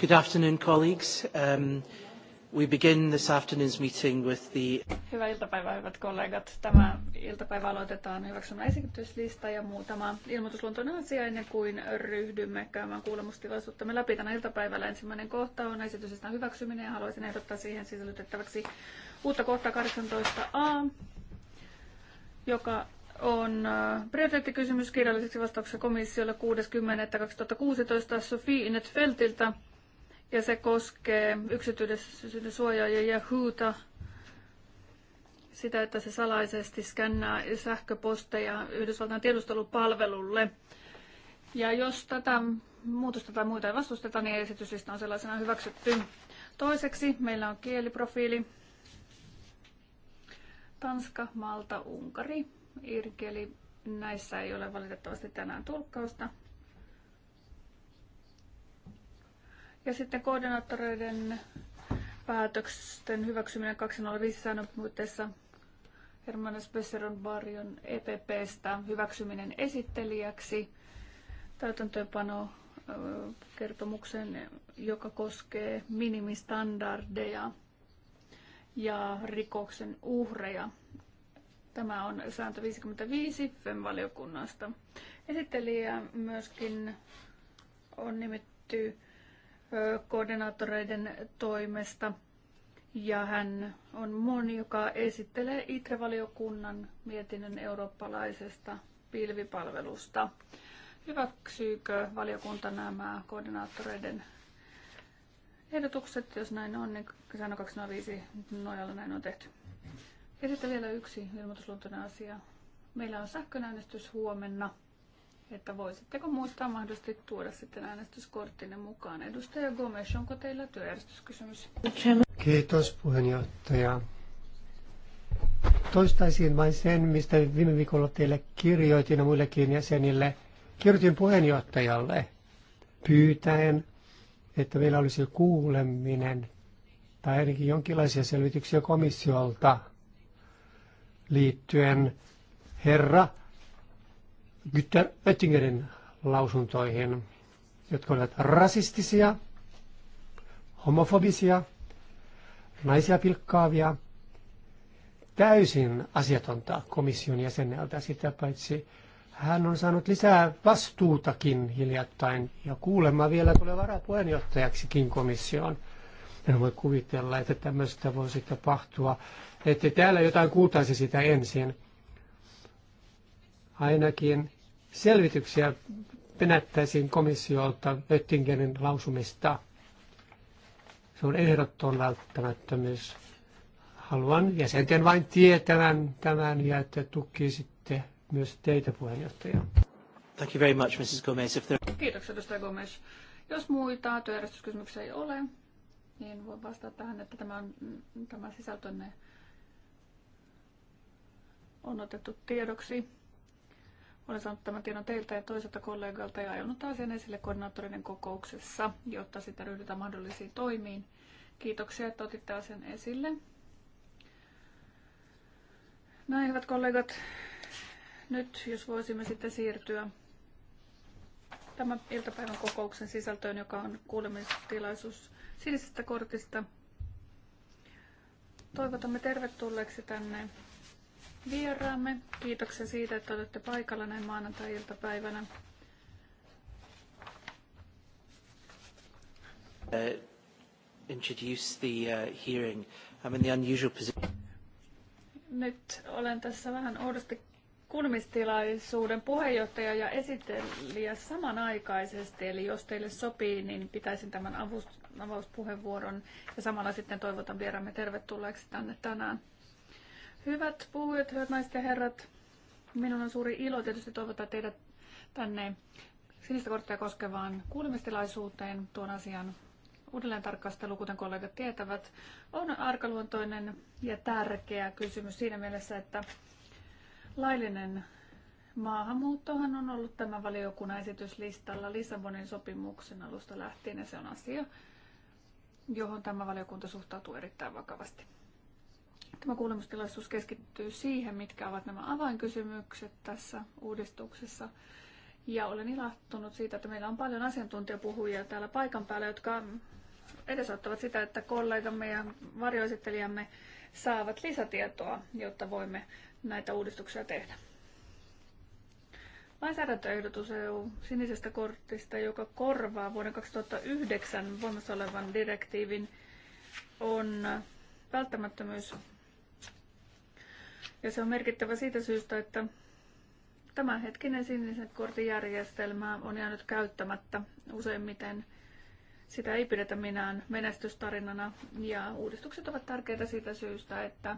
Good afternoon, colleagues. Um, we begin this afternoon's meeting with the... Hyvää iltapäivää, hyvät kollegat. Tämä iltapäivä aloitetaan hyväksymällä esityslista ja muutama ilmoitusluontoinen asia ennen kuin ryhdymme käymään kuulemustilaisuuttamme läpi tänä iltapäivällä. Ensimmäinen kohta on esityslistan hyväksyminen ja haluaisin ehdottaa siihen sisällytettäväksi uutta kohtaa 18a, joka on prioriteettikysymys kirjalliseksi vastaukseksi komissiolle 6.10.2016 Sophie Inet Feltiltä ja se koskee yksityisyyden suojaajia ja huuta sitä, että se salaisesti skännää sähköposteja Yhdysvaltain tiedustelupalvelulle. Ja jos tätä muutosta tai muita ei vastusteta, niin esityslista on sellaisena hyväksytty. Toiseksi meillä on kieliprofiili. Tanska, Malta, Unkari. irkeli, Näissä ei ole valitettavasti tänään tulkkausta. Ja sitten koordinaattoreiden päätösten hyväksyminen 205 säännön puitteissa Hermanes Besseron Barjon EPPstä hyväksyminen esittelijäksi täytäntöönpano kertomuksen, joka koskee minimistandardeja ja rikoksen uhreja. Tämä on sääntö 55 FEM-valiokunnasta. Esittelijä myöskin on nimetty koordinaattoreiden toimesta. Ja hän on moni, joka esittelee ITRE-valiokunnan mietinnön eurooppalaisesta pilvipalvelusta. Hyväksyykö valiokunta nämä koordinaattoreiden ehdotukset? Jos näin on, niin säännön 205 nojalla näin on tehty. Ja sitten vielä yksi ilmoitusluontoinen asia. Meillä on sähköäänestys huomenna että voisitteko muistaa mahdollisesti tuoda sitten äänestyskorttinne mukaan. Edustaja Gomes, onko teillä työjärjestyskysymys? Kiitos puheenjohtaja. Toistaisin vain sen, mistä viime viikolla teille kirjoitin ja muillekin jäsenille. Kirjoitin puheenjohtajalle pyytäen, että meillä olisi kuuleminen tai ainakin jonkinlaisia selvityksiä komissiolta liittyen herra Günther Oettingerin lausuntoihin, jotka olivat rasistisia, homofobisia, naisia pilkkaavia, täysin asiatonta komission jäseneltä. Sitä paitsi hän on saanut lisää vastuutakin hiljattain ja kuulemma vielä tulee varapuheenjohtajaksikin komissioon. En voi kuvitella, että tämmöistä voisi tapahtua. Että täällä jotain kuultaisi sitä ensin ainakin selvityksiä penättäisiin komissiolta Oettingerin lausumista. Se on ehdoton välttämättömyys. Haluan jäsenten vain tietävän tämän ja että tukisitte myös teitä puheenjohtaja. Thank you very much, Mrs. Gomez. If there... Kiitoksia, edustaja Gomez. Jos muita työjärjestyskysymyksiä ei ole, niin voin vastata tähän, että tämä, on, mm, tämä sisältönne on otettu tiedoksi. Olen saanut tämän tiedon teiltä ja toiselta kollegalta ja ajanut asian esille koordinaattorinen kokouksessa, jotta sitä ryhdytään mahdollisiin toimiin. Kiitoksia, että otitte asian esille. Näin, hyvät kollegat, nyt jos voisimme sitten siirtyä tämän iltapäivän kokouksen sisältöön, joka on kuulemistilaisuus sinisestä kortista. Toivotamme tervetulleeksi tänne vieraamme. Kiitoksia siitä, että olette paikalla näin maanantai-iltapäivänä. Uh, introduce the uh, hearing. I'm in the unusual position. Nyt olen tässä vähän oudosti kunnistilaisuuden puheenjohtaja ja esittelijä samanaikaisesti, eli jos teille sopii, niin pitäisin tämän avauspuheenvuoron ja samalla sitten toivotan vieraamme tervetulleeksi tänne tänään. Hyvät puhujat, hyvät naiset ja herrat, minun on suuri ilo tietysti toivottaa teidät tänne sinistä korttia koskevaan kuulemistilaisuuteen tuon asian uudelleen tarkastelu, kuten kollegat tietävät, on arkaluontoinen ja tärkeä kysymys siinä mielessä, että laillinen maahanmuuttohan on ollut tämän valiokunnan esityslistalla Lissabonin sopimuksen alusta lähtien ja se on asia, johon tämä valiokunta suhtautuu erittäin vakavasti. Tämä kuulemustilaisuus keskittyy siihen, mitkä ovat nämä avainkysymykset tässä uudistuksessa. Ja olen ilahtunut siitä, että meillä on paljon asiantuntijapuhujia täällä paikan päällä, jotka edesauttavat sitä, että kollegamme ja varjoesittelijämme saavat lisätietoa, jotta voimme näitä uudistuksia tehdä. Lainsäädäntöehdotus EU-sinisestä kortista, joka korvaa vuoden 2009 voimassa olevan direktiivin, on välttämättömyys ja se on merkittävä siitä syystä, että tämänhetkinen sinisen kortin järjestelmä on jäänyt käyttämättä useimmiten. Sitä ei pidetä minään menestystarinana ja uudistukset ovat tärkeitä siitä syystä, että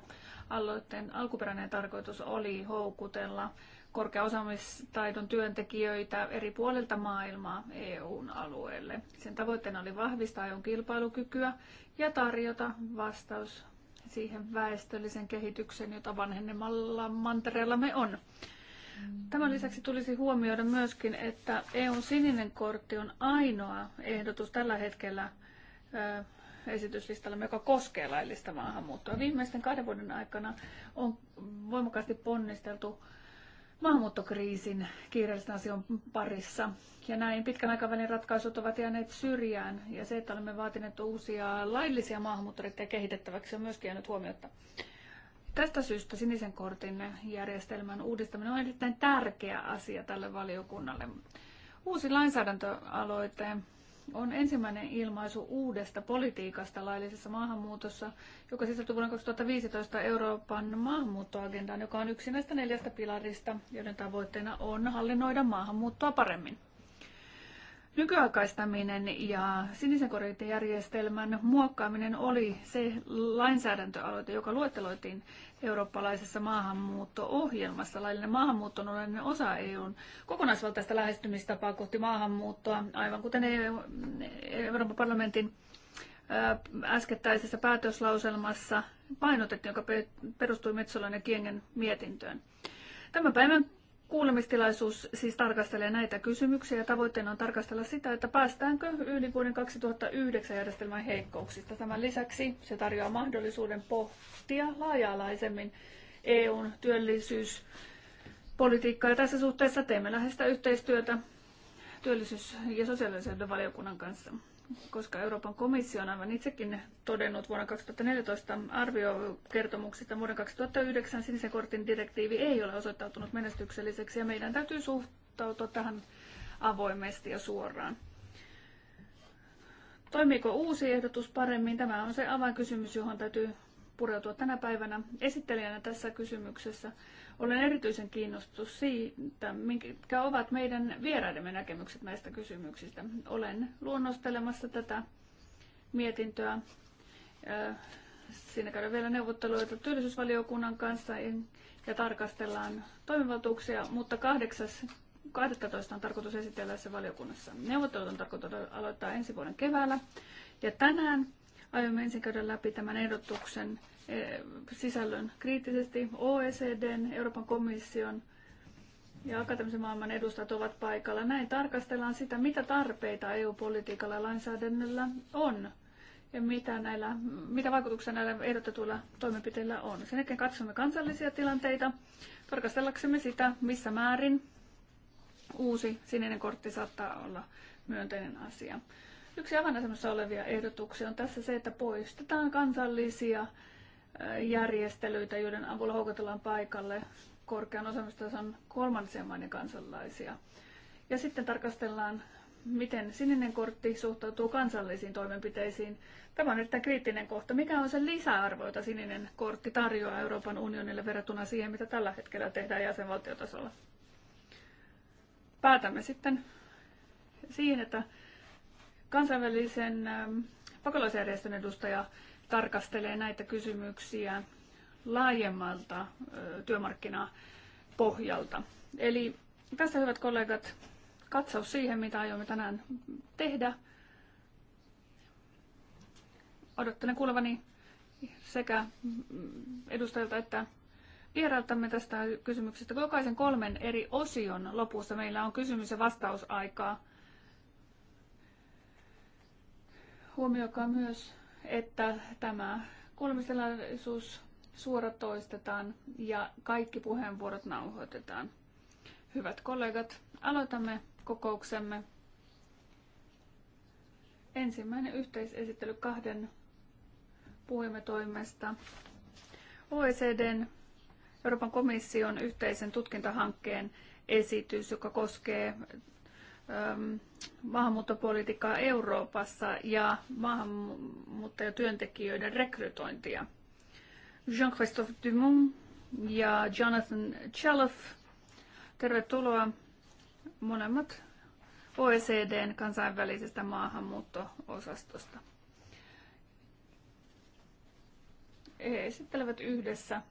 aloitteen alkuperäinen tarkoitus oli houkutella korkeaosaamistaidon työntekijöitä eri puolilta maailmaa EUn alueelle. Sen tavoitteena oli vahvistaa EUn kilpailukykyä ja tarjota vastaus siihen väestöllisen kehityksen, jota mantereella me on. Tämän lisäksi tulisi huomioida myöskin, että EUn sininen kortti on ainoa ehdotus tällä hetkellä esityslistalla, joka koskee laillista maahanmuuttoa. Viimeisten kahden vuoden aikana on voimakkaasti ponnisteltu maahanmuuttokriisin kiireellisen asian parissa. Ja näin pitkän aikavälin ratkaisut ovat jääneet syrjään ja se, että olemme vaatineet uusia laillisia maahanmuuttoreittejä kehitettäväksi on myöskin jäänyt huomiota. Tästä syystä sinisen kortin järjestelmän uudistaminen on erittäin tärkeä asia tälle valiokunnalle. Uusi lainsäädäntöaloite on ensimmäinen ilmaisu uudesta politiikasta laillisessa maahanmuutossa, joka sisältyy vuonna 2015 Euroopan maahanmuuttoagendaan, joka on yksi näistä neljästä pilarista, joiden tavoitteena on hallinnoida maahanmuuttoa paremmin nykyaikaistaminen ja sinisen järjestelmän muokkaaminen oli se lainsäädäntöaloite, joka luetteloitiin eurooppalaisessa maahanmuutto-ohjelmassa. Laillinen maahanmuutto on olennainen osa EUn kokonaisvaltaista lähestymistapaa kohti maahanmuuttoa, aivan kuten EU, Euroopan parlamentin äskettäisessä päätöslauselmassa painotettiin, joka perustui Metsolan ja Kiengen mietintöön. Tämän päivän Kuulemistilaisuus siis tarkastelee näitä kysymyksiä ja tavoitteena on tarkastella sitä, että päästäänkö yli vuoden 2009 järjestelmän heikkouksista. Tämän lisäksi se tarjoaa mahdollisuuden pohtia laaja-alaisemmin EUn työllisyyspolitiikkaa ja tässä suhteessa teemme läheistä yhteistyötä työllisyys- ja sosiaalisen valiokunnan kanssa koska Euroopan komissio on aivan itsekin todennut vuonna 2014 arviokertomuksista vuoden 2009 sinisen kortin direktiivi ei ole osoittautunut menestykselliseksi ja meidän täytyy suhtautua tähän avoimesti ja suoraan. Toimiiko uusi ehdotus paremmin? Tämä on se avainkysymys, johon täytyy pureutua tänä päivänä. Esittelijänä tässä kysymyksessä olen erityisen kiinnostunut siitä, mitkä ovat meidän vieraidemme näkemykset näistä kysymyksistä. Olen luonnostelemassa tätä mietintöä. Siinä käydään vielä neuvotteluita työllisyysvaliokunnan kanssa ja tarkastellaan toimivaltuuksia, mutta 8. 12 on tarkoitus esitellä se valiokunnassa. Neuvottelut on tarkoitus aloittaa ensi vuoden keväällä ja tänään aiomme ensin käydä läpi tämän ehdotuksen Eh, sisällön kriittisesti. OECDn, Euroopan komission ja akateemisen maailman edustajat ovat paikalla. Näin tarkastellaan sitä, mitä tarpeita EU-politiikalla ja lainsäädännöllä on ja mitä, näillä, mitä vaikutuksia näillä ehdotetuilla toimenpiteillä on. Sen jälkeen katsomme kansallisia tilanteita, tarkastellaksemme sitä, missä määrin uusi sininen kortti saattaa olla myönteinen asia. Yksi avainasemassa olevia ehdotuksia on tässä se, että poistetaan kansallisia järjestelyitä, joiden avulla houkutellaan paikalle korkean osaamistason kolmansien maiden kansalaisia. Ja sitten tarkastellaan, miten sininen kortti suhtautuu kansallisiin toimenpiteisiin. Tämä on erittäin kriittinen kohta. Mikä on se lisäarvo, jota sininen kortti tarjoaa Euroopan unionille verrattuna siihen, mitä tällä hetkellä tehdään jäsenvaltiotasolla? Päätämme sitten siihen, että kansainvälisen ähm, pakolaisjärjestön edustaja tarkastelee näitä kysymyksiä laajemmalta työmarkkinapohjalta. Eli tässä hyvät kollegat, katsaus siihen, mitä aiomme tänään tehdä. Odottelen kuulevani sekä edustajilta että vierailtamme tästä kysymyksestä. Jokaisen kolmen eri osion lopussa meillä on kysymys- ja vastausaikaa. Huomioikaa myös että tämä kuulemistilaisuus suoratoistetaan ja kaikki puheenvuorot nauhoitetaan. Hyvät kollegat, aloitamme kokouksemme. Ensimmäinen yhteisesittely kahden puhuimme toimesta OECDn Euroopan komission yhteisen tutkintahankkeen esitys, joka koskee Ähm, maahanmuuttopolitiikkaa Euroopassa ja maahanmuuttajatyöntekijöiden rekrytointia. Jean-Christophe Dumont ja Jonathan Chaloff, tervetuloa molemmat OECDn kansainvälisestä maahanmuutto-osastosta. He esittelevät yhdessä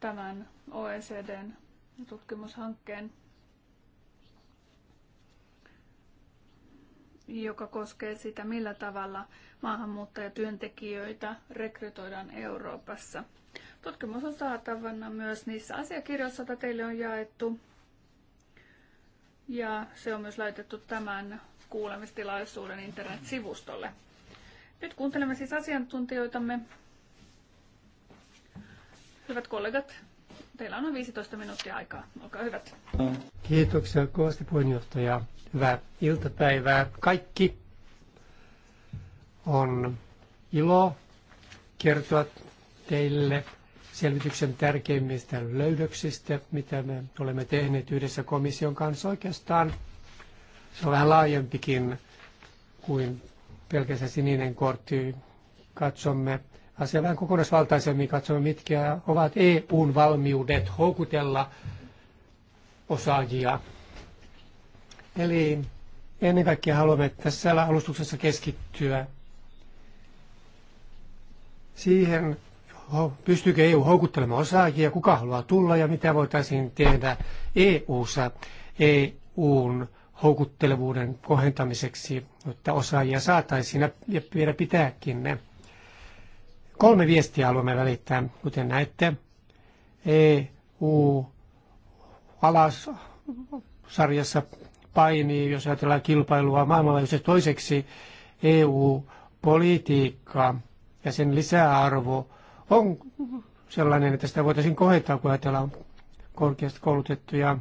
tämän OECDn tutkimushankkeen joka koskee sitä, millä tavalla maahanmuuttajatyöntekijöitä rekrytoidaan Euroopassa. Tutkimus on saatavana myös niissä asiakirjoissa, joita teille on jaettu. Ja se on myös laitettu tämän kuulemistilaisuuden internetsivustolle. Nyt kuuntelemme siis asiantuntijoitamme. Hyvät kollegat, Teillä on noin 15 minuuttia aikaa. Olkaa hyvät. Kiitoksia kovasti puheenjohtaja. Hyvää iltapäivää kaikki. On ilo kertoa teille selvityksen tärkeimmistä löydöksistä, mitä me olemme tehneet yhdessä komission kanssa. Oikeastaan se on vähän laajempikin kuin pelkästään sininen kortti. Katsomme asia vähän kokonaisvaltaisemmin, katsomme mitkä ovat EUn valmiudet houkutella osaajia. Eli ennen kaikkea haluamme tässä alustuksessa keskittyä siihen, pystyykö EU houkuttelemaan osaajia, kuka haluaa tulla ja mitä voitaisiin tehdä EU-ssa EUn houkuttelevuuden kohentamiseksi, että osaajia saataisiin ja vielä pitääkin ne. Kolme viestiä haluamme välittää, kuten näette. EU alas sarjassa painii, jos ajatellaan kilpailua maailmanlaajuisesti toiseksi EU-politiikka ja sen lisäarvo on sellainen, että sitä voitaisiin kohettaa, kun ajatellaan korkeasti koulutettuja.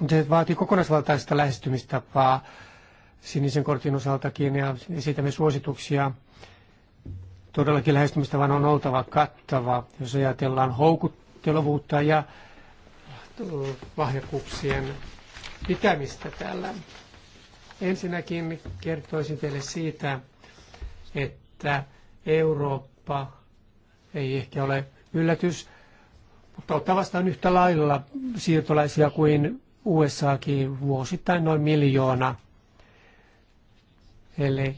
Mutta se vaatii kokonaisvaltaista lähestymistapaa sinisen kortin osaltakin ja esitämme suosituksia todellakin lähestymistä vaan on oltava kattava, jos ajatellaan houkuttelevuutta ja äh, lahjakuuksien pitämistä täällä. Ensinnäkin kertoisin teille siitä, että Eurooppa ei ehkä ole yllätys, mutta ottaa vastaan yhtä lailla siirtolaisia kuin USAkin vuosittain noin miljoona. Eli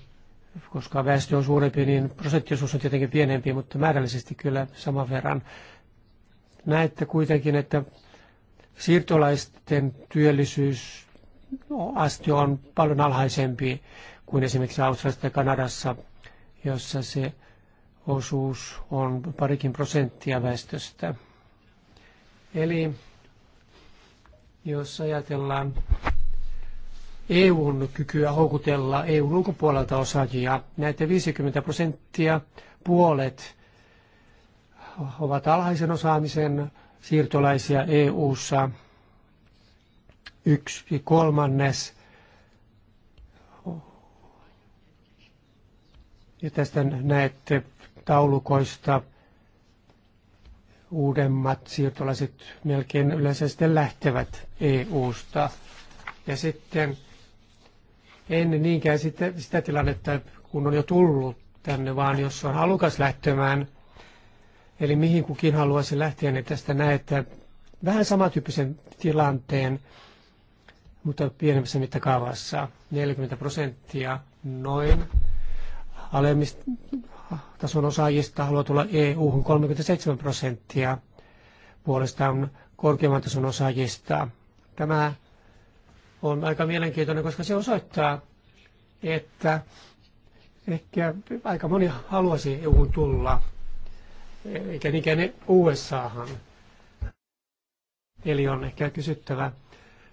koska väestö on suurempi, niin prosenttiosuus on tietenkin pienempi, mutta määrällisesti kyllä saman verran. Näette kuitenkin, että siirtolaisten työllisyysaste on paljon alhaisempi kuin esimerkiksi Australiassa tai Kanadassa, jossa se osuus on parikin prosenttia väestöstä. Eli jos ajatellaan EUn kykyä houkutella EUn ulkopuolelta osaajia. Näitä 50 prosenttia puolet ovat alhaisen osaamisen siirtolaisia EU:ssa. Yksi kolmannes Ja tästä näette taulukoista uudemmat siirtolaiset melkein yleensä sitten lähtevät EUsta Ja sitten en niinkään sitä, sitä tilannetta, kun on jo tullut tänne, vaan jos on halukas lähtemään, eli mihin kukin haluaisi lähteä, niin tästä että vähän samantyyppisen tilanteen, mutta pienemmässä mittakaavassa 40 prosenttia noin alemmista tason osaajista haluaa tulla EU-hun 37 prosenttia puolestaan korkeamman tason osaajista. Tämä on aika mielenkiintoinen, koska se osoittaa, että ehkä aika moni haluaisi EU tulla, eikä niinkään ne USAhan. Eli on ehkä kysyttävä,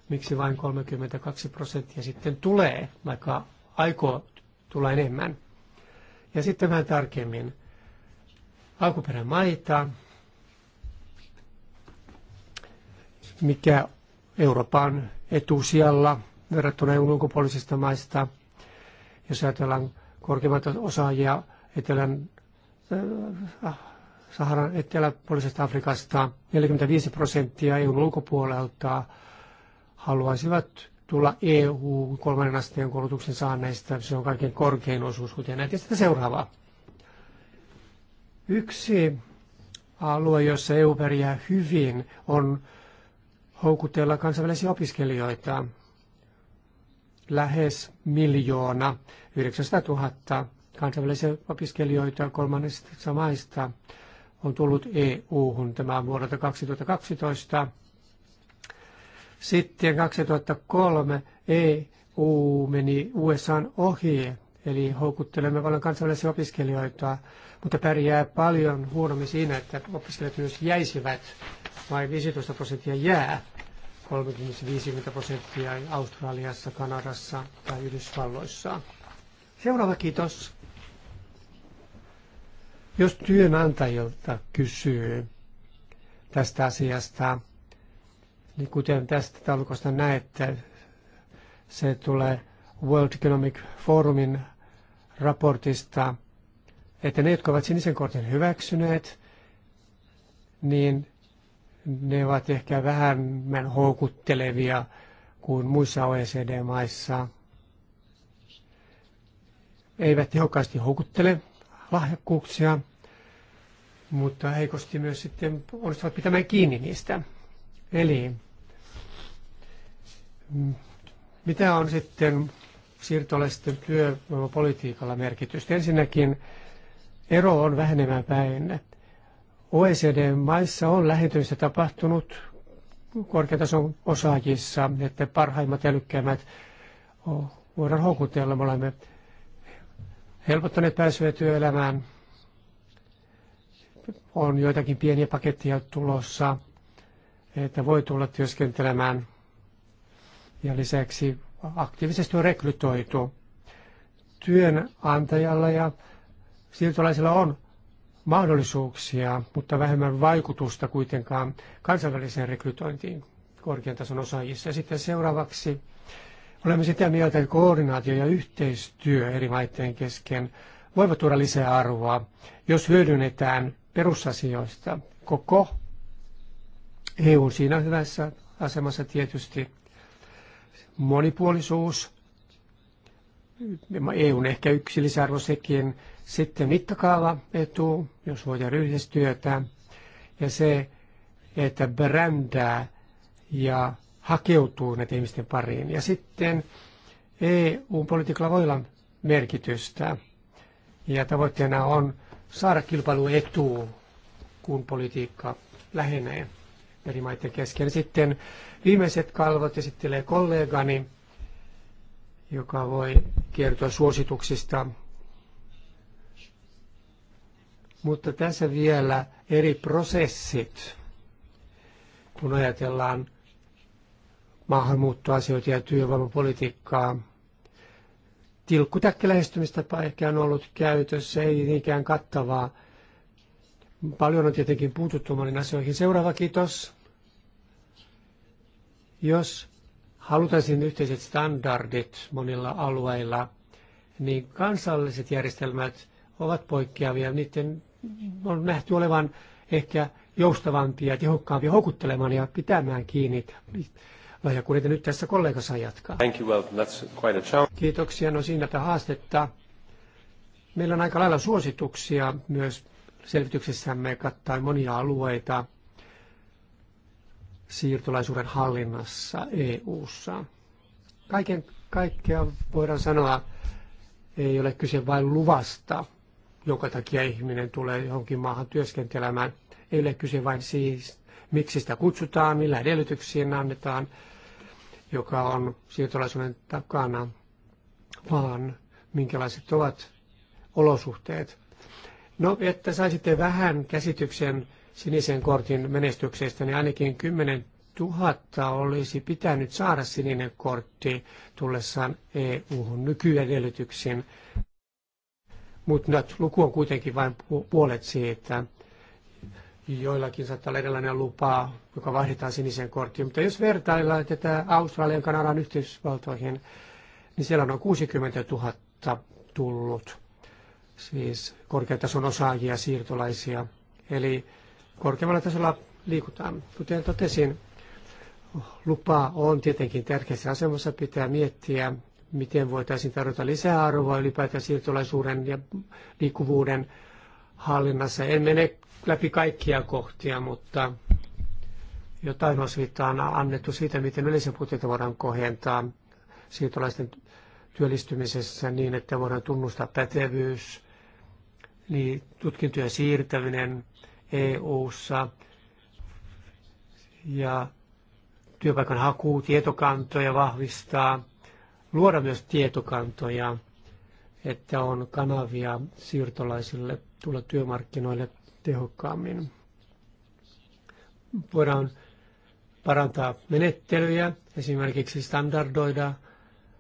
miksi vain 32 prosenttia sitten tulee, vaikka aikoo tulla enemmän. Ja sitten vähän tarkemmin alkuperämaita, mikä Euroopan etusijalla verrattuna EUn ulkopuolisista maista. Jos ajatellaan korkeimmat osaajia Etelän, äh, Saharan eteläpuolisesta Afrikasta, 45 prosenttia EUn ulkopuolelta haluaisivat tulla EU kolmannen asteen koulutuksen saaneista. Se on kaikkein korkein osuus, kuten näitä sitten seuraavaa. Yksi alue, jossa EU pärjää hyvin, on houkutella kansainvälisiä opiskelijoita. Lähes miljoona, 900 000 kansainvälisiä opiskelijoita kolmannesta maista on tullut EU-hun tämän vuodelta 2012. Sitten 2003 EU meni USAn ohi, eli houkuttelemme paljon kansainvälisiä opiskelijoita, mutta pärjää paljon huonommin siinä, että opiskelijat myös jäisivät vain 15 prosenttia jää. 30-50 prosenttia Australiassa, Kanadassa tai Yhdysvalloissa. Seuraava kiitos. Jos työnantajilta kysyy tästä asiasta, niin kuten tästä taulukosta näette, se tulee World Economic Forumin raportista, että ne, jotka ovat sinisen kortin hyväksyneet, niin ne ovat ehkä vähemmän houkuttelevia kuin muissa OECD-maissa. Eivät tehokkaasti houkuttele lahjakkuuksia, mutta heikosti myös sitten onnistuvat pitämään kiinni niistä. Eli mm, mitä on sitten siirtolaisten työvoimapolitiikalla merkitystä? Ensinnäkin ero on vähenemään päin OECD-maissa on lähetyistä tapahtunut korkeatason osaajissa, että parhaimmat ja älykkäimmät voidaan houkutella. Me olemme helpottaneet pääsyä työelämään. On joitakin pieniä paketteja tulossa, että voi tulla työskentelemään. Ja lisäksi aktiivisesti on rekrytoitu. Työnantajalla ja siirtolaisilla on mahdollisuuksia, mutta vähemmän vaikutusta kuitenkaan kansainväliseen rekrytointiin korkean tason osaajissa. Ja sitten seuraavaksi olemme sitä mieltä, että koordinaatio ja yhteistyö eri maiden kesken voivat tuoda lisää arvoa, jos hyödynnetään perusasioista koko EU siinä hyvässä asemassa tietysti monipuolisuus, EUn ehkä yksi lisäarvo sekin, sitten mittakaava etu, jos voidaan yhdistyötä, ja se, että brändää ja hakeutuu näiden ihmisten pariin. Ja sitten EU-politiikalla voi olla merkitystä. Ja tavoitteena on saada kilpailuetu, kun politiikka lähenee eri maiden kesken. Sitten viimeiset kalvot esittelee kollegani, joka voi kertoa suosituksista mutta tässä vielä eri prosessit, kun ajatellaan maahanmuuttoasioita ja työvoimapolitiikkaa. Tilkkutäkkilähestymistapa ehkä on ollut käytössä, ei niinkään kattavaa. Paljon on tietenkin puututtu moniin asioihin. Seuraava kiitos. Jos halutaan yhteiset standardit monilla alueilla, niin kansalliset järjestelmät ovat poikkeavia. Niiden on nähty olevan ehkä joustavampia, tehokkaampi houkuttelemaan ja pitämään kiinni lahjakkuudesta. Nyt tässä kollega saa jatkaa. Thank you, well, that's quite a Kiitoksia, no siinäpä haastetta. Meillä on aika lailla suosituksia myös selvityksessämme kattaa monia alueita siirtolaisuuden hallinnassa EU-ssa. Kaiken kaikkea voidaan sanoa, ei ole kyse vain luvasta – jonka takia ihminen tulee johonkin maahan työskentelemään. Ei ole kyse vain siis, miksi sitä kutsutaan, millä edellytyksiä annetaan, joka on siirtolaisuuden takana, vaan minkälaiset ovat olosuhteet. No, että saisitte vähän käsityksen sinisen kortin menestyksestä, niin ainakin 10 000 olisi pitänyt saada sininen kortti tullessaan EU-hun nykyedellytyksin mutta nyt luku on kuitenkin vain puolet siitä. Joillakin saattaa olla erilainen lupa, joka vaihdetaan siniseen korttiin. Mutta jos vertaillaan tätä Australian Kanadan yhteisvaltoihin, niin siellä on noin 60 000 tullut, siis korkeatason osaajia, siirtolaisia. Eli korkeammalla tasolla liikutaan. Kuten totesin, lupa on tietenkin tärkeässä asemassa, pitää miettiä, miten voitaisiin tarjota lisäarvoa ylipäätään siirtolaisuuden ja liikkuvuuden hallinnassa. En mene läpi kaikkia kohtia, mutta jotain osviittaa on annettu siitä, miten yleisen puutteita voidaan kohentaa siirtolaisten työllistymisessä niin, että voidaan tunnustaa pätevyys, niin tutkintojen siirtäminen EU-ssa ja työpaikan haku, tietokantoja vahvistaa – luoda myös tietokantoja, että on kanavia siirtolaisille tulla työmarkkinoille tehokkaammin. Voidaan parantaa menettelyjä, esimerkiksi standardoida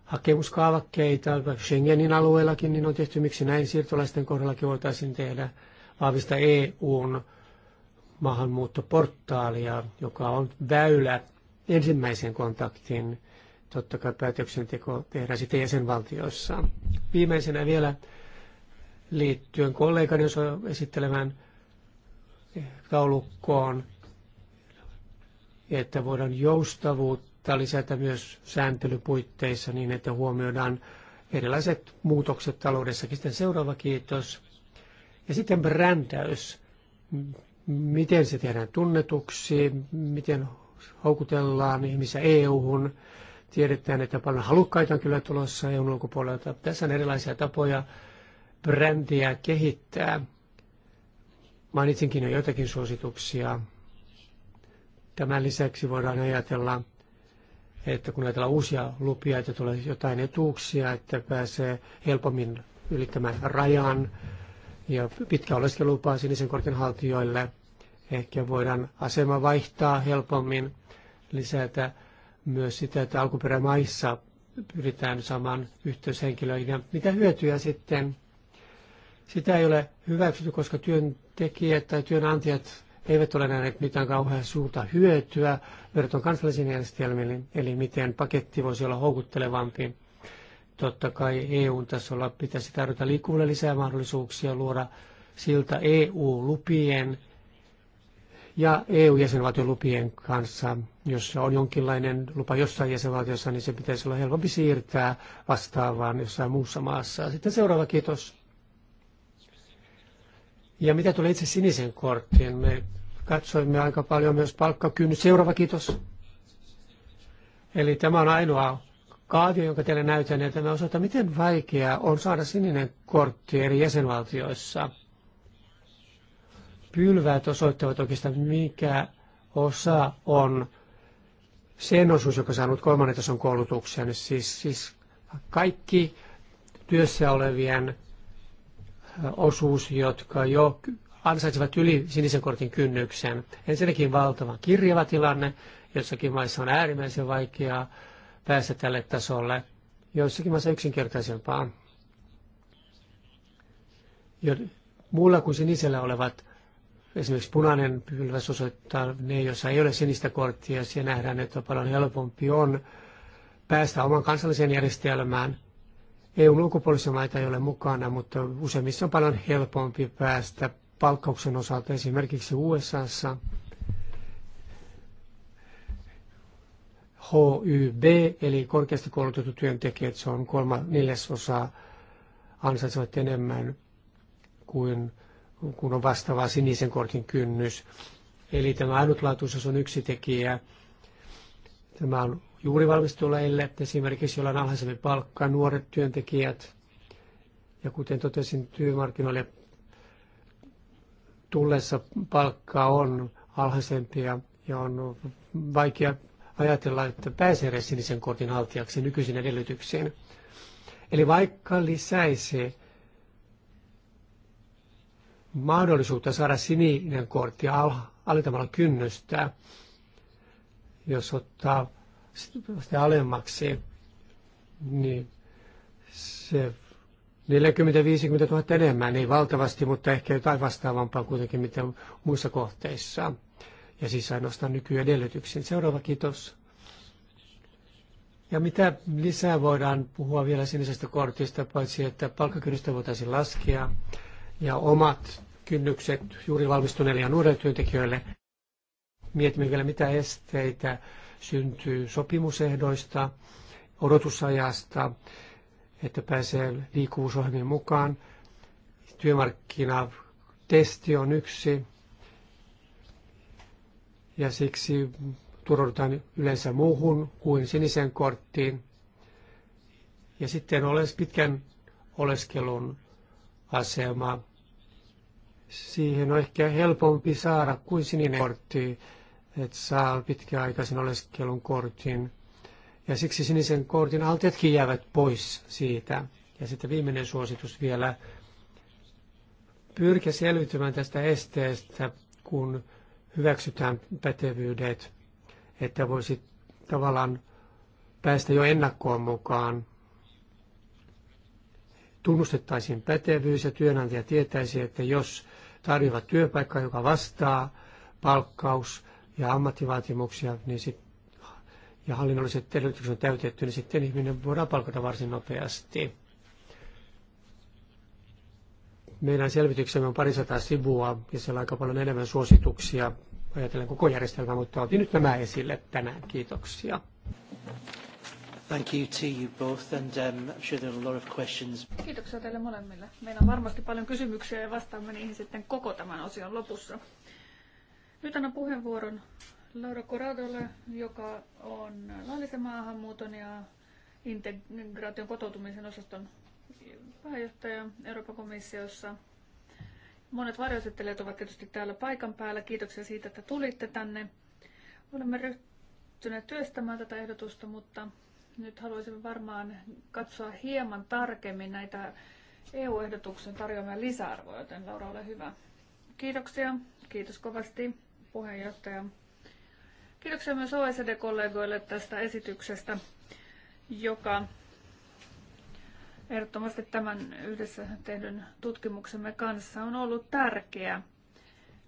hakemuskaavakkeita, Schengenin alueellakin niin on tehty, miksi näin siirtolaisten kohdallakin voitaisiin tehdä, vahvista EUn maahanmuuttoportaalia, joka on väylä ensimmäisen kontaktin Totta kai päätöksenteko tehdään sitten jäsenvaltioissa. Viimeisenä vielä liittyen kollegani esittelemään taulukkoon, että voidaan joustavuutta lisätä myös sääntelypuitteissa niin, että huomioidaan erilaiset muutokset taloudessakin. Sitten seuraava kiitos. Ja sitten brändäys. Miten se tehdään tunnetuksi, miten houkutellaan ihmisiä EU-hun, Tiedetään, että paljon halukkaita on kyllä tulossa EUn ulkopuolelta. Tässä on erilaisia tapoja brändiä kehittää. Mainitsinkin jo joitakin suosituksia. Tämän lisäksi voidaan ajatella, että kun ajatellaan uusia lupia, että tulee jotain etuuksia, että pääsee helpommin ylittämään rajan ja pitkä oleskelupaa sinisen kortin haltijoille. Ehkä voidaan asema vaihtaa helpommin, lisätä myös sitä, että alkuperämaissa pyritään saamaan yhteyshenkilöihin. Ja mitä hyötyä sitten? Sitä ei ole hyväksytty, koska työntekijät tai työnantajat eivät ole nähneet mitään kauhean suurta hyötyä verrattuna kansallisiin järjestelmiin, eli miten paketti voisi olla houkuttelevampi. Totta kai EU-tasolla pitäisi tarjota liikkuvuudelle lisää mahdollisuuksia luoda siltä EU-lupien ja EU-jäsenvaltion lupien kanssa. Jos on jonkinlainen lupa jossain jäsenvaltiossa, niin se pitäisi olla helpompi siirtää vastaavaan jossain muussa maassa. Sitten seuraava kiitos. Ja mitä tulee itse sinisen korttiin, me katsoimme aika paljon myös palkkakynnys. Seuraava kiitos. Eli tämä on ainoa kaavio, jonka teille näytän, ja tämä osoittaa, miten vaikeaa on saada sininen kortti eri jäsenvaltioissa – pylväät osoittavat oikeastaan, mikä osa on sen osuus, joka on saanut kolmannen tason koulutuksen. Siis, siis kaikki työssä olevien osuus, jotka jo ansaitsevat yli sinisen kortin kynnyksen. Ensinnäkin valtava kirjava tilanne, jossakin maissa on äärimmäisen vaikeaa päästä tälle tasolle, joissakin maissa yksinkertaisempaa. Jo, muulla kuin sinisellä olevat Esimerkiksi punainen pylväs osoittaa ne, joissa ei ole sinistä korttia. Siellä nähdään, että paljon helpompi on päästä oman kansalliseen järjestelmään. EUn ulkopuolisia maita ei ole mukana, mutta useimmissa on paljon helpompi päästä palkkauksen osalta esimerkiksi USAssa. HYB, eli korkeasti koulutetut työntekijät, se on kolma neljäsosa ansaitsevat enemmän kuin kun on vastaava sinisen kortin kynnys. Eli tämä ainutlaatuisuus on yksi tekijä. Tämä on juuri valmistuneille, esimerkiksi joilla on alhaisempi palkka, nuoret työntekijät. Ja kuten totesin, työmarkkinoille tullessa palkka on alhaisempi ja, ja on vaikea ajatella, että pääsee edes sinisen kortin haltijaksi nykyisin edellytyksiin. Eli vaikka lisäisi mahdollisuutta saada sininen kortti alentamalla kynnystä, jos ottaa sitä alemmaksi, niin se 40-50 000 enemmän, niin valtavasti, mutta ehkä jotain vastaavampaa kuitenkin, mitä muissa kohteissa. Ja siis ainoastaan nykyedellytyksiin. Seuraava kiitos. Ja mitä lisää voidaan puhua vielä sinisestä kortista, paitsi että palkkakynnystä voitaisiin laskea ja omat kynnykset juuri valmistuneille ja nuorille työntekijöille. Mietimme vielä, mitä esteitä syntyy sopimusehdoista, odotusajasta, että pääsee liikkuvuusohjelmien mukaan. Työmarkkinatesti on yksi, ja siksi turvaudutaan yleensä muuhun kuin siniseen korttiin. Ja sitten oles pitkän oleskelun asema siihen on ehkä helpompi saada kuin sininen kortti, että saa pitkäaikaisen oleskelun kortin. Ja siksi sinisen kortin altijatkin jäävät pois siitä. Ja sitten viimeinen suositus vielä. Pyrkiä selvitymään tästä esteestä, kun hyväksytään pätevyydet, että voisi tavallaan päästä jo ennakkoon mukaan. Tunnustettaisiin pätevyys ja työnantaja tietäisi, että jos tarjolla työpaikka, joka vastaa palkkaus- ja ammattivaatimuksia niin sit, ja hallinnolliset edellytykset on täytetty, niin sitten ihminen voidaan palkata varsin nopeasti. Meidän selvityksemme on parisataa sivua ja siellä on aika paljon enemmän suosituksia ajatellen koko järjestelmää, mutta otin nyt nämä esille tänään. Kiitoksia. Thank you to you both, and um, I'm sure there are a lot of questions. Kiitoksia teille molemmille. Meillä on varmasti paljon kysymyksiä ja vastaamme niihin sitten koko tämän osion lopussa. Nyt annan puheenvuoron Laura Coradolle, joka on laillisen maahanmuuton ja integraation kotoutumisen osaston pääjohtaja Euroopan komissiossa. Monet varjoesittelijät ovat tietysti täällä paikan päällä. Kiitoksia siitä, että tulitte tänne. Olemme ryhtyneet työstämään tätä ehdotusta, mutta nyt haluaisimme varmaan katsoa hieman tarkemmin näitä EU-ehdotuksen tarjoamia lisäarvoja, joten Laura, ole hyvä. Kiitoksia. Kiitos kovasti puheenjohtaja. Kiitoksia myös OECD-kollegoille tästä esityksestä, joka ehdottomasti tämän yhdessä tehdyn tutkimuksemme kanssa on ollut tärkeä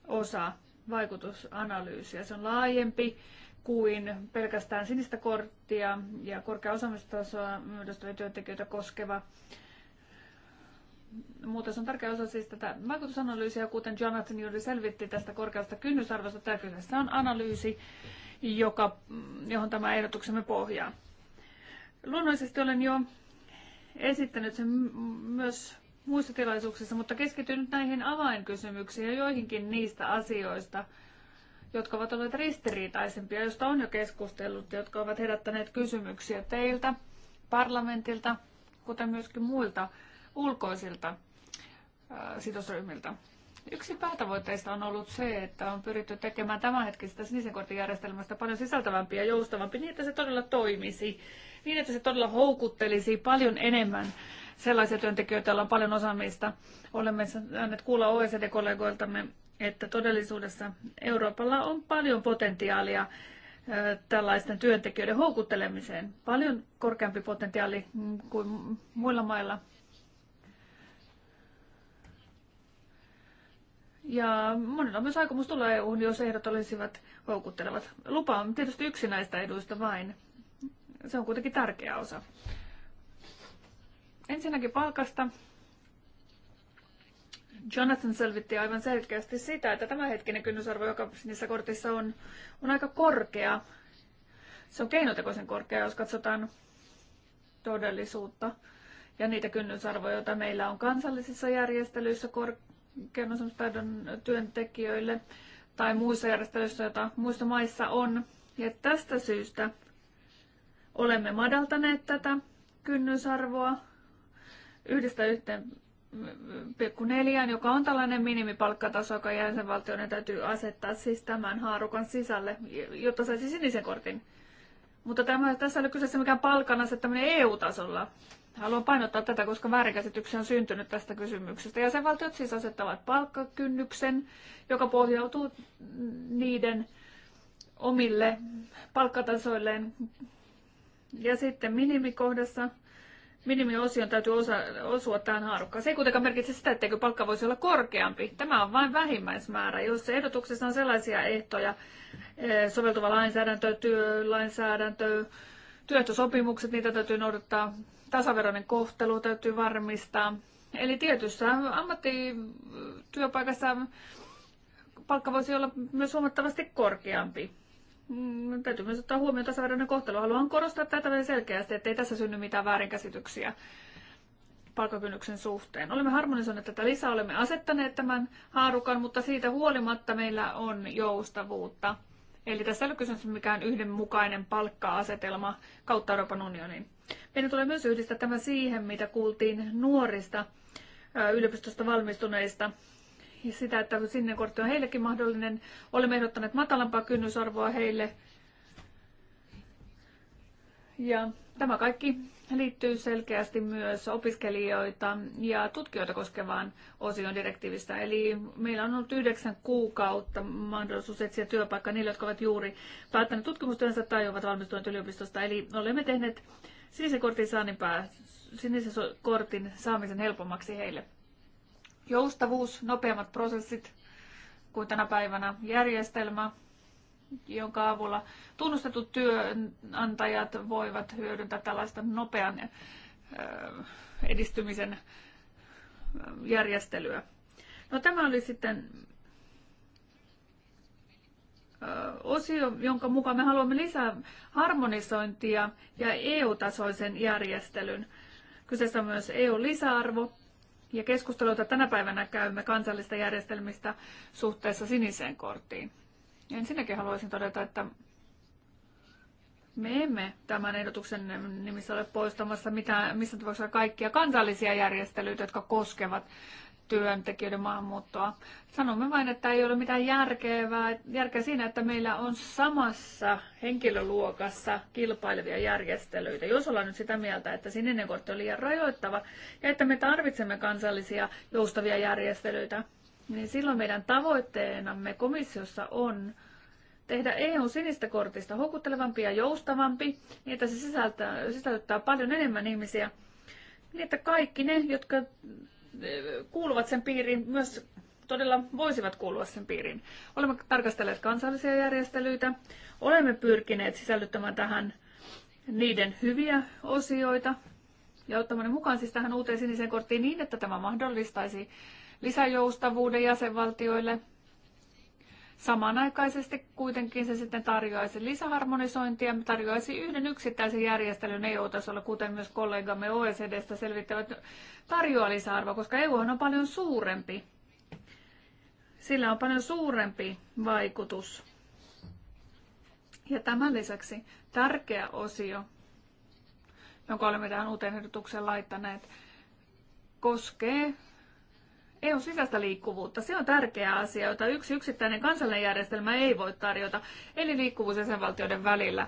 osa vaikutusanalyysiä. Se on laajempi kuin pelkästään sinistä korttia ja korkea osaamistasoa myydöstäviä työntekijöitä koskeva. Muutos on tärkeä osa siis tätä vaikutusanalyysiä, kuten Jonathan juuri selvitti tästä korkeasta kynnysarvosta. Tämä kyseessä on analyysi, joka, johon tämä ehdotuksemme pohjaa. Luonnollisesti olen jo esittänyt sen myös muissa tilaisuuksissa, mutta keskityn nyt näihin avainkysymyksiin ja joihinkin niistä asioista – jotka ovat olleet ristiriitaisempia, joista on jo keskustellut, jotka ovat herättäneet kysymyksiä teiltä, parlamentilta, kuten myöskin muilta ulkoisilta sidosryhmiltä. Yksi päätavoitteista on ollut se, että on pyritty tekemään tämänhetkisestä sinisen kortin järjestelmästä paljon sisältävämpi ja joustavampi niin, että se todella toimisi, niin, että se todella houkuttelisi paljon enemmän sellaisia työntekijöitä, joilla on paljon osaamista. Olemme saaneet kuulla OECD-kollegoiltamme että todellisuudessa Euroopalla on paljon potentiaalia tällaisten työntekijöiden houkuttelemiseen. Paljon korkeampi potentiaali kuin muilla mailla. Ja monilla myös aikomus tulla EU-hun, jos ehdot olisivat houkuttelevat. Lupa on tietysti yksi näistä eduista vain. Se on kuitenkin tärkeä osa. Ensinnäkin palkasta. Jonathan selvitti aivan selkeästi sitä, että tämä hetkinen kynnysarvo, joka niissä kortissa on, on aika korkea. Se on keinotekoisen korkea, jos katsotaan todellisuutta ja niitä kynnysarvoja, joita meillä on kansallisissa järjestelyissä korkean työntekijöille tai muissa järjestelyissä, joita muissa maissa on. Ja tästä syystä olemme madaltaneet tätä kynnysarvoa yhdestä yhteen 4,4, joka on tällainen minimipalkkataso, joka jäsenvaltioiden täytyy asettaa siis tämän haarukan sisälle, jotta saisi sinisen kortin. Mutta tämä, tässä ei ole kyseessä mikään palkan asettaminen EU-tasolla. Haluan painottaa tätä, koska väärinkäsityksiä on syntynyt tästä kysymyksestä. Jäsenvaltiot siis asettavat palkkakynnyksen, joka pohjautuu niiden omille palkkatasoilleen. Ja sitten minimikohdassa minimiosion täytyy osa, osua tähän haarukkaan. Se ei kuitenkaan merkitse sitä, etteikö palkka voisi olla korkeampi. Tämä on vain vähimmäismäärä. Jos ehdotuksessa on sellaisia ehtoja, eh, soveltuva lainsäädäntö, työlainsäädäntö, työehtosopimukset, niitä täytyy noudattaa, tasaveroinen kohtelu täytyy varmistaa. Eli tietyssä ammattityöpaikassa eh, palkka voisi olla myös huomattavasti korkeampi. Mm, täytyy myös ottaa huomioon tasaveroinen kohtelu. Haluan korostaa tätä vielä selkeästi, ettei tässä synny mitään väärinkäsityksiä palkakynnyksen suhteen. Olemme harmonisoineet tätä lisää, olemme asettaneet tämän haarukan, mutta siitä huolimatta meillä on joustavuutta. Eli tässä ei ole kysymys mikään yhdenmukainen palkka-asetelma kautta Euroopan unionin. Meidän tulee myös yhdistää tämä siihen, mitä kuultiin nuorista yliopistosta valmistuneista sitä, että sinne kortti on heillekin mahdollinen. Olemme ehdottaneet matalampaa kynnysarvoa heille. Ja tämä kaikki liittyy selkeästi myös opiskelijoita ja tutkijoita koskevaan osion direktiivistä. Eli meillä on ollut yhdeksän kuukautta mahdollisuus etsiä työpaikkaa niille, jotka ovat juuri päättäneet tutkimustyönsä tai ovat valmistuneet yliopistosta. Eli olemme tehneet sinisen kortin, saannin pää, sinisen kortin saamisen helpommaksi heille. Joustavuus, nopeammat prosessit kuin tänä päivänä järjestelmä, jonka avulla tunnustetut työnantajat voivat hyödyntää tällaista nopean edistymisen järjestelyä. No tämä oli sitten osio, jonka mukaan me haluamme lisää harmonisointia ja EU-tasoisen järjestelyn. Kyseessä on myös EU-lisäarvo, ja keskusteluita tänä päivänä käymme kansallista järjestelmistä suhteessa siniseen korttiin. Ensinnäkin haluaisin todeta, että me emme tämän ehdotuksen nimissä ole poistamassa mitään, missä tapauksessa kaikkia kansallisia järjestelyitä, jotka koskevat työntekijöiden maahanmuuttoa. Sanomme vain, että ei ole mitään järkevää, järkeä siinä, että meillä on samassa henkilöluokassa kilpailevia järjestelyitä. Jos ollaan nyt sitä mieltä, että sininen kortti on liian rajoittava ja että me tarvitsemme kansallisia joustavia järjestelyitä, niin silloin meidän tavoitteenamme komissiossa on tehdä EU sinistä kortista houkuttelevampi ja joustavampi, niin että se sisältää, sisältää paljon enemmän ihmisiä, niin että kaikki ne, jotka kuuluvat sen piiriin myös todella voisivat kuulua sen piiriin. Olemme tarkastelleet kansallisia järjestelyitä, olemme pyrkineet sisällyttämään tähän niiden hyviä osioita ja ottamaan ne mukaan siis tähän uuteen siniseen korttiin niin, että tämä mahdollistaisi lisäjoustavuuden jäsenvaltioille Samanaikaisesti kuitenkin se sitten tarjoaisi lisäharmonisointia, tarjoaisi yhden yksittäisen järjestelyn EU-tasolla, kuten myös kollegamme OECDstä selvittävät, tarjoaa lisäarvoa, koska EU on paljon suurempi. Sillä on paljon suurempi vaikutus. Ja tämän lisäksi tärkeä osio, jonka olemme tähän uuteen ehdotukseen laittaneet, koskee EUn sisäistä liikkuvuutta. Se on tärkeä asia, jota yksi yksittäinen kansallinen järjestelmä ei voi tarjota, eli liikkuvuus jäsenvaltioiden välillä,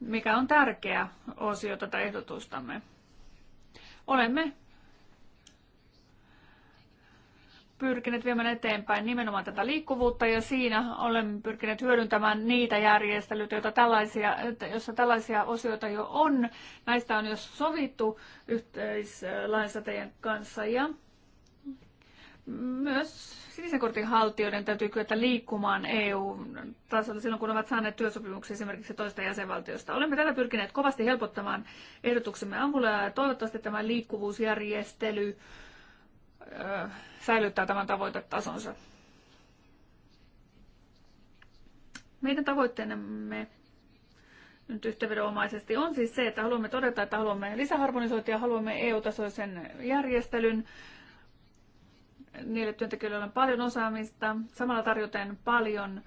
mikä on tärkeä osio tätä ehdotustamme. Olemme pyrkineet viemään eteenpäin nimenomaan tätä liikkuvuutta ja siinä olemme pyrkineet hyödyntämään niitä järjestelyitä, joita tällaisia, joissa tällaisia osioita jo on. Näistä on jo sovittu yhteislainsäteen kanssa ja myös sinisenkortin haltijoiden täytyy kyetä liikkumaan EU-tasolla silloin, kun ovat saaneet työsopimuksia esimerkiksi toista jäsenvaltiosta. Olemme tällä pyrkineet kovasti helpottamaan ehdotuksemme avulla ja toivottavasti tämä liikkuvuusjärjestely säilyttää tämän tavoitetasonsa. Meidän tavoitteenamme nyt yhteenvedonomaisesti on siis se, että haluamme todeta, että haluamme lisäharmonisointia, haluamme EU-tasoisen järjestelyn, Niille työntekijöille on paljon osaamista, samalla tarjoten paljon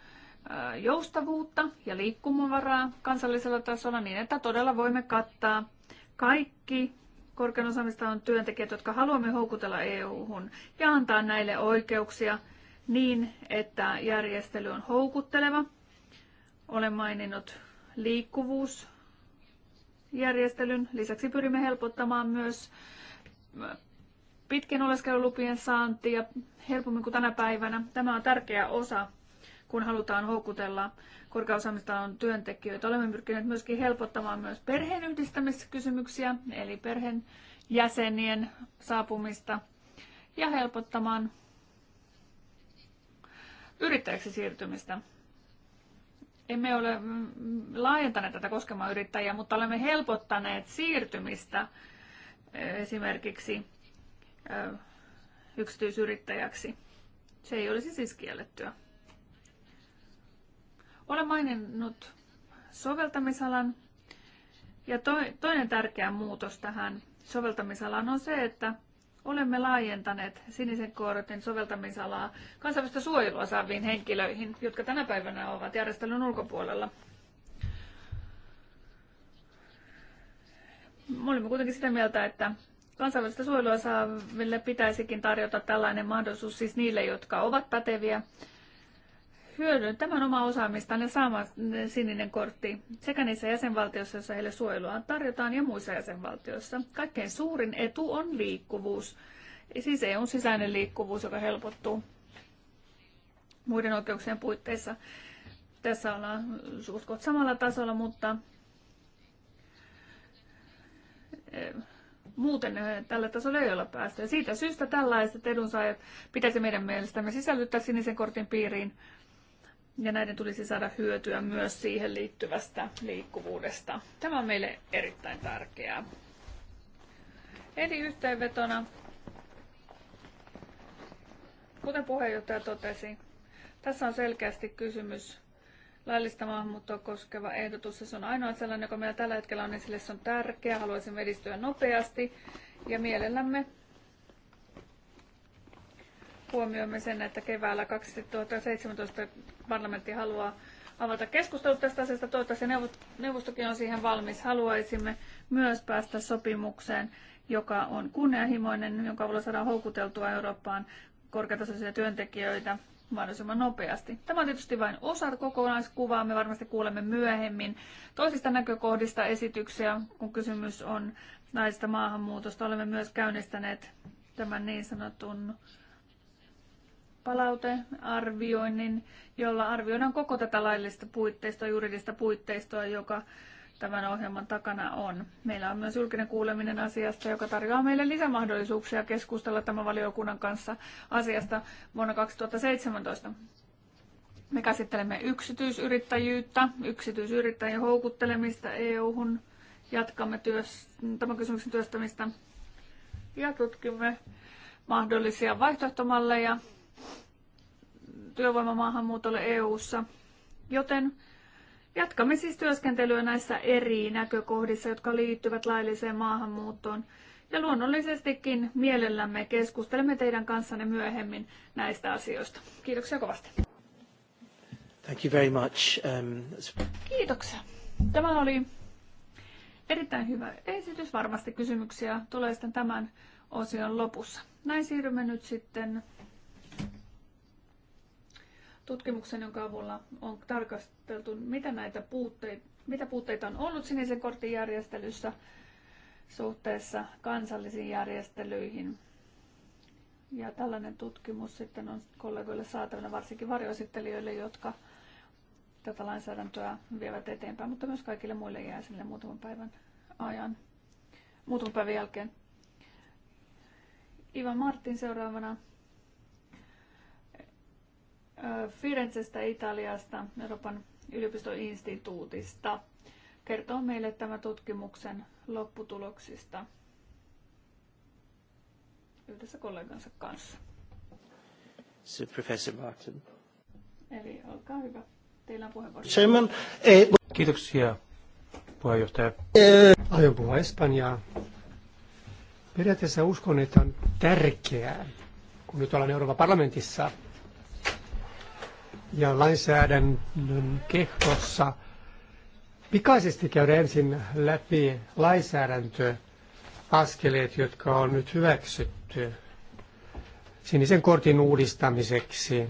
joustavuutta ja liikkumavaraa kansallisella tasolla niin, että todella voimme kattaa kaikki korkean osaamista on työntekijät, jotka haluamme houkutella EU-hun ja antaa näille oikeuksia niin, että järjestely on houkutteleva. Olen maininnut liikkuvuusjärjestelyn. Lisäksi pyrimme helpottamaan myös pitkien oleskelulupien saanti ja helpommin kuin tänä päivänä. Tämä on tärkeä osa, kun halutaan houkutella on työntekijöitä. Olemme pyrkineet myöskin helpottamaan myös yhdistämiskysymyksiä, eli jäsenien saapumista ja helpottamaan yrittäjäksi siirtymistä. Emme ole laajentaneet tätä koskemaan yrittäjiä, mutta olemme helpottaneet siirtymistä esimerkiksi yksityisyrittäjäksi. Se ei olisi siis kiellettyä. Olen maininnut soveltamisalan. Ja toinen tärkeä muutos tähän soveltamisalaan on se, että olemme laajentaneet sinisen kortin soveltamisalaa kansainvälistä suojelua saaviin henkilöihin, jotka tänä päivänä ovat järjestelyn ulkopuolella. Me olimme kuitenkin sitä mieltä, että Kansainvälistä suojelua saaville pitäisikin tarjota tällainen mahdollisuus siis niille, jotka ovat päteviä hyödyntämään omaa osaamistaan ja saamaan sininen kortti sekä niissä jäsenvaltioissa, joissa heille suojelua tarjotaan, ja muissa jäsenvaltioissa. Kaikkein suurin etu on liikkuvuus, siis EUn sisäinen liikkuvuus, joka helpottuu muiden oikeuksien puitteissa. Tässä ollaan suht samalla tasolla, mutta eh, Muuten eh, tällä tasolla ei ole päästy. Ja siitä syystä tällaiset edunsaajat pitäisi meidän mielestämme sisällyttää sinisen kortin piiriin. Ja näiden tulisi saada hyötyä myös siihen liittyvästä liikkuvuudesta. Tämä on meille erittäin tärkeää. Eli yhteenvetona, kuten puheenjohtaja totesi, tässä on selkeästi kysymys laillista maahanmuuttoa koskeva ehdotus. Se on ainoa sellainen, joka meillä tällä hetkellä on esille. Se on tärkeä. Haluaisimme edistyä nopeasti ja mielellämme huomioimme sen, että keväällä 2017 parlamentti haluaa avata keskustelut tästä asiasta. Toivottavasti neuvostokin on siihen valmis. Haluaisimme myös päästä sopimukseen, joka on kunnianhimoinen, jonka avulla saadaan houkuteltua Eurooppaan korkeatasoisia työntekijöitä mahdollisimman nopeasti. Tämä on tietysti vain osa kokonaiskuvaa. Me varmasti kuulemme myöhemmin toisista näkökohdista esityksiä, kun kysymys on näistä maahanmuutosta. Olemme myös käynnistäneet tämän niin sanotun palautearvioinnin, jolla arvioidaan koko tätä laillista puitteistoa, juridista puitteistoa, joka tämän ohjelman takana on. Meillä on myös julkinen kuuleminen asiasta, joka tarjoaa meille lisämahdollisuuksia keskustella tämän valiokunnan kanssa asiasta vuonna 2017. Me käsittelemme yksityisyrittäjyyttä, yksityisyrittäjien houkuttelemista EU-hun, jatkamme työs, tämän kysymyksen työstämistä ja tutkimme mahdollisia vaihtoehtomalleja työvoimamaahanmuutolle EU-ssa, joten Jatkamme siis työskentelyä näissä eri näkökohdissa, jotka liittyvät lailliseen maahanmuuttoon. Ja luonnollisestikin mielellämme keskustelemme teidän kanssanne myöhemmin näistä asioista. Kiitoksia kovasti. Thank you very much. Um, Kiitoksia. Tämä oli erittäin hyvä esitys. Varmasti kysymyksiä tulee sitten tämän osion lopussa. Näin siirrymme nyt sitten tutkimuksen, jonka avulla on tarkasteltu, mitä näitä puutteita, mitä puutteita on ollut sinisen kortin järjestelyssä suhteessa kansallisiin järjestelyihin. Ja tällainen tutkimus sitten on kollegoille saatavana, varsinkin varjoesittelijöille, jotka tätä lainsäädäntöä vievät eteenpäin, mutta myös kaikille muille jäsenille muutaman päivän ajan, muutaman päivän jälkeen. Ivan Martin seuraavana Firenzestä Italiasta, Euroopan yliopistoinstituutista, kertoo meille tämän tutkimuksen lopputuloksista yhdessä kollegansa kanssa. So, Professor Martin. Eli olkaa hyvä. Teillä on puheenvuoro. Chairman, eh... Kiitoksia, puheenjohtaja. Eh... Aion puhua Espanjaa. Periaatteessa uskon, että on tärkeää, kun nyt ollaan Euroopan parlamentissa – ja lainsäädännön kehdossa pikaisesti käydä ensin läpi lainsäädäntöaskeleet, jotka on nyt hyväksytty sinisen kortin uudistamiseksi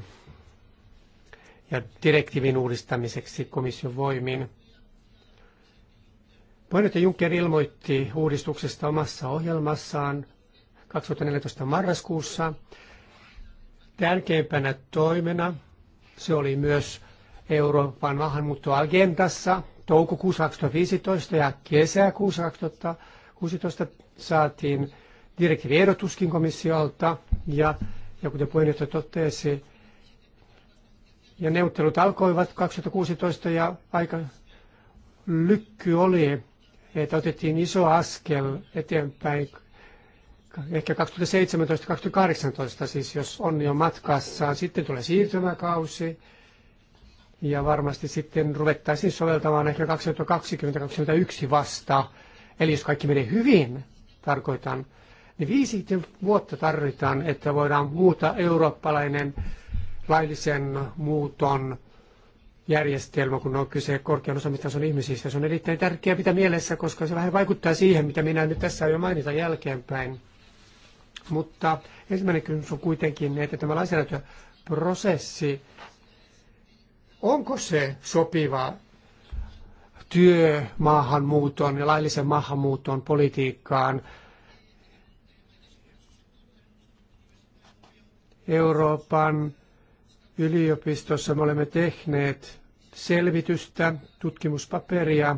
ja direktiivin uudistamiseksi komission voimin. Puheenjohtaja Juncker ilmoitti uudistuksesta omassa ohjelmassaan 2014 marraskuussa. Tärkeimpänä toimena se oli myös Euroopan maahanmuuttoagendassa toukokuussa 2015 ja kesäkuussa 2016 saatiin direktiiviehdotuskin komissiolta ja, ja kuten puheenjohtaja totesi, ja neuvottelut alkoivat 2016 ja aika lykky oli, että otettiin iso askel eteenpäin ehkä 2017-2018, siis jos on jo matkassaan, sitten tulee siirtymäkausi, ja varmasti sitten ruvettaisiin soveltamaan ehkä 2020-2021 vasta. Eli jos kaikki menee hyvin, tarkoitan, niin viisi vuotta tarvitaan, että voidaan muuta eurooppalainen laillisen muuton järjestelmä, kun on kyse korkean osaamistason ihmisistä. Se on erittäin tärkeää pitää mielessä, koska se vähän vaikuttaa siihen, mitä minä nyt tässä jo mainita jälkeenpäin. Mutta ensimmäinen kysymys on kuitenkin, että tämä lainsäädäntöprosessi, onko se sopiva työ maahanmuuton ja laillisen maahanmuuton politiikkaan, Euroopan yliopistossa me olemme tehneet selvitystä, tutkimuspaperia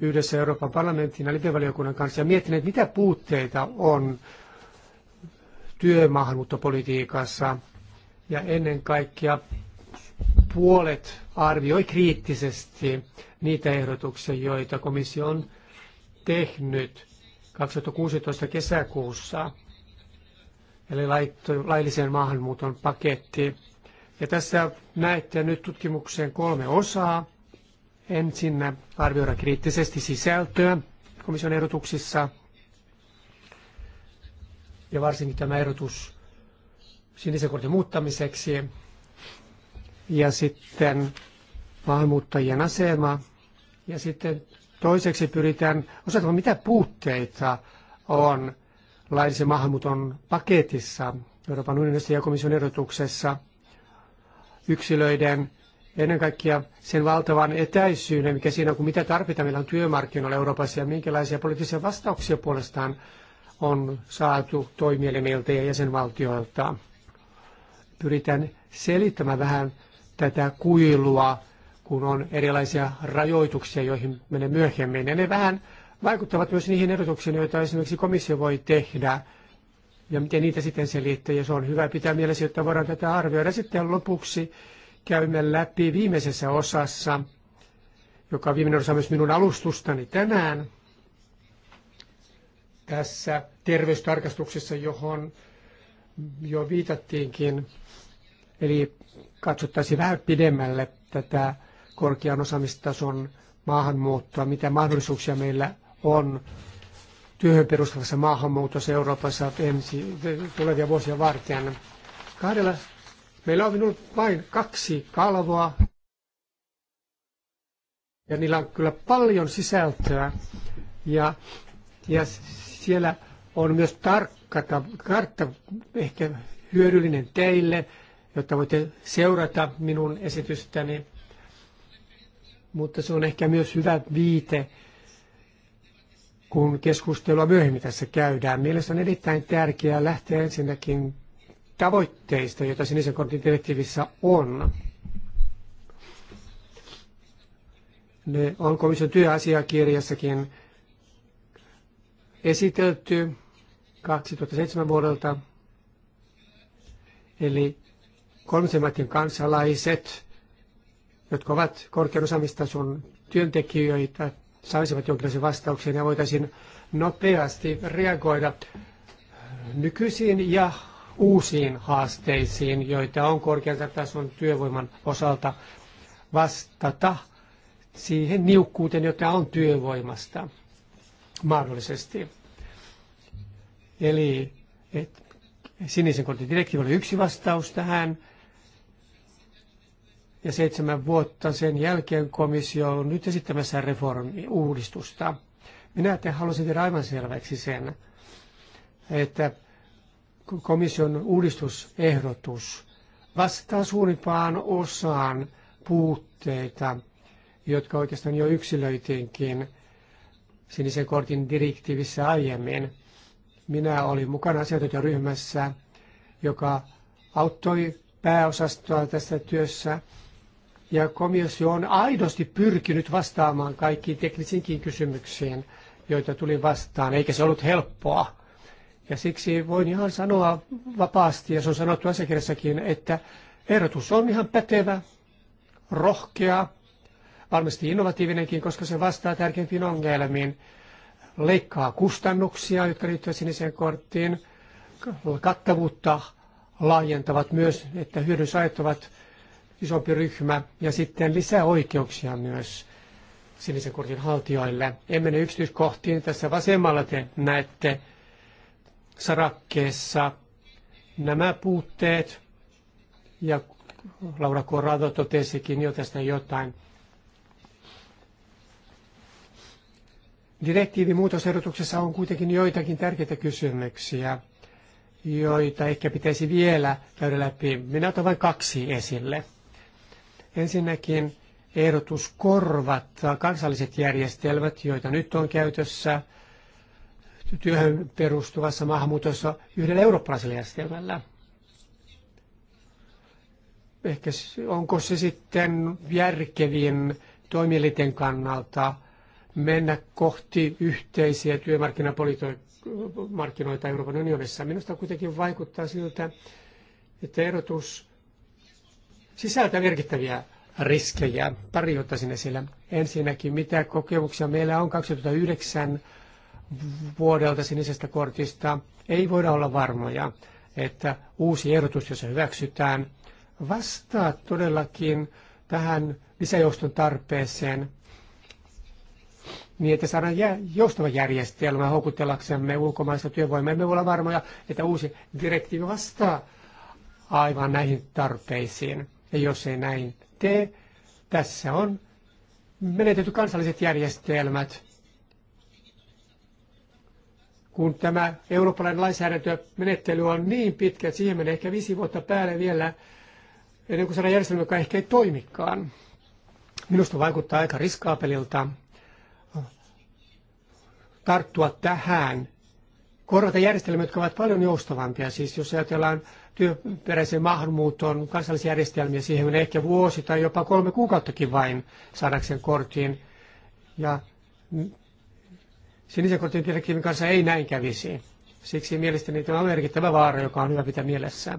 yhdessä Euroopan parlamentin ja lipevaliokunnan kanssa ja miettineet, mitä puutteita on työmaahanmuuttopolitiikassa. Ja ennen kaikkea puolet arvioi kriittisesti niitä ehdotuksia, joita komissio on tehnyt 2016 kesäkuussa, eli laillisen maahanmuuton paketti. Ja tässä näette nyt tutkimuksen kolme osaa. Ensin arvioida kriittisesti sisältöä komission ehdotuksissa. Ja varsinkin tämä ehdotus sinisen kortin muuttamiseksi. Ja sitten maahanmuuttajien asema. Ja sitten toiseksi pyritään osoittamaan, mitä puutteita on laillisen maahanmuuton paketissa Euroopan unionissa ja komission ehdotuksessa yksilöiden ennen kaikkea sen valtavan etäisyyden, mikä siinä on, kun mitä tarvitaan meillä on työmarkkinoilla Euroopassa ja minkälaisia poliittisia vastauksia puolestaan on saatu toimielimiltä ja jäsenvaltioilta. Pyritään selittämään vähän tätä kuilua, kun on erilaisia rajoituksia, joihin menee myöhemmin. Ja ne vähän vaikuttavat myös niihin ehdotuksiin, joita esimerkiksi komissio voi tehdä ja miten niitä sitten selittää. Ja se on hyvä pitää mielessä, jotta voidaan tätä arvioida. Sitten lopuksi käymme läpi viimeisessä osassa, joka on viimeinen osa myös minun alustustani tänään, tässä terveystarkastuksessa, johon jo viitattiinkin. Eli katsottaisiin vähän pidemmälle tätä korkean osaamistason maahanmuuttoa, mitä mahdollisuuksia meillä on työhön perustuvassa maahanmuutossa Euroopassa ensi, tulevia vuosia varten. Kahdella Meillä on minulla vain kaksi kalvoa. Ja niillä on kyllä paljon sisältöä. Ja, ja siellä on myös tarkka kartta ehkä hyödyllinen teille, jotta voitte seurata minun esitystäni. Mutta se on ehkä myös hyvä viite, kun keskustelua myöhemmin tässä käydään. Mielestäni on erittäin tärkeää lähteä ensinnäkin tavoitteista, joita sinisen kortin direktiivissä on. Ne on komission työasiakirjassakin esitelty 2007 vuodelta. Eli kolmisen kansalaiset, jotka ovat korkean osaamistason työntekijöitä, saisivat jonkinlaisen vastauksen ja voitaisiin nopeasti reagoida nykyisiin ja uusiin haasteisiin, joita on korkealta tason työvoiman osalta vastata siihen niukkuuteen, jota on työvoimasta mahdollisesti. Eli et, sinisen kortin direktiivi oli yksi vastaus tähän. Ja seitsemän vuotta sen jälkeen komissio on nyt esittämässä reformi uudistusta. Minä te halusin tehdä aivan selväksi sen, että komission uudistusehdotus vastaa suurimpaan osaan puutteita, jotka oikeastaan jo yksilöitiinkin sinisen kortin direktiivissä aiemmin. Minä olin mukana asiantuntijaryhmässä, joka auttoi pääosastoa tässä työssä. Ja komissio on aidosti pyrkinyt vastaamaan kaikkiin teknisiinkin kysymyksiin, joita tuli vastaan, eikä se ollut helppoa. Ja siksi voin ihan sanoa vapaasti, ja se on sanottu asiakirjassakin, että ehdotus on ihan pätevä, rohkea, varmasti innovatiivinenkin, koska se vastaa tärkeimpiin ongelmiin. Leikkaa kustannuksia, jotka liittyvät siniseen korttiin, kattavuutta laajentavat myös, että hyödynsaajat ovat isompi ryhmä ja sitten lisää oikeuksia myös sinisen kortin haltijoille. En mene yksityiskohtiin, tässä vasemmalla te näette sarakkeessa nämä puutteet, ja Laura Corrado totesikin jo tästä jotain. Direktiivimuutosehdotuksessa on kuitenkin joitakin tärkeitä kysymyksiä, joita ehkä pitäisi vielä käydä läpi. Minä otan vain kaksi esille. Ensinnäkin ehdotus korvata kansalliset järjestelmät, joita nyt on käytössä – työhön perustuvassa maahanmuutossa yhdellä eurooppalaisella järjestelmällä. Ehkä onko se sitten järkevin toimielinten kannalta mennä kohti yhteisiä työmarkkinoita Euroopan unionissa. Minusta kuitenkin vaikuttaa siltä, että erotus sisältää merkittäviä riskejä. Pari ottaisin esille. Ensinnäkin, mitä kokemuksia meillä on 2009 vuodelta sinisestä kortista ei voida olla varmoja, että uusi ehdotus, jos se hyväksytään, vastaa todellakin tähän lisäjouston tarpeeseen niin, että saadaan joustava järjestelmä houkutellaksemme ulkomaista työvoimaa. Emme voi olla varmoja, että uusi direktiivi vastaa aivan näihin tarpeisiin. Ja jos ei näin tee, tässä on menetetty kansalliset järjestelmät, kun tämä eurooppalainen lainsäädäntömenettely on niin pitkä, että siihen menee ehkä viisi vuotta päälle vielä, ennen kuin saadaan järjestelmä, joka ehkä ei toimikaan. Minusta vaikuttaa aika riskaapelilta tarttua tähän, korvata järjestelmät jotka ovat paljon joustavampia. Siis jos ajatellaan työperäisen maahanmuuton kansallisjärjestelmiä, siihen menee ehkä vuosi tai jopa kolme kuukauttakin vain saadakseen kortin. Ja Sinisen kortin direktiivin kanssa ei näin kävisi. Siksi mielestäni tämä on merkittävä vaara, joka on hyvä pitää mielessä.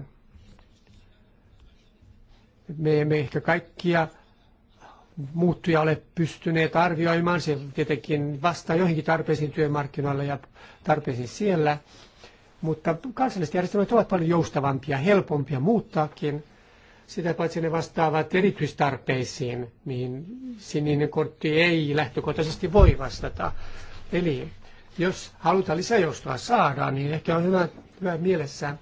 Me emme ehkä kaikkia muuttuja ole pystyneet arvioimaan. Se tietenkin vastaa joihinkin tarpeisiin työmarkkinoilla ja tarpeisiin siellä. Mutta kansalliset järjestelmät ovat paljon joustavampia, helpompia muuttaakin. Sitä paitsi ne vastaavat erityistarpeisiin, mihin sininen kortti ei lähtökohtaisesti voi vastata. Eli jos halutaan lisäjoustoa saada, niin ehkä on hyvä, hyvä mielessä,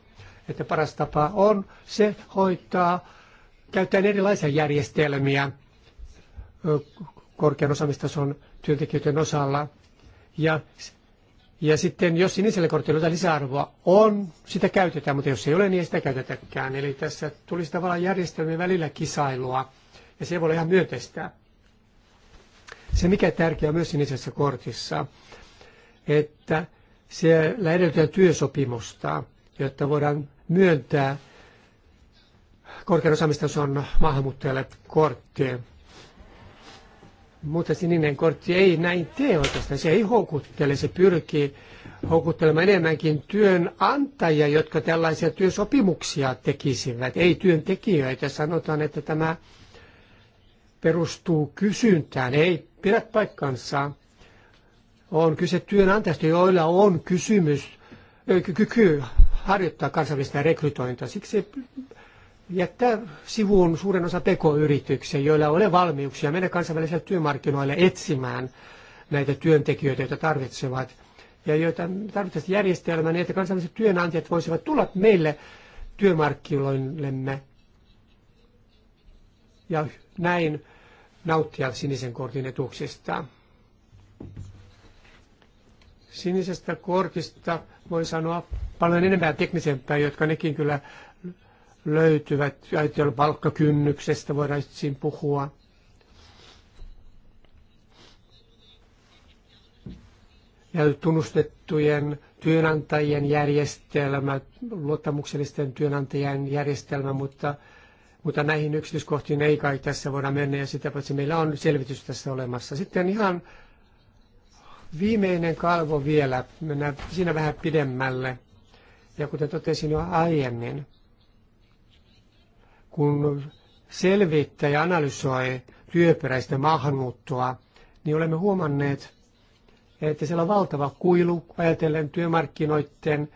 että paras tapa on se hoitaa käyttäen erilaisia järjestelmiä korkean osaamistason työntekijöiden osalla. Ja, ja sitten jos sinisellä kortilla jotain lisäarvoa on, sitä käytetään, mutta jos ei ole, niin ei sitä käytetäkään. Eli tässä tulisi tavallaan järjestelmien välillä kisailua, ja se voi olla ihan myönteistä. Se mikä tärkeää myös sinisessä kortissa, että siellä edellytetään työsopimusta, jotta voidaan myöntää korkean osaamistason maahanmuuttajalle kortti. Mutta sininen kortti ei näin tee oikeastaan. Se ei houkuttele, se pyrkii houkuttelemaan enemmänkin työnantajia, jotka tällaisia työsopimuksia tekisivät, ei työntekijöitä. Sanotaan, että tämä perustuu kysyntään, ei pidä paikkansa. On kyse työnantajista, joilla on kysymys, kyky harjoittaa kansainvälistä rekrytointia. Siksi jättää sivuun suuren osa pk-yrityksiä, joilla ei ole valmiuksia mennä kansainvälisille työmarkkinoille etsimään näitä työntekijöitä, joita tarvitsevat ja joita tarvittaisiin järjestelmää niin, että kansainväliset työnantajat voisivat tulla meille työmarkkinoillemme ja näin nauttia sinisen kortin etuuksista. Sinisestä kortista voi sanoa paljon enemmän teknisempää, jotka nekin kyllä löytyvät. Ajatellaan palkkakynnyksestä voidaan siinä puhua. Ja tunnustettujen työnantajien järjestelmä, luottamuksellisten työnantajien järjestelmä, mutta mutta näihin yksityiskohtiin ei kai tässä voida mennä ja sitä paitsi meillä on selvitys tässä olemassa. Sitten ihan viimeinen kalvo vielä, mennään siinä vähän pidemmälle. Ja kuten totesin jo aiemmin, kun selvittäjä ja analysoi työperäistä maahanmuuttoa, niin olemme huomanneet, että siellä on valtava kuilu ajatellen työmarkkinoiden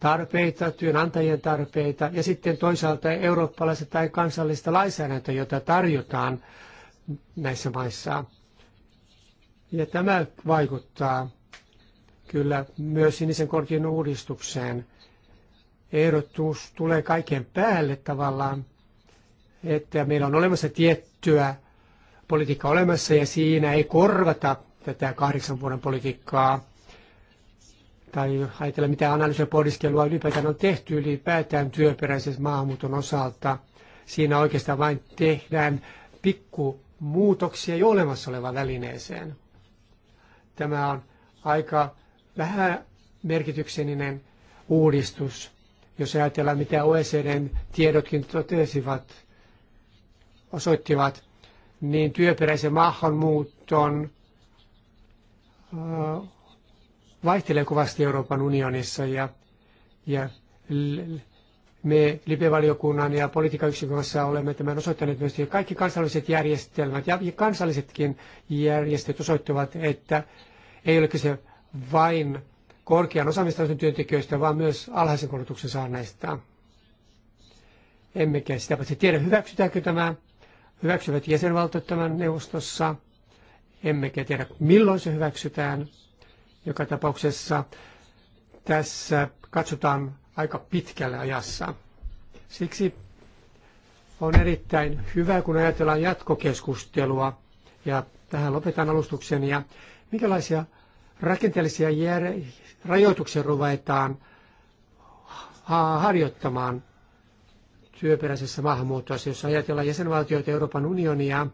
tarpeita, työnantajien tarpeita ja sitten toisaalta eurooppalaista tai kansallista lainsäädäntöä, jota tarjotaan näissä maissa. Ja tämä vaikuttaa kyllä myös sinisen kortin uudistukseen. Ehdotus tulee kaiken päälle tavallaan, että meillä on olemassa tiettyä politiikkaa olemassa ja siinä ei korvata tätä kahdeksan vuoden politiikkaa tai ajatella mitä analyysiä pohdiskelua ylipäätään on tehty ylipäätään työperäisessä maahanmuuton osalta. Siinä oikeastaan vain tehdään pikku muutoksia jo olemassa olevaan välineeseen. Tämä on aika vähän merkityksellinen uudistus, jos ajatellaan mitä OECDn tiedotkin totesivat, osoittivat, niin työperäisen maahanmuuton vaihtelee kovasti Euroopan unionissa ja, ja me Lipevaliokunnan ja politiikan kanssa olemme tämän osoittaneet myös, että kaikki kansalliset järjestelmät ja kansallisetkin järjestöt osoittavat, että ei ole kyse vain korkean osaamistason työntekijöistä, vaan myös alhaisen koulutuksen saaneista. Emmekä sitä paitsi tiedä, hyväksytäänkö tämä, hyväksyvät jäsenvaltiot tämän neuvostossa, emmekä tiedä milloin se hyväksytään – joka tapauksessa tässä katsotaan aika pitkälle ajassa. Siksi on erittäin hyvä, kun ajatellaan jatkokeskustelua. Ja tähän lopetan alustuksen. Ja minkälaisia rakenteellisia jär- rajoituksia ruvetaan harjoittamaan työperäisessä maahanmuuttossa, jos ajatellaan jäsenvaltioita Euroopan unionia,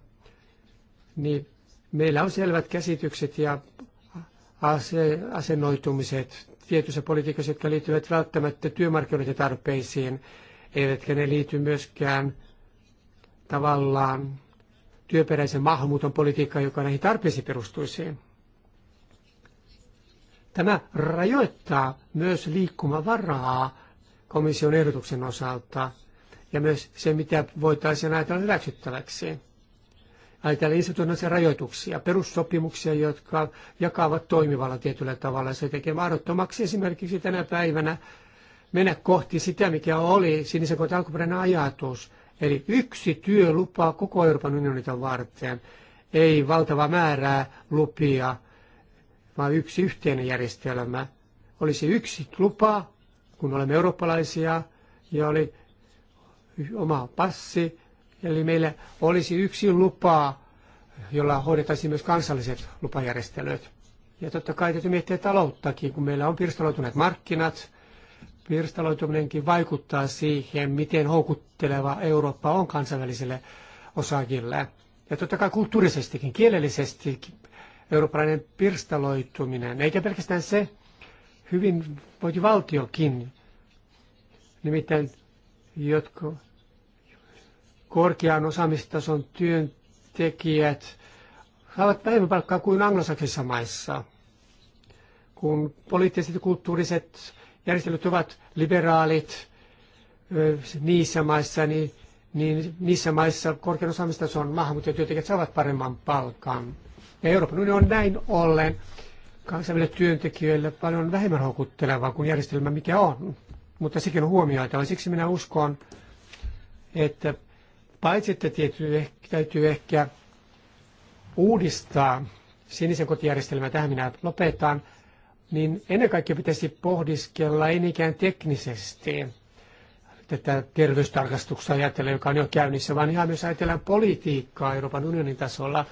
niin meillä on selvät käsitykset ja asennoitumiset tietyissä politiikassa, jotka liittyvät välttämättä työmarkkinoiden tarpeisiin, eivätkä ne liity myöskään tavallaan työperäisen maahanmuuton politiikkaan, joka näihin tarpeisiin perustuisi. Tämä rajoittaa myös liikkumavaraa komission ehdotuksen osalta ja myös se, mitä voitaisiin ajatella hyväksyttäväksi näitä institutionaalisia rajoituksia, perussopimuksia, jotka jakavat toimivalla tietyllä tavalla. Se tekee mahdottomaksi esimerkiksi tänä päivänä mennä kohti sitä, mikä oli sinisen kohta alkuperäinen ajatus. Eli yksi työlupa koko Euroopan unionita varten, ei valtava määrää lupia, vaan yksi yhteinen järjestelmä. Olisi yksi lupa, kun olemme eurooppalaisia, ja oli oma passi, Eli meillä olisi yksi lupa, jolla hoidettaisiin myös kansalliset lupajärjestelyt. Ja totta kai täytyy miettiä talouttakin, kun meillä on pirstaloituneet markkinat. Pirstaloituminenkin vaikuttaa siihen, miten houkutteleva Eurooppa on kansainväliselle osakille. Ja totta kai kulttuurisestikin, kielellisesti eurooppalainen pirstaloituminen, eikä pelkästään se, hyvin voiti valtiokin. Nimittäin jotkut korkean osaamistason työntekijät saavat vähemmän palkkaa kuin anglosaksissa maissa, kun poliittiset ja kulttuuriset järjestelyt ovat liberaalit niissä maissa, niin, niin niissä maissa korkean osaamistason maahanmuuttajatyöntekijät saavat paremman palkan. Ja Euroopan unioni on näin ollen kansainvälisille työntekijöille paljon vähemmän houkuttelevaa kuin järjestelmä mikä on. Mutta sekin on huomioitava. Siksi minä uskon, että Paitsi, että tietyy, täytyy ehkä uudistaa sinisen kotijärjestelmä, tähän minä lopetan, niin ennen kaikkea pitäisi pohdiskella ei niinkään teknisesti tätä terveystarkastuksessa ajatella, joka on jo käynnissä, vaan ihan myös ajatellaan politiikkaa Euroopan unionin tasolla.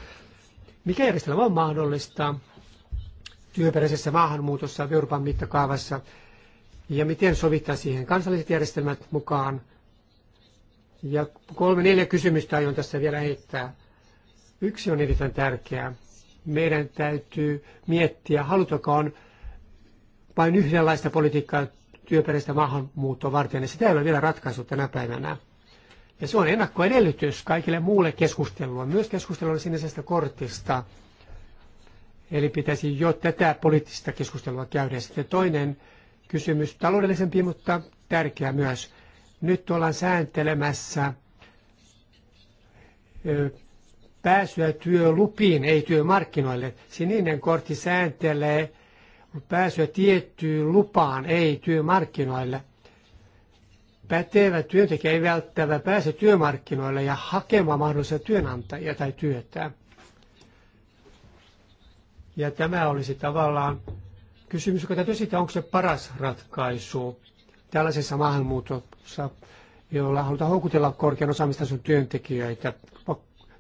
Mikä järjestelmä on mahdollista työperäisessä maahanmuutossa Euroopan mittakaavassa ja miten sovittaa siihen kansalliset järjestelmät mukaan ja kolme neljä kysymystä aion tässä vielä heittää. Yksi on erittäin tärkeää. Meidän täytyy miettiä, halutakaan vain yhdenlaista politiikkaa työperäistä maahanmuuttoa varten. Ja sitä ei ole vielä ratkaisu tänä päivänä. Ja se on ennakkoedellytys kaikille muulle keskustelua, myös keskustelua sinisestä kortista. Eli pitäisi jo tätä poliittista keskustelua käydä. Sitten toinen kysymys, taloudellisempi, mutta tärkeä myös. Nyt ollaan sääntelemässä pääsyä työlupiin, ei työmarkkinoille. Sininen kortti sääntelee pääsyä tiettyyn lupaan, ei työmarkkinoille. Pätevä työntekijä ei välttävä pääse työmarkkinoille ja hakemaan mahdollisia työnantajia tai työtä. Ja tämä olisi tavallaan kysymys, joka täytyy siitä, onko se paras ratkaisu tällaisessa maahanmuutossa, jolla halutaan houkutella korkean osaamistason työntekijöitä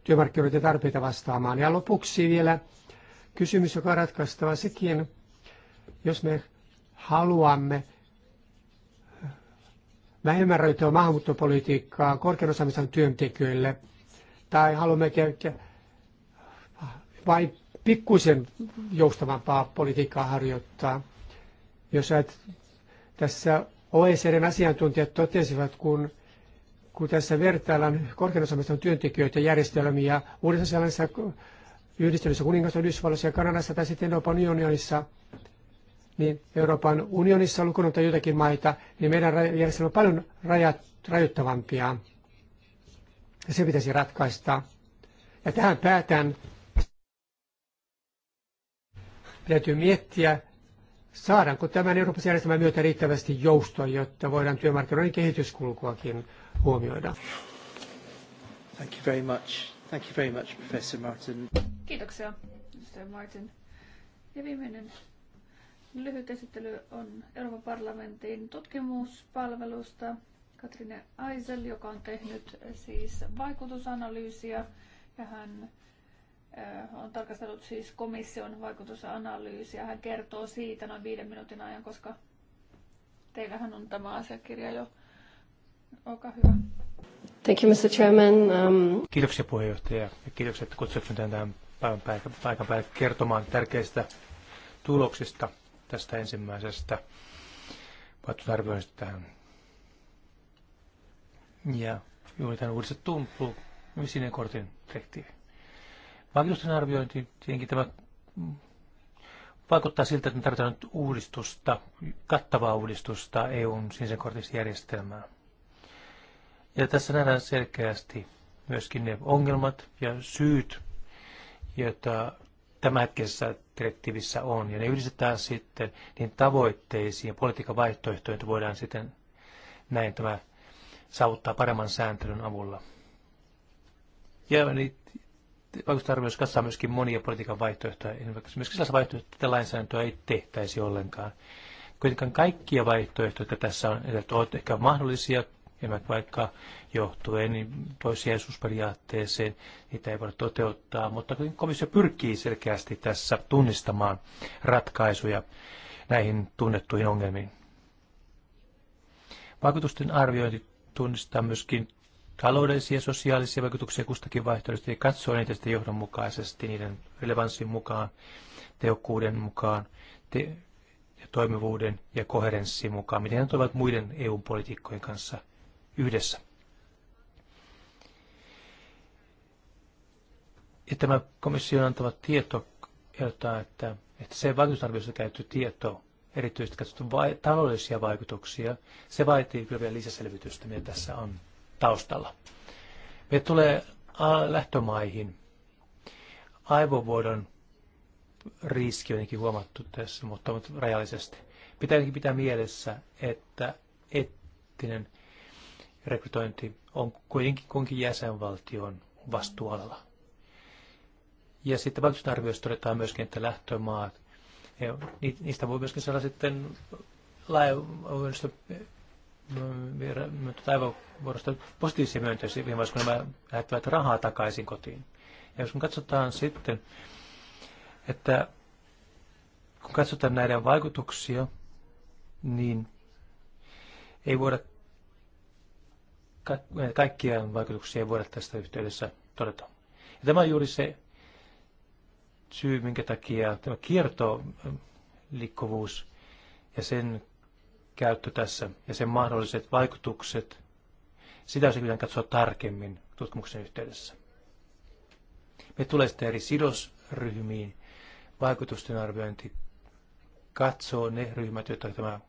työmarkkinoiden tarpeita vastaamaan. Ja lopuksi vielä kysymys, joka on ratkaistava sekin, jos me haluamme vähemmän rajoittaa maahanmuuttopolitiikkaa korkean osaamisen työntekijöille, tai haluamme käydä vain pikkuisen joustavampaa politiikkaa harjoittaa. Jos ajat, tässä OECDn asiantuntijat totesivat, kun, kun tässä vertaillaan korkean osaamisten työntekijöitä järjestelmiä uudessa sellaisessa yhdistyneessä kuningassa, Yhdysvalloissa ja Kanadassa tai sitten Euroopan unionissa, niin Euroopan unionissa ottamatta joitakin maita, niin meidän järjestelmä on paljon rajat, rajoittavampia. Ja se pitäisi ratkaista. Ja tähän päätän. Täytyy miettiä, Saadaanko tämän Euroopan järjestelmän myötä riittävästi joustoa, jotta voidaan työmarkkinoiden kehityskulkuakin huomioida? Thank you very much. Thank you very much, Professor Martin. Kiitoksia, Mr. Martin. Ja viimeinen lyhyt esittely on Euroopan parlamentin tutkimuspalvelusta. Katrine Aisel, joka on tehnyt siis vaikutusanalyysiä ja hän Äh, on tarkastellut siis komission vaikutusanalyysiä. Hän kertoo siitä noin viiden minuutin ajan, koska teillähän on tämä asiakirja jo. Olkaa hyvä. Thank you, Mr. Chairman. Um... Kiitoksia puheenjohtaja ja kiitoksia, että kutsuitte tämän päivän paikan päälle kertomaan tärkeistä tuloksista tästä ensimmäisestä vaikutusarvioinnista tähän. Ja juuri tämän uudistettuun sininen kortin tehtiin. Vaikutusten arviointi, tietenkin tämä vaikuttaa siltä, että me tarvitaan nyt uudistusta, kattavaa uudistusta EUn sinisen järjestelmään. Ja tässä nähdään selkeästi myöskin ne ongelmat ja syyt, joita tämänhetkisessä direktiivissä on. Ja ne yhdistetään sitten niin tavoitteisiin ja politiikan vaihtoehtoihin, että voidaan sitten näin tämä saavuttaa paremman sääntelyn avulla. Ja niin vaikutusarvioissa katsotaan myöskin monia politiikan vaihtoehtoja. Esimerkiksi sellaisia vaihtoehtoja, että lainsäädäntöä ei tehtäisi ollenkaan. Kuitenkaan kaikkia vaihtoehtoja, jotka tässä on, että ovat ehkä mahdollisia, emmekä vaikka johtuen niin toissijaisuusperiaatteeseen, niitä ei voida toteuttaa, mutta komissio pyrkii selkeästi tässä tunnistamaan ratkaisuja näihin tunnettuihin ongelmiin. Vaikutusten arviointi tunnistaa myöskin taloudellisia ja sosiaalisia vaikutuksia kustakin vaihtoehdosta ja katsoa niitä sitten johdonmukaisesti niiden relevanssin mukaan, tehokkuuden mukaan te- ja toimivuuden ja koherenssin mukaan, miten ne toivat muiden EU-politiikkojen kanssa yhdessä. Ja tämä komission antava tieto ehdottaa, että, että se vaikutusarviossa käytetty tieto, erityisesti katsottu vai, taloudellisia vaikutuksia, se vaatii kyllä vielä lisäselvitystä, mitä tässä on taustalla. Me tulee lähtömaihin. Aivovuodon riski on huomattu tässä, mutta rajallisesti. Pitää pitää mielessä, että ettinen rekrytointi on kuitenkin kunkin jäsenvaltion vastuualalla. Ja sitten vaikutusarvioissa todetaan myöskin, että lähtömaat, niistä voi myöskin saada sitten Tuota aivovuorosta positiivisia myönteisiä viime kun nämä lähettävät rahaa takaisin kotiin. Ja jos me katsotaan sitten, että kun katsotaan näiden vaikutuksia, niin ei voida, kaikkia vaikutuksia ei voida tästä yhteydessä todeta. Ja tämä on juuri se syy, minkä takia tämä kierto äh, liikkuvuus ja sen käyttö tässä ja sen mahdolliset vaikutukset, sitä olisi pitänyt katsoa tarkemmin tutkimuksen yhteydessä. Me tulee sitten eri sidosryhmiin vaikutusten arviointi katsoo ne ryhmät, joita tämä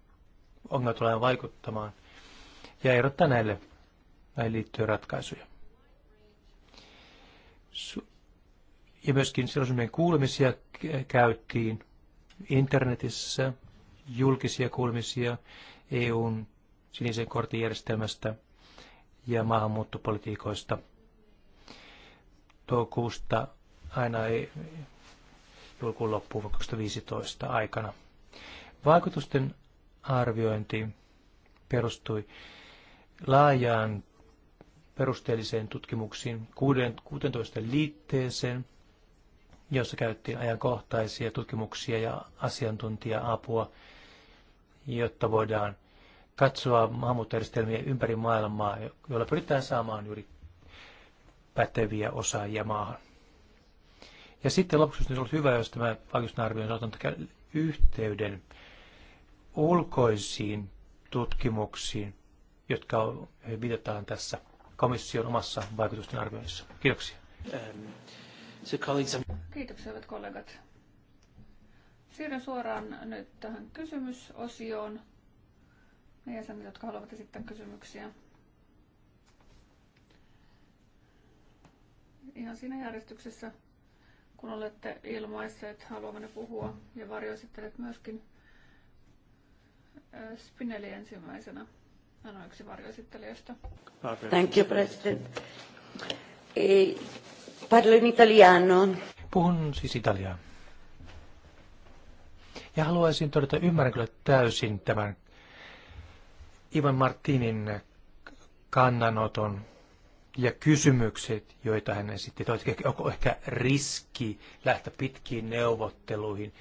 ongelma tulee vaikuttamaan ja erottaa näille, näille liittyen ratkaisuja. ja myöskin sidosryhmien kuulemisia käyttiin internetissä julkisia kuulemisia EUn sinisen kortin järjestelmästä ja maahanmuuttopolitiikoista. Toukokuusta aina ei julkuun loppuun 2015 aikana. Vaikutusten arviointi perustui laajaan perusteelliseen tutkimuksiin 16 liitteeseen, jossa käyttiin ajankohtaisia tutkimuksia ja asiantuntija-apua jotta voidaan katsoa maahanmuuttajärjestelmiä ympäri maailmaa, joilla pyritään saamaan juuri päteviä osaajia maahan. Ja sitten lopuksi olisi ollut hyvä, jos tämä vaikutusten on ottanut yhteyden ulkoisiin tutkimuksiin, jotka viitataan tässä komission omassa vaikutusten arvioinnissa. Kiitoksia. Um, Kiitoksia, hyvät kollegat. Siirryn suoraan nyt tähän kysymysosioon. Ne jäsenet, jotka haluavat esittää kysymyksiä. Ihan siinä järjestyksessä, kun olette ilmaisseet haluavanne puhua ja varjoisittelet myöskin äh, Spinelli ensimmäisenä. Hän on yksi varjoesittelijöistä. Thank you, President. E, parlo in italiano. Puhun siis italiaa. Ja haluaisin todeta, että ymmärrän kyllä täysin tämän Ivan Martinin kannanoton ja kysymykset, joita hän esitti. Onko ehkä riski lähteä pitkiin neuvotteluihin,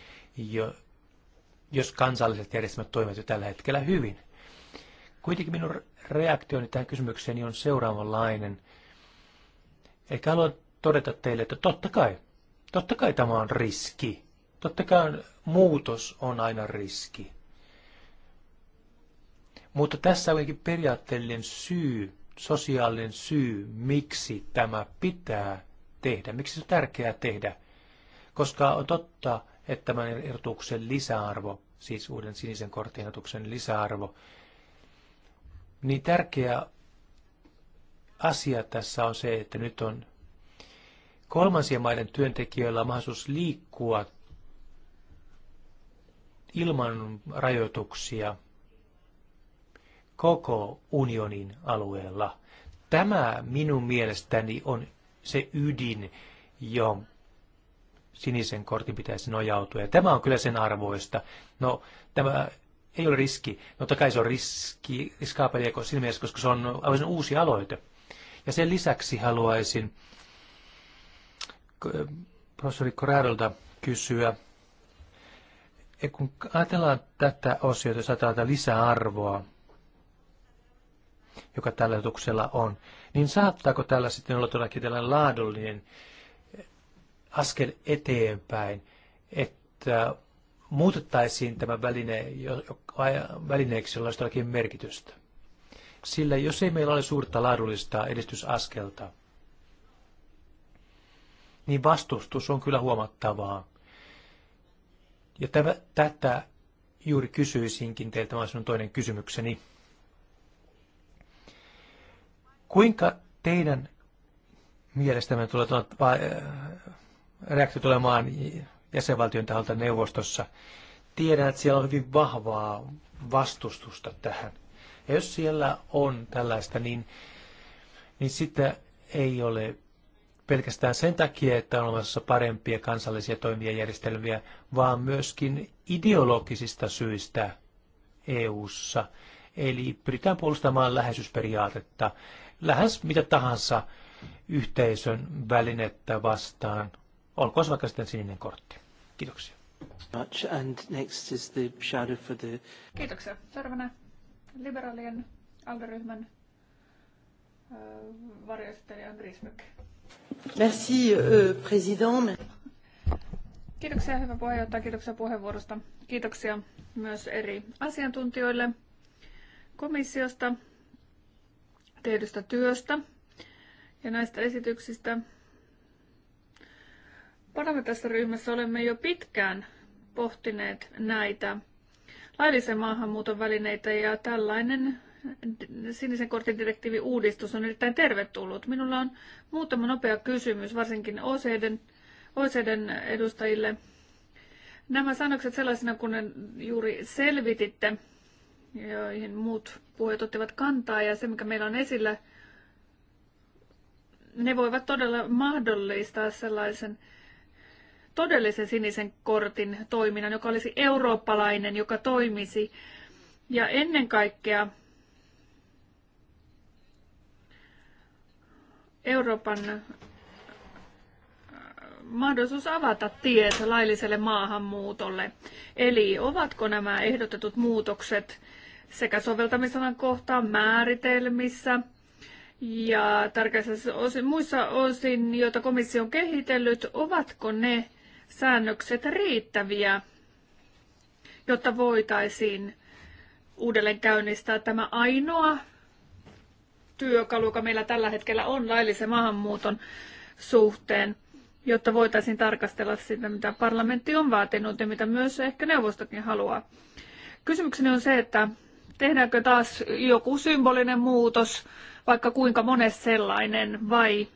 jos kansalliset järjestelmät toimivat jo tällä hetkellä hyvin? Kuitenkin minun reaktioni tähän kysymykseen on seuraavanlainen. Eikä haluan todeta teille, että totta kai, totta kai tämä on riski. Totta kai muutos on aina riski. Mutta tässä on periaatteellinen syy, sosiaalinen syy, miksi tämä pitää tehdä, miksi se on tärkeää tehdä. Koska on totta, että tämän ehdotuksen lisäarvo, siis uuden sinisen kortin lisäarvo, niin tärkeä asia tässä on se, että nyt on kolmansien maiden työntekijöillä on mahdollisuus liikkua ilman rajoituksia koko unionin alueella. Tämä minun mielestäni on se ydin, johon sinisen kortin pitäisi nojautua. Ja tämä on kyllä sen arvoista. No, tämä ei ole riski. No, totta kai se on riski, riskaapelia siinä koska se on aivan uusi aloite. Ja sen lisäksi haluaisin professori Corradolta kysyä ja kun ajatellaan tätä osiota, jos ajatellaan tätä lisäarvoa, joka tällä otuksella on, niin saattaako tällä sitten olla todellakin tällainen laadullinen askel eteenpäin, että muutettaisiin tämä väline, välineeksi, jolla olisi todellakin merkitystä? Sillä jos ei meillä ole suurta laadullista edistysaskelta, niin vastustus on kyllä huomattavaa ja tämä, tätä juuri kysyisinkin teiltä, vaan on sinun toinen kysymykseni. Kuinka teidän mielestämme tulee äh, reaktio tulemaan jäsenvaltion taholta neuvostossa? Tiedän, että siellä on hyvin vahvaa vastustusta tähän. Ja jos siellä on tällaista, niin, niin sitä ei ole pelkästään sen takia, että on olemassa parempia kansallisia toimia järjestelmiä, vaan myöskin ideologisista syistä EU:ssa. Eli pyritään puolustamaan läheisyysperiaatetta lähes mitä tahansa yhteisön välinettä vastaan. Olkoon se vaikka sitten sininen kortti. Kiitoksia. And next is the shadow for the... Kiitoksia. Seuraavana liberaalien alderyhmän Äh, Merci, äh, Kiitoksia hyvä puheenjohtaja, kiitoksia puheenvuorosta. Kiitoksia myös eri asiantuntijoille komissiosta tehdystä työstä ja näistä esityksistä. Parlamentaarisessa ryhmässä olemme jo pitkään pohtineet näitä laillisen maahanmuuton välineitä ja tällainen sinisen kortin direktiivi uudistus on erittäin tervetullut. Minulla on muutama nopea kysymys, varsinkin OECDn, OECDn edustajille. Nämä sanokset sellaisena, kun ne juuri selvititte, joihin muut puheet ottivat kantaa ja se, mikä meillä on esillä, ne voivat todella mahdollistaa sellaisen todellisen sinisen kortin toiminnan, joka olisi eurooppalainen, joka toimisi. Ja ennen kaikkea Euroopan äh, mahdollisuus avata tiet lailliselle maahanmuutolle. Eli ovatko nämä ehdotetut muutokset sekä soveltamisalan kohtaan määritelmissä ja tärkeissä osin, muissa osin, joita komissio on kehitellyt, ovatko ne säännökset riittäviä, jotta voitaisiin uudelleen käynnistää tämä ainoa työkalu, joka meillä tällä hetkellä on laillisen maahanmuuton suhteen, jotta voitaisiin tarkastella sitä, mitä parlamentti on vaatinut ja mitä myös ehkä neuvostokin haluaa. Kysymykseni on se, että tehdäänkö taas joku symbolinen muutos, vaikka kuinka mones sellainen, vai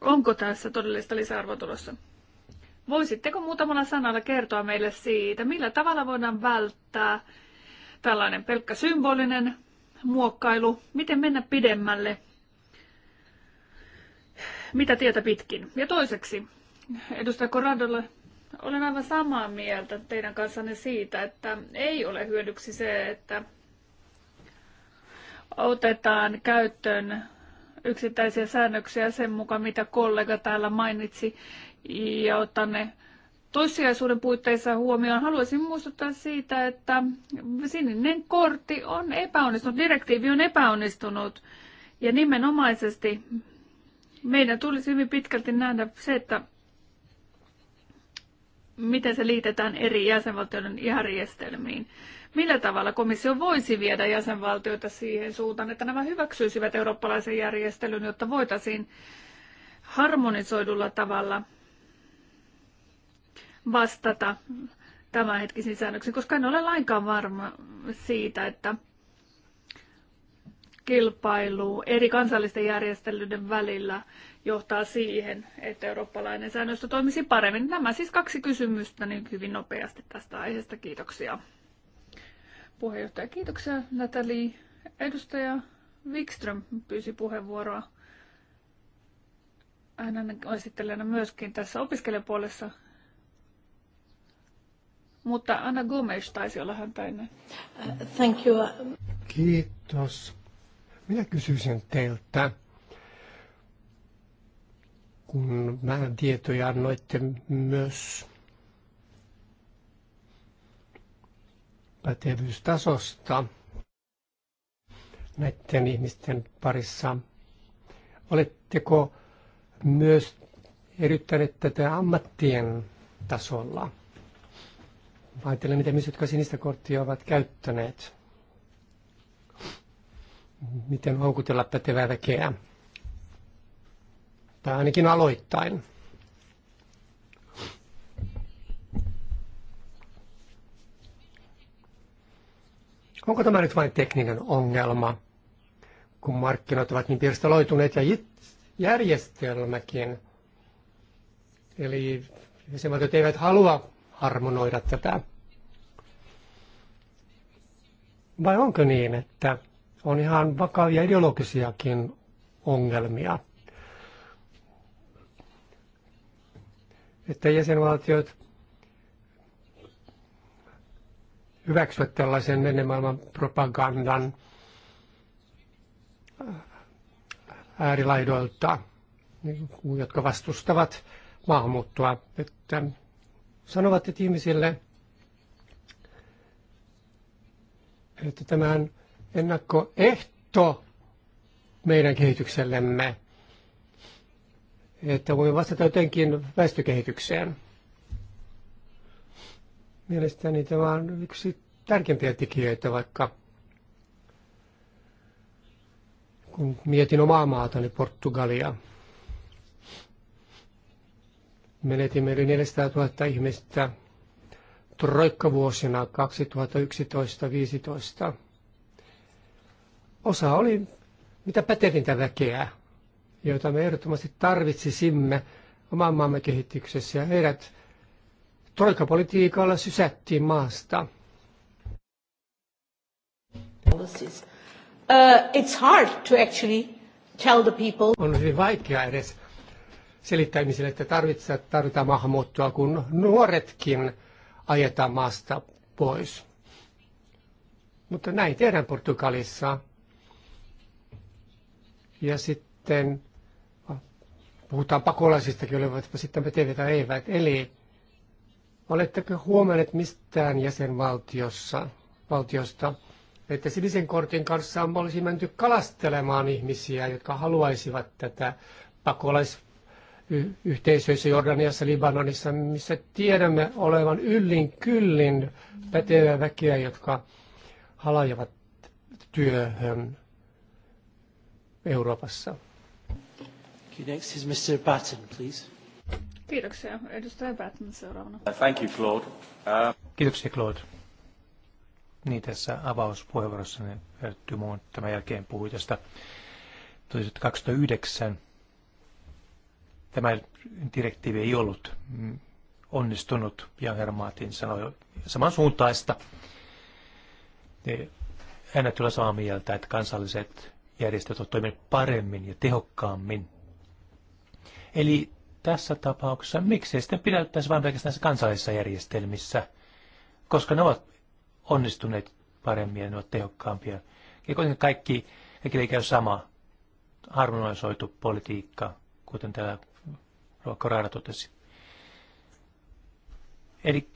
onko tässä todellista lisäarvoa tulossa? Voisitteko muutamalla sanalla kertoa meille siitä, millä tavalla voidaan välttää tällainen pelkkä symbolinen muokkailu, miten mennä pidemmälle, mitä tietä pitkin. Ja toiseksi, edustaja Koradolle, olen aivan samaa mieltä teidän kanssanne siitä, että ei ole hyödyksi se, että otetaan käyttöön yksittäisiä säännöksiä sen mukaan, mitä kollega täällä mainitsi, ja ottaa ne toissijaisuuden puitteissa huomioon, haluaisin muistuttaa siitä, että sininen kortti on epäonnistunut, direktiivi on epäonnistunut ja nimenomaisesti meidän tulisi hyvin pitkälti nähdä se, että miten se liitetään eri jäsenvaltioiden järjestelmiin. Millä tavalla komissio voisi viedä jäsenvaltioita siihen suuntaan, että nämä hyväksyisivät eurooppalaisen järjestelyn, jotta voitaisiin harmonisoidulla tavalla – vastata tämänhetkisiin säännöksiin, koska en ole lainkaan varma siitä, että kilpailu eri kansallisten järjestelyiden välillä johtaa siihen, että eurooppalainen säännöstö toimisi paremmin. Nämä siis kaksi kysymystä niin hyvin nopeasti tästä aiheesta. Kiitoksia. Puheenjohtaja, kiitoksia Natalie, Edustaja Wikström pyysi puheenvuoroa. Hän on esittelijänä myöskin tässä opiskelijapuolessa mutta Anna Gomes taisi olla häntä ennen. Thank you. Kiitos. Minä kysyisin teiltä, kun vähän tietoja annoitte myös pätevyystasosta näiden ihmisten parissa. Oletteko myös erittäneet tätä ammattien tasolla? Ajattelen miten myös jotka sinistä korttia ovat käyttäneet. Miten houkutella pätevää väkeä. Tai ainakin aloittain. Onko tämä nyt vain tekninen ongelma, kun markkinat ovat niin pirstaloituneet ja järjestelmäkin? Eli jäsenvaltiot eivät halua harmonoida tätä? Vai onko niin, että on ihan vakavia ideologisiakin ongelmia? Että jäsenvaltiot hyväksyvät tällaisen ennen maailman propagandan äärilaidoilta, jotka vastustavat maahanmuuttoa. Että sanovat että ihmisille, että tämä on ennakkoehto meidän kehityksellemme, että voi vastata jotenkin väestökehitykseen. Mielestäni tämä on yksi tärkeimpiä tekijöitä, vaikka kun mietin omaa maatani Portugalia, Menetimme yli 400 000 ihmistä troikkavuosina 2011-2015. Osa oli mitä pätevintä väkeä, joita me ehdottomasti tarvitsisimme oman maamme kehityksessä ja heidät troikkapolitiikalla sysättiin maasta. Uh, it's hard to actually tell the people. On hyvin vaikea edes selittää ihmisille, että tarvitaan, tarvitaan maahanmuuttoa, kun nuoretkin ajetaan maasta pois. Mutta näin tehdään Portugalissa. Ja sitten puhutaan pakolaisistakin, olivatpa sitten teemme tai eivät. Eli oletteko huomanneet mistään jäsenvaltiossa, valtiosta, että sinisen kortin kanssa olisi menty kalastelemaan ihmisiä, jotka haluaisivat tätä pakolais yhteisöissä Jordaniassa, Libanonissa, missä tiedämme olevan yllin kyllin pätevää väkeä, jotka halajavat työhön Euroopassa. next is Mr. Batten, please. Kiitoksia. Edustaja Batten seuraavana. Thank you, Claude. Uh... Kiitoksia, Claude. Niin tässä avauspuheenvuorossa Dumont tämän jälkeen puhui tästä 2009 tämä direktiivi ei ollut onnistunut, Jan Hermaatin sanoi samansuuntaista. Hän on samaa mieltä, että kansalliset järjestöt ovat toimineet paremmin ja tehokkaammin. Eli tässä tapauksessa miksei sitten pidättäisi vain pelkästään kansallisissa järjestelmissä, koska ne ovat onnistuneet paremmin ja ne ovat tehokkaampia. Ja kuitenkin kaikki, kaikki ei käy sama harmonisoitu politiikka, kuten täällä Korana totesi. Eli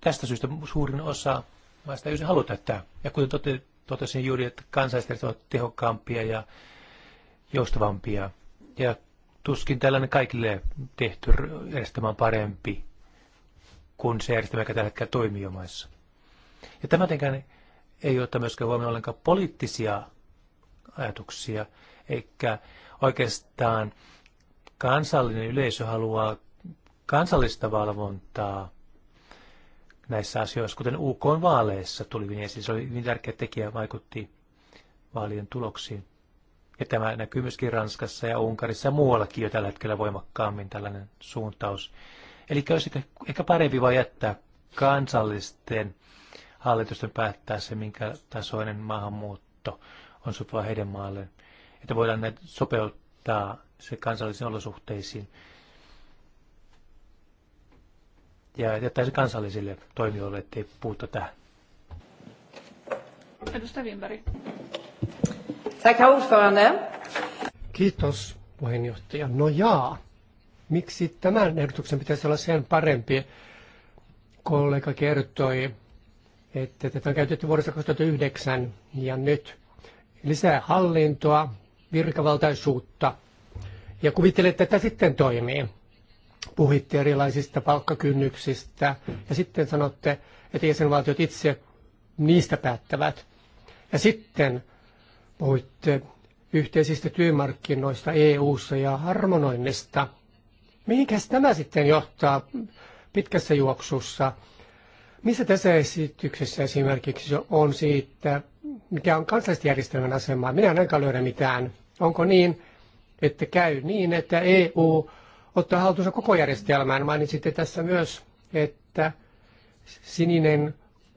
tästä syystä suurin osa maista ei halua tätä. Ja kuten totesin juuri, että kansalaiset ovat tehokkaampia ja joustavampia. Ja tuskin tällainen kaikille tehty järjestelmä on parempi kuin se järjestelmä, joka tällä hetkellä toimii jo maissa. Ja tämä tietenkään ei ota myöskään huomioon ollenkaan poliittisia ajatuksia, eikä oikeastaan kansallinen yleisö haluaa kansallista valvontaa näissä asioissa, kuten UK-vaaleissa tuli hyvin esiin. Se oli hyvin tärkeä tekijä, vaikutti vaalien tuloksiin. Ja tämä näkyy myöskin Ranskassa ja Unkarissa ja muuallakin jo tällä hetkellä voimakkaammin tällainen suuntaus. Eli olisi ehkä parempi vain jättää kansallisten hallitusten päättää se, minkä tasoinen maahanmuutto on sopiva heidän maalleen. Että voidaan näitä sopeuttaa se kansallisiin olosuhteisiin ja jättäisi kansallisille toimijoille, ettei puhuta tähän. Edustaja Wimberg. Tack, ordförande. Kiitos, puheenjohtaja. No jaa, miksi tämän ehdotuksen pitäisi olla sen parempi? Kollega kertoi, että tätä on käytetty vuodesta 2009 ja nyt lisää hallintoa, virkavaltaisuutta – ja kuvittelette, että sitten toimii. Puhitte erilaisista palkkakynnyksistä ja sitten sanotte, että jäsenvaltiot itse niistä päättävät. Ja sitten puhuitte yhteisistä työmarkkinoista EU-ssa ja harmonoinnista. Mihinkäs tämä sitten johtaa pitkässä juoksussa? Missä tässä esityksessä esimerkiksi on siitä, mikä on kansallisjärjestelmän asemaa? Minä en ainakaan löydä mitään. Onko niin, että käy niin, että EU ottaa haltuunsa koko järjestelmään. Mainitsitte tässä myös, että sininen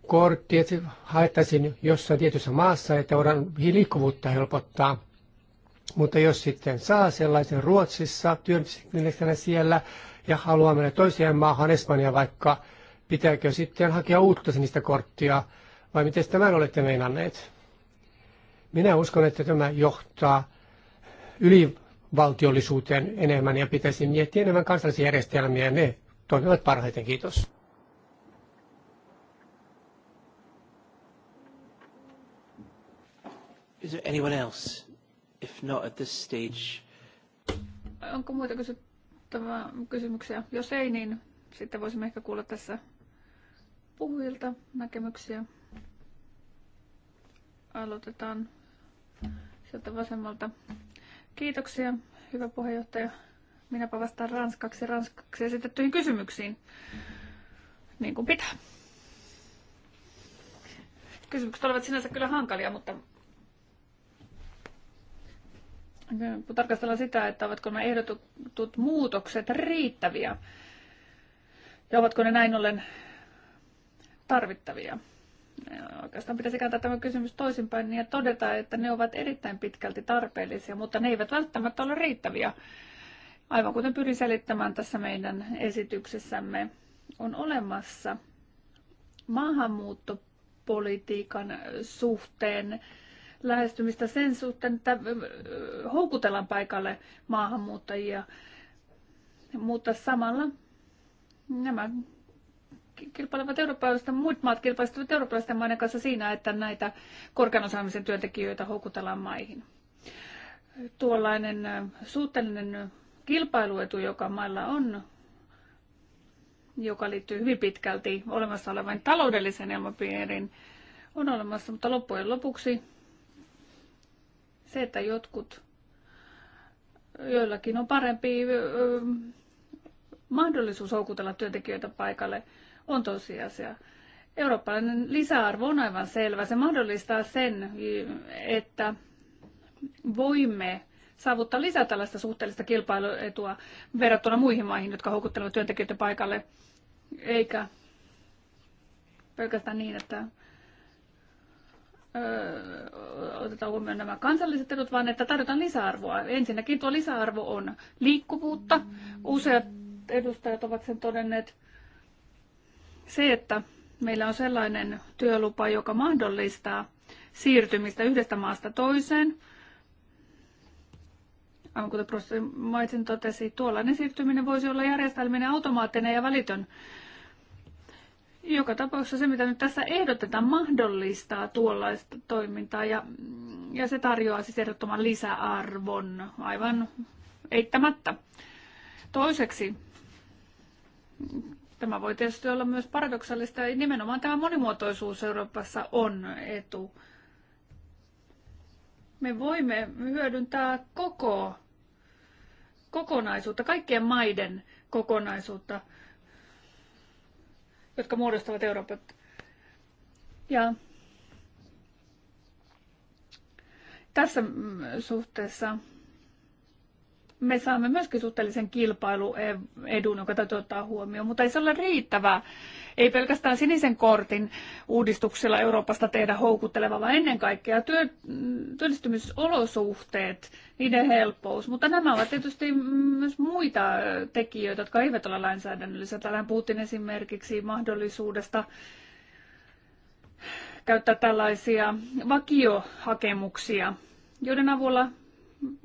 kortti, että haettaisiin jossain tietyssä maassa, että voidaan liikkuvuutta helpottaa. Mutta jos sitten saa sellaisen Ruotsissa työministerinä siellä ja haluaa mennä toiseen maahan, Espanja vaikka, pitääkö sitten hakea uutta sinistä korttia vai miten tämän olette meinanneet? Minä uskon, että tämä johtaa yli valtiollisuuteen enemmän ja pitäisi miettiä enemmän kansallisia järjestelmiä. Ne toimivat parhaiten. Kiitos. Is there anyone else? If not at this stage... Onko muita kysyttävää kysymyksiä? Jos ei, niin sitten voisimme ehkä kuulla tässä puhujilta näkemyksiä. Aloitetaan sieltä vasemmalta. Kiitoksia, hyvä puheenjohtaja. Minäpä vastaan ranskaksi ranskaksi esitettyihin kysymyksiin, niin kuin pitää. Kysymykset olivat sinänsä kyllä hankalia, mutta kun tarkastellaan sitä, että ovatko nämä ehdotut muutokset riittäviä ja ovatko ne näin ollen tarvittavia oikeastaan pitäisi kääntää tämä kysymys toisinpäin ja todeta, että ne ovat erittäin pitkälti tarpeellisia, mutta ne eivät välttämättä ole riittäviä. Aivan kuten pyrin selittämään tässä meidän esityksessämme, on olemassa maahanmuuttopolitiikan suhteen lähestymistä sen suhteen, että houkutellaan paikalle maahanmuuttajia, mutta samalla nämä kilpailevat eurooppalaisten, muut maat kilpailevat eurooppalaisten maiden kanssa siinä, että näitä korkean osaamisen työntekijöitä houkutellaan maihin. Tuollainen suhteellinen kilpailuetu, joka mailla on, joka liittyy hyvin pitkälti olemassa olevan taloudellisen ilmapiirin, on olemassa, mutta loppujen lopuksi se, että jotkut, joillakin on parempi mahdollisuus houkutella työntekijöitä paikalle, on tosiasia. Eurooppalainen lisäarvo on aivan selvä. Se mahdollistaa sen, että voimme saavuttaa lisää tällaista suhteellista kilpailuetua verrattuna muihin maihin, jotka houkuttelevat työntekijöitä paikalle, eikä pelkästään niin, että öö, otetaan huomioon nämä kansalliset edut, vaan että tarjotaan lisäarvoa. Ensinnäkin tuo lisäarvo on liikkuvuutta. Useat edustajat ovat sen todenneet se, että meillä on sellainen työlupa, joka mahdollistaa siirtymistä yhdestä maasta toiseen, aivan kuten professori Maitsin totesi, tuollainen siirtyminen voisi olla järjestelminen automaattinen ja välitön. Joka tapauksessa se, mitä nyt tässä ehdotetaan, mahdollistaa tuollaista toimintaa ja, ja se tarjoaa siis ehdottoman lisäarvon aivan eittämättä. Toiseksi Tämä voi tietysti olla myös paradoksaalista, ja nimenomaan tämä monimuotoisuus Euroopassa on etu. Me voimme hyödyntää koko kokonaisuutta, kaikkien maiden kokonaisuutta, jotka muodostavat Euroopan. Ja tässä suhteessa me saamme myöskin suhteellisen kilpailuedun, joka täytyy ottaa huomioon, mutta ei se ole riittävää. Ei pelkästään sinisen kortin uudistuksella Euroopasta tehdä houkutteleva, vaan ennen kaikkea työ, työllistymisolosuhteet, niiden helppous. Mutta nämä ovat tietysti myös muita tekijöitä, jotka eivät ole lainsäädännöllisiä. Täällä puhuttiin esimerkiksi mahdollisuudesta käyttää tällaisia vakiohakemuksia, joiden avulla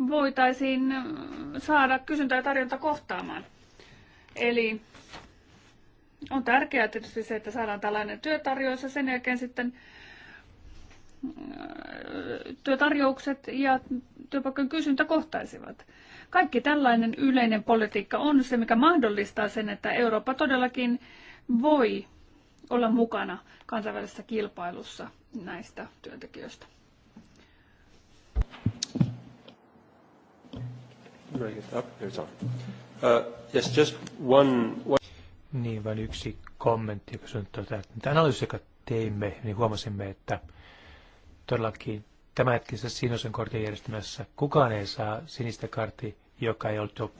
voitaisiin saada kysyntää ja tarjonta kohtaamaan. Eli on tärkeää tietysti se, että saadaan tällainen työtarjous ja sen jälkeen sitten äh, työtarjoukset ja työpaikan kysyntä kohtaisivat. Kaikki tällainen yleinen politiikka on se, mikä mahdollistaa sen, että Eurooppa todellakin voi olla mukana kansainvälisessä kilpailussa näistä työntekijöistä. Bring it up. Here it's on. Uh, yes, just one, one... Niin, vain yksi kommentti, kun sun tätä analyysiä, joka teimme, niin huomasimme, että todellakin tämänhetkisessä sinisen kortin järjestelmässä kukaan ei saa sinistä kartti, joka ei ollut jo,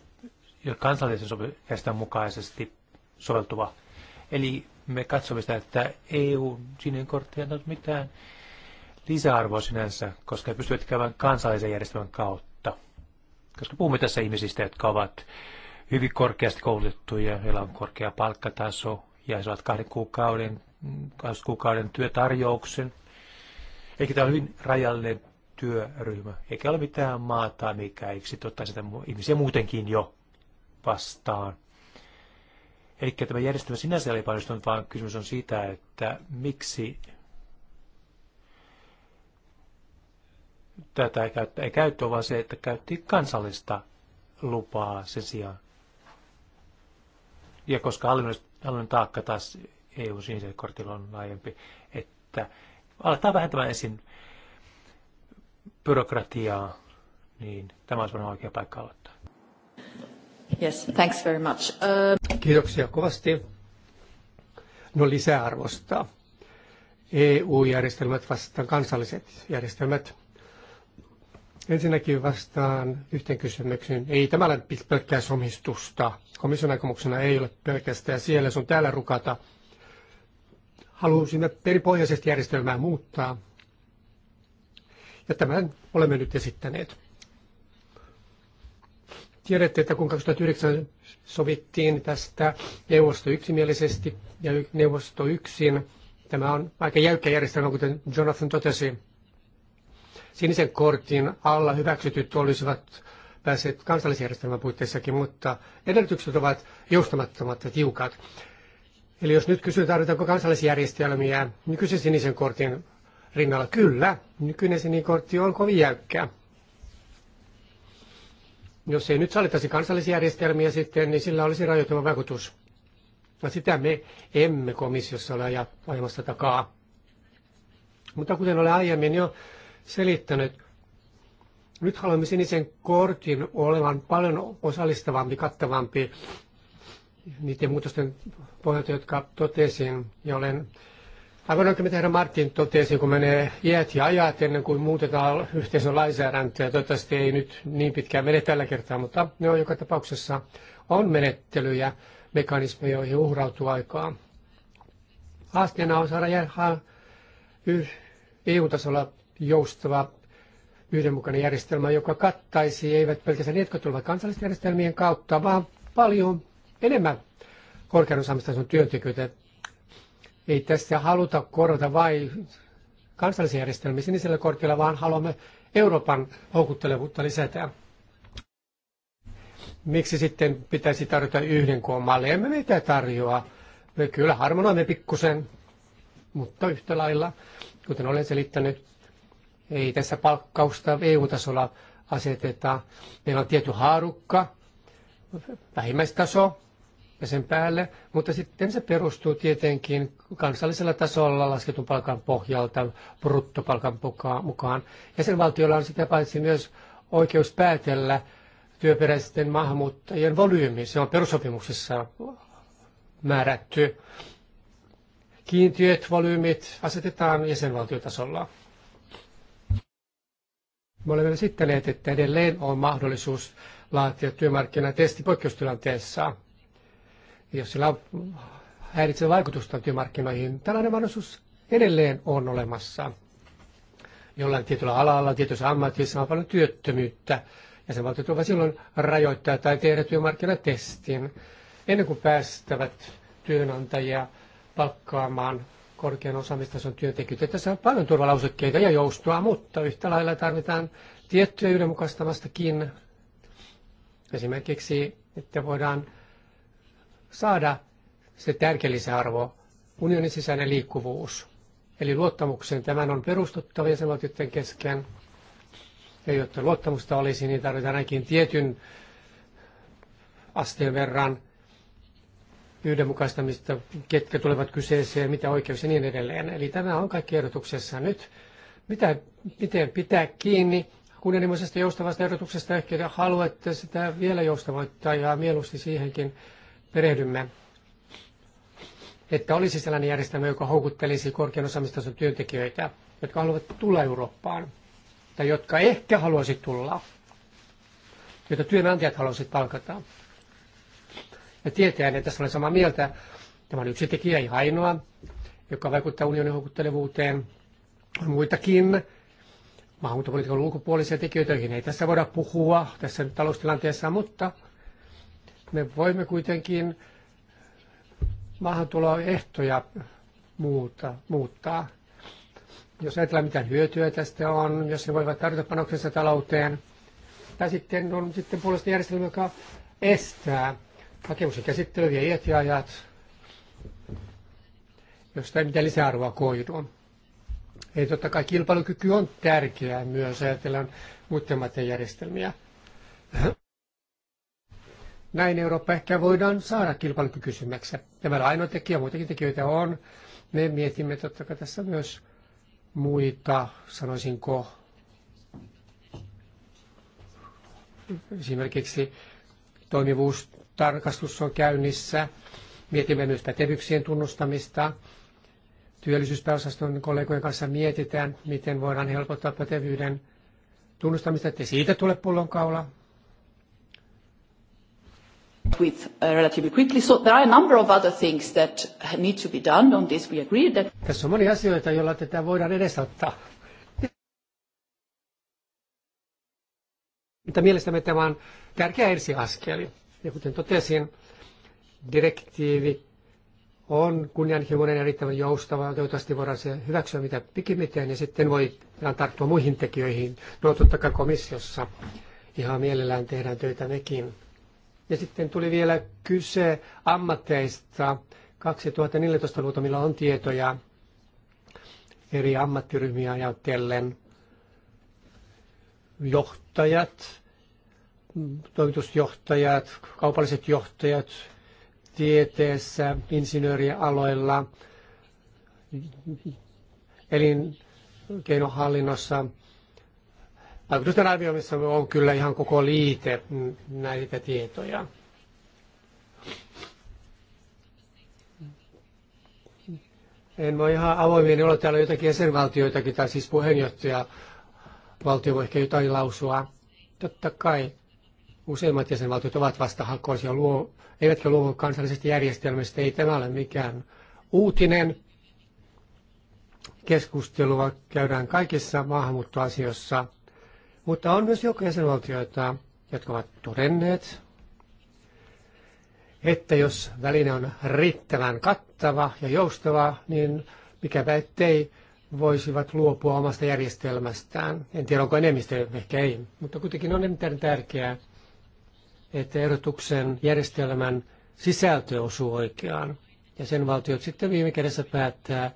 jo kansallisen sopimusten mukaisesti soveltuva. Eli me katsomme sitä, että EU sininen kortti ei ole mitään lisäarvoa sinänsä, koska he pystyvät käymään kansallisen järjestelmän kautta koska puhumme tässä ihmisistä, jotka ovat hyvin korkeasti koulutettuja, heillä on korkea palkkataso ja he saavat kahden kuukauden, kahden kuukauden työtarjouksen. Eikä tämä ole hyvin rajallinen työryhmä, eikä ole mitään maata, mikä eikö sitten ottaisi ihmisiä muutenkin jo vastaan. Eli tämä järjestelmä sinänsä ei ole vaan kysymys on siitä, että miksi tätä ei käyttö, ei käyttö vaan se, että käytti kansallista lupaa sen sijaan. Ja koska hallinnon taakka taas eu sinisellä kortilla on laajempi, että aletaan vähentämään ensin byrokratiaa, niin tämä on varmaan oikea paikka aloittaa. Yes, thanks very much. Uh... Kiitoksia kovasti. No lisäarvosta. EU-järjestelmät vastaan kansalliset järjestelmät Ensinnäkin vastaan yhteen kysymykseen. Ei tämä ole pelkkää somistusta. Komission aikomuksena ei ole pelkästään siellä, se on täällä rukata. Haluaisimme peripohjaisesti järjestelmää muuttaa. Ja tämän olemme nyt esittäneet. Tiedätte, että kun 2009 sovittiin tästä neuvosto yksimielisesti ja neuvosto yksin, tämä on aika jäykkä järjestelmä, kuten Jonathan totesi sinisen kortin alla hyväksytyt olisivat päässeet kansallisjärjestelmän puitteissakin, mutta edellytykset ovat joustamattomat ja tiukat. Eli jos nyt kysyy, tarvitaanko kansallisjärjestelmiä nykyisen sinisen kortin rinnalla, kyllä, nykyinen sininen kortti on kovin jäykkää. Jos ei nyt sallittaisi kansallisjärjestelmiä sitten, niin sillä olisi rajoittava vaikutus. Ja no sitä me emme komissiossa ole ajamassa takaa. Mutta kuten olen aiemmin jo selittänyt. Nyt haluamme sinisen kortin olevan paljon osallistavampi, kattavampi niiden muutosten pohjalta, jotka totesin. Ja olen aivan oikein, mitä herra Martin totesi, kun menee iät ja ajat ennen kuin muutetaan yhteisön lainsäädäntöä. Toivottavasti ei nyt niin pitkään mene tällä kertaa, mutta ne no, on joka tapauksessa on menettelyjä, mekanismeja, joihin uhrautuu aikaa. Haasteena on saada EU-tasolla joustava yhdenmukainen järjestelmä, joka kattaisi eivät pelkästään ne, jotka tulevat kansallisten järjestelmien kautta, vaan paljon enemmän korkean osaamistason työntekijöitä. Ei tässä haluta korota vain kansallisia järjestelmiä sinisellä kortilla, vaan haluamme Euroopan houkuttelevuutta lisätä. Miksi sitten pitäisi tarjota yhden koon malli? Emme meitä tarjoa. Me kyllä harmonoimme pikkusen, mutta yhtä lailla, kuten olen selittänyt, ei tässä palkkausta EU-tasolla aseteta. Meillä on tietty haarukka, vähimmäistaso ja sen päälle, mutta sitten se perustuu tietenkin kansallisella tasolla lasketun palkan pohjalta bruttopalkan mukaan. Jäsenvaltioilla on sitä paitsi myös oikeus päätellä työperäisten maahanmuuttajien volyymi. Se on perussopimuksessa määrätty. Kiintiöt, volyymit asetetaan jäsenvaltiotasolla. Me olemme esittäneet, että edelleen on mahdollisuus laatia työmarkkinatesti poikkeustilanteessa, jos sillä on häiritsevä vaikutusta työmarkkinoihin. Tällainen mahdollisuus edelleen on olemassa. Jollain tietyllä alalla, tietyissä ammatissa on paljon työttömyyttä. ja valtio voi silloin rajoittaa tai tehdä työmarkkinatestin ennen kuin päästävät työnantajia palkkaamaan korkean osaamistason työntekijöitä. Tässä on paljon turvalausekkeita ja joustoa, mutta yhtä lailla tarvitaan tiettyä yhdenmukaistamastakin. Esimerkiksi, että voidaan saada se tärkeä lisäarvo, unionin sisäinen liikkuvuus. Eli luottamuksen tämän on perustuttava jäsenvaltioiden kesken. Ja jotta luottamusta olisi, niin tarvitaan ainakin tietyn asteen verran – yhdenmukaistamista, ketkä tulevat kyseeseen, mitä oikeus ja niin edelleen. Eli tämä on kaikki ehdotuksessa nyt. Mitä, miten pitää kiinni kunnianhimoisesta joustavasta ehdotuksesta, ehkä haluatte sitä vielä joustavoittaa ja mieluusti siihenkin perehdymme. Että olisi sellainen järjestelmä, joka houkuttelisi korkean osaamistason työntekijöitä, jotka haluavat tulla Eurooppaan tai jotka ehkä haluaisivat tulla, joita työnantajat haluaisivat palkata. Ja tietää, että tässä olen samaa mieltä. Tämä on yksi tekijä, ei ainoa, joka vaikuttaa unionin houkuttelevuuteen. On muitakin maahanmuuttopolitiikan ulkopuolisia tekijöitä, joihin ei tässä voida puhua tässä taloustilanteessa, mutta me voimme kuitenkin maahantuloehtoja muuta, muuttaa. Jos ajatellaan, mitä hyötyä tästä on, jos ne voivat tarjota panoksensa talouteen, tai sitten on sitten puolesta järjestelmä, joka estää hakemuksen käsittely vie iät ja ajat, josta ei mitään lisäarvoa koidu. Eli totta kai kilpailukyky on tärkeää myös, ajatellaan muiden maiden järjestelmiä. Näin Eurooppa ehkä voidaan saada kilpailukykyisemmäksi. Tämä on ainoa tekijä, muitakin tekijöitä on. Me mietimme totta kai tässä myös muita, sanoisinko, esimerkiksi toimivuus tarkastus on käynnissä. Mietimme myös pätevyyksien tunnustamista. Työllisyyspääosaston kollegojen kanssa mietitään, miten voidaan helpottaa pätevyyden tunnustamista, ettei siitä tule pullonkaula. With, uh, relatively quickly. So there are a number of other things that need to be done on this. We that... Tässä on monia asioita, joilla tätä voidaan edesauttaa. Mutta mielestämme tämä on tärkeä ensiaskeli. Ja kuten totesin, direktiivi on kunnianhimoinen ja riittävän joustava. Toivottavasti voidaan se hyväksyä mitä pikimmiten ja sitten voi tarttua muihin tekijöihin. No totta kai komissiossa ihan mielellään tehdään töitä nekin. Ja sitten tuli vielä kyse ammatteista. 2014 luotamilla on tietoja eri ammattiryhmiä ajatellen. Johtajat toimitusjohtajat, kaupalliset johtajat tieteessä, insinöörialoilla, elinkeinohallinnossa. Vaikutusten arvioimissa on kyllä ihan koko liite näitä tietoja. En voi ihan avoimien olla täällä jotakin jäsenvaltioitakin, tai siis puheenjohtaja valtio voi ehkä jotain lausua. Totta kai Useimmat jäsenvaltiot ovat vastahakoisia, luo, eivätkä luovu kansallisesta järjestelmästä. Ei tämä ole mikään uutinen. Keskustelua käydään kaikissa maahanmuuttoasioissa, mutta on myös joku jäsenvaltioita, jotka ovat todenneet, että jos väline on riittävän kattava ja joustava, niin mikäpä ettei voisivat luopua omasta järjestelmästään. En tiedä, onko enemmistö, ehkä ei, mutta kuitenkin on erittäin tärkeää, että ehdotuksen järjestelmän sisältö osuu oikeaan. Ja sen valtiot sitten viime kädessä päättää,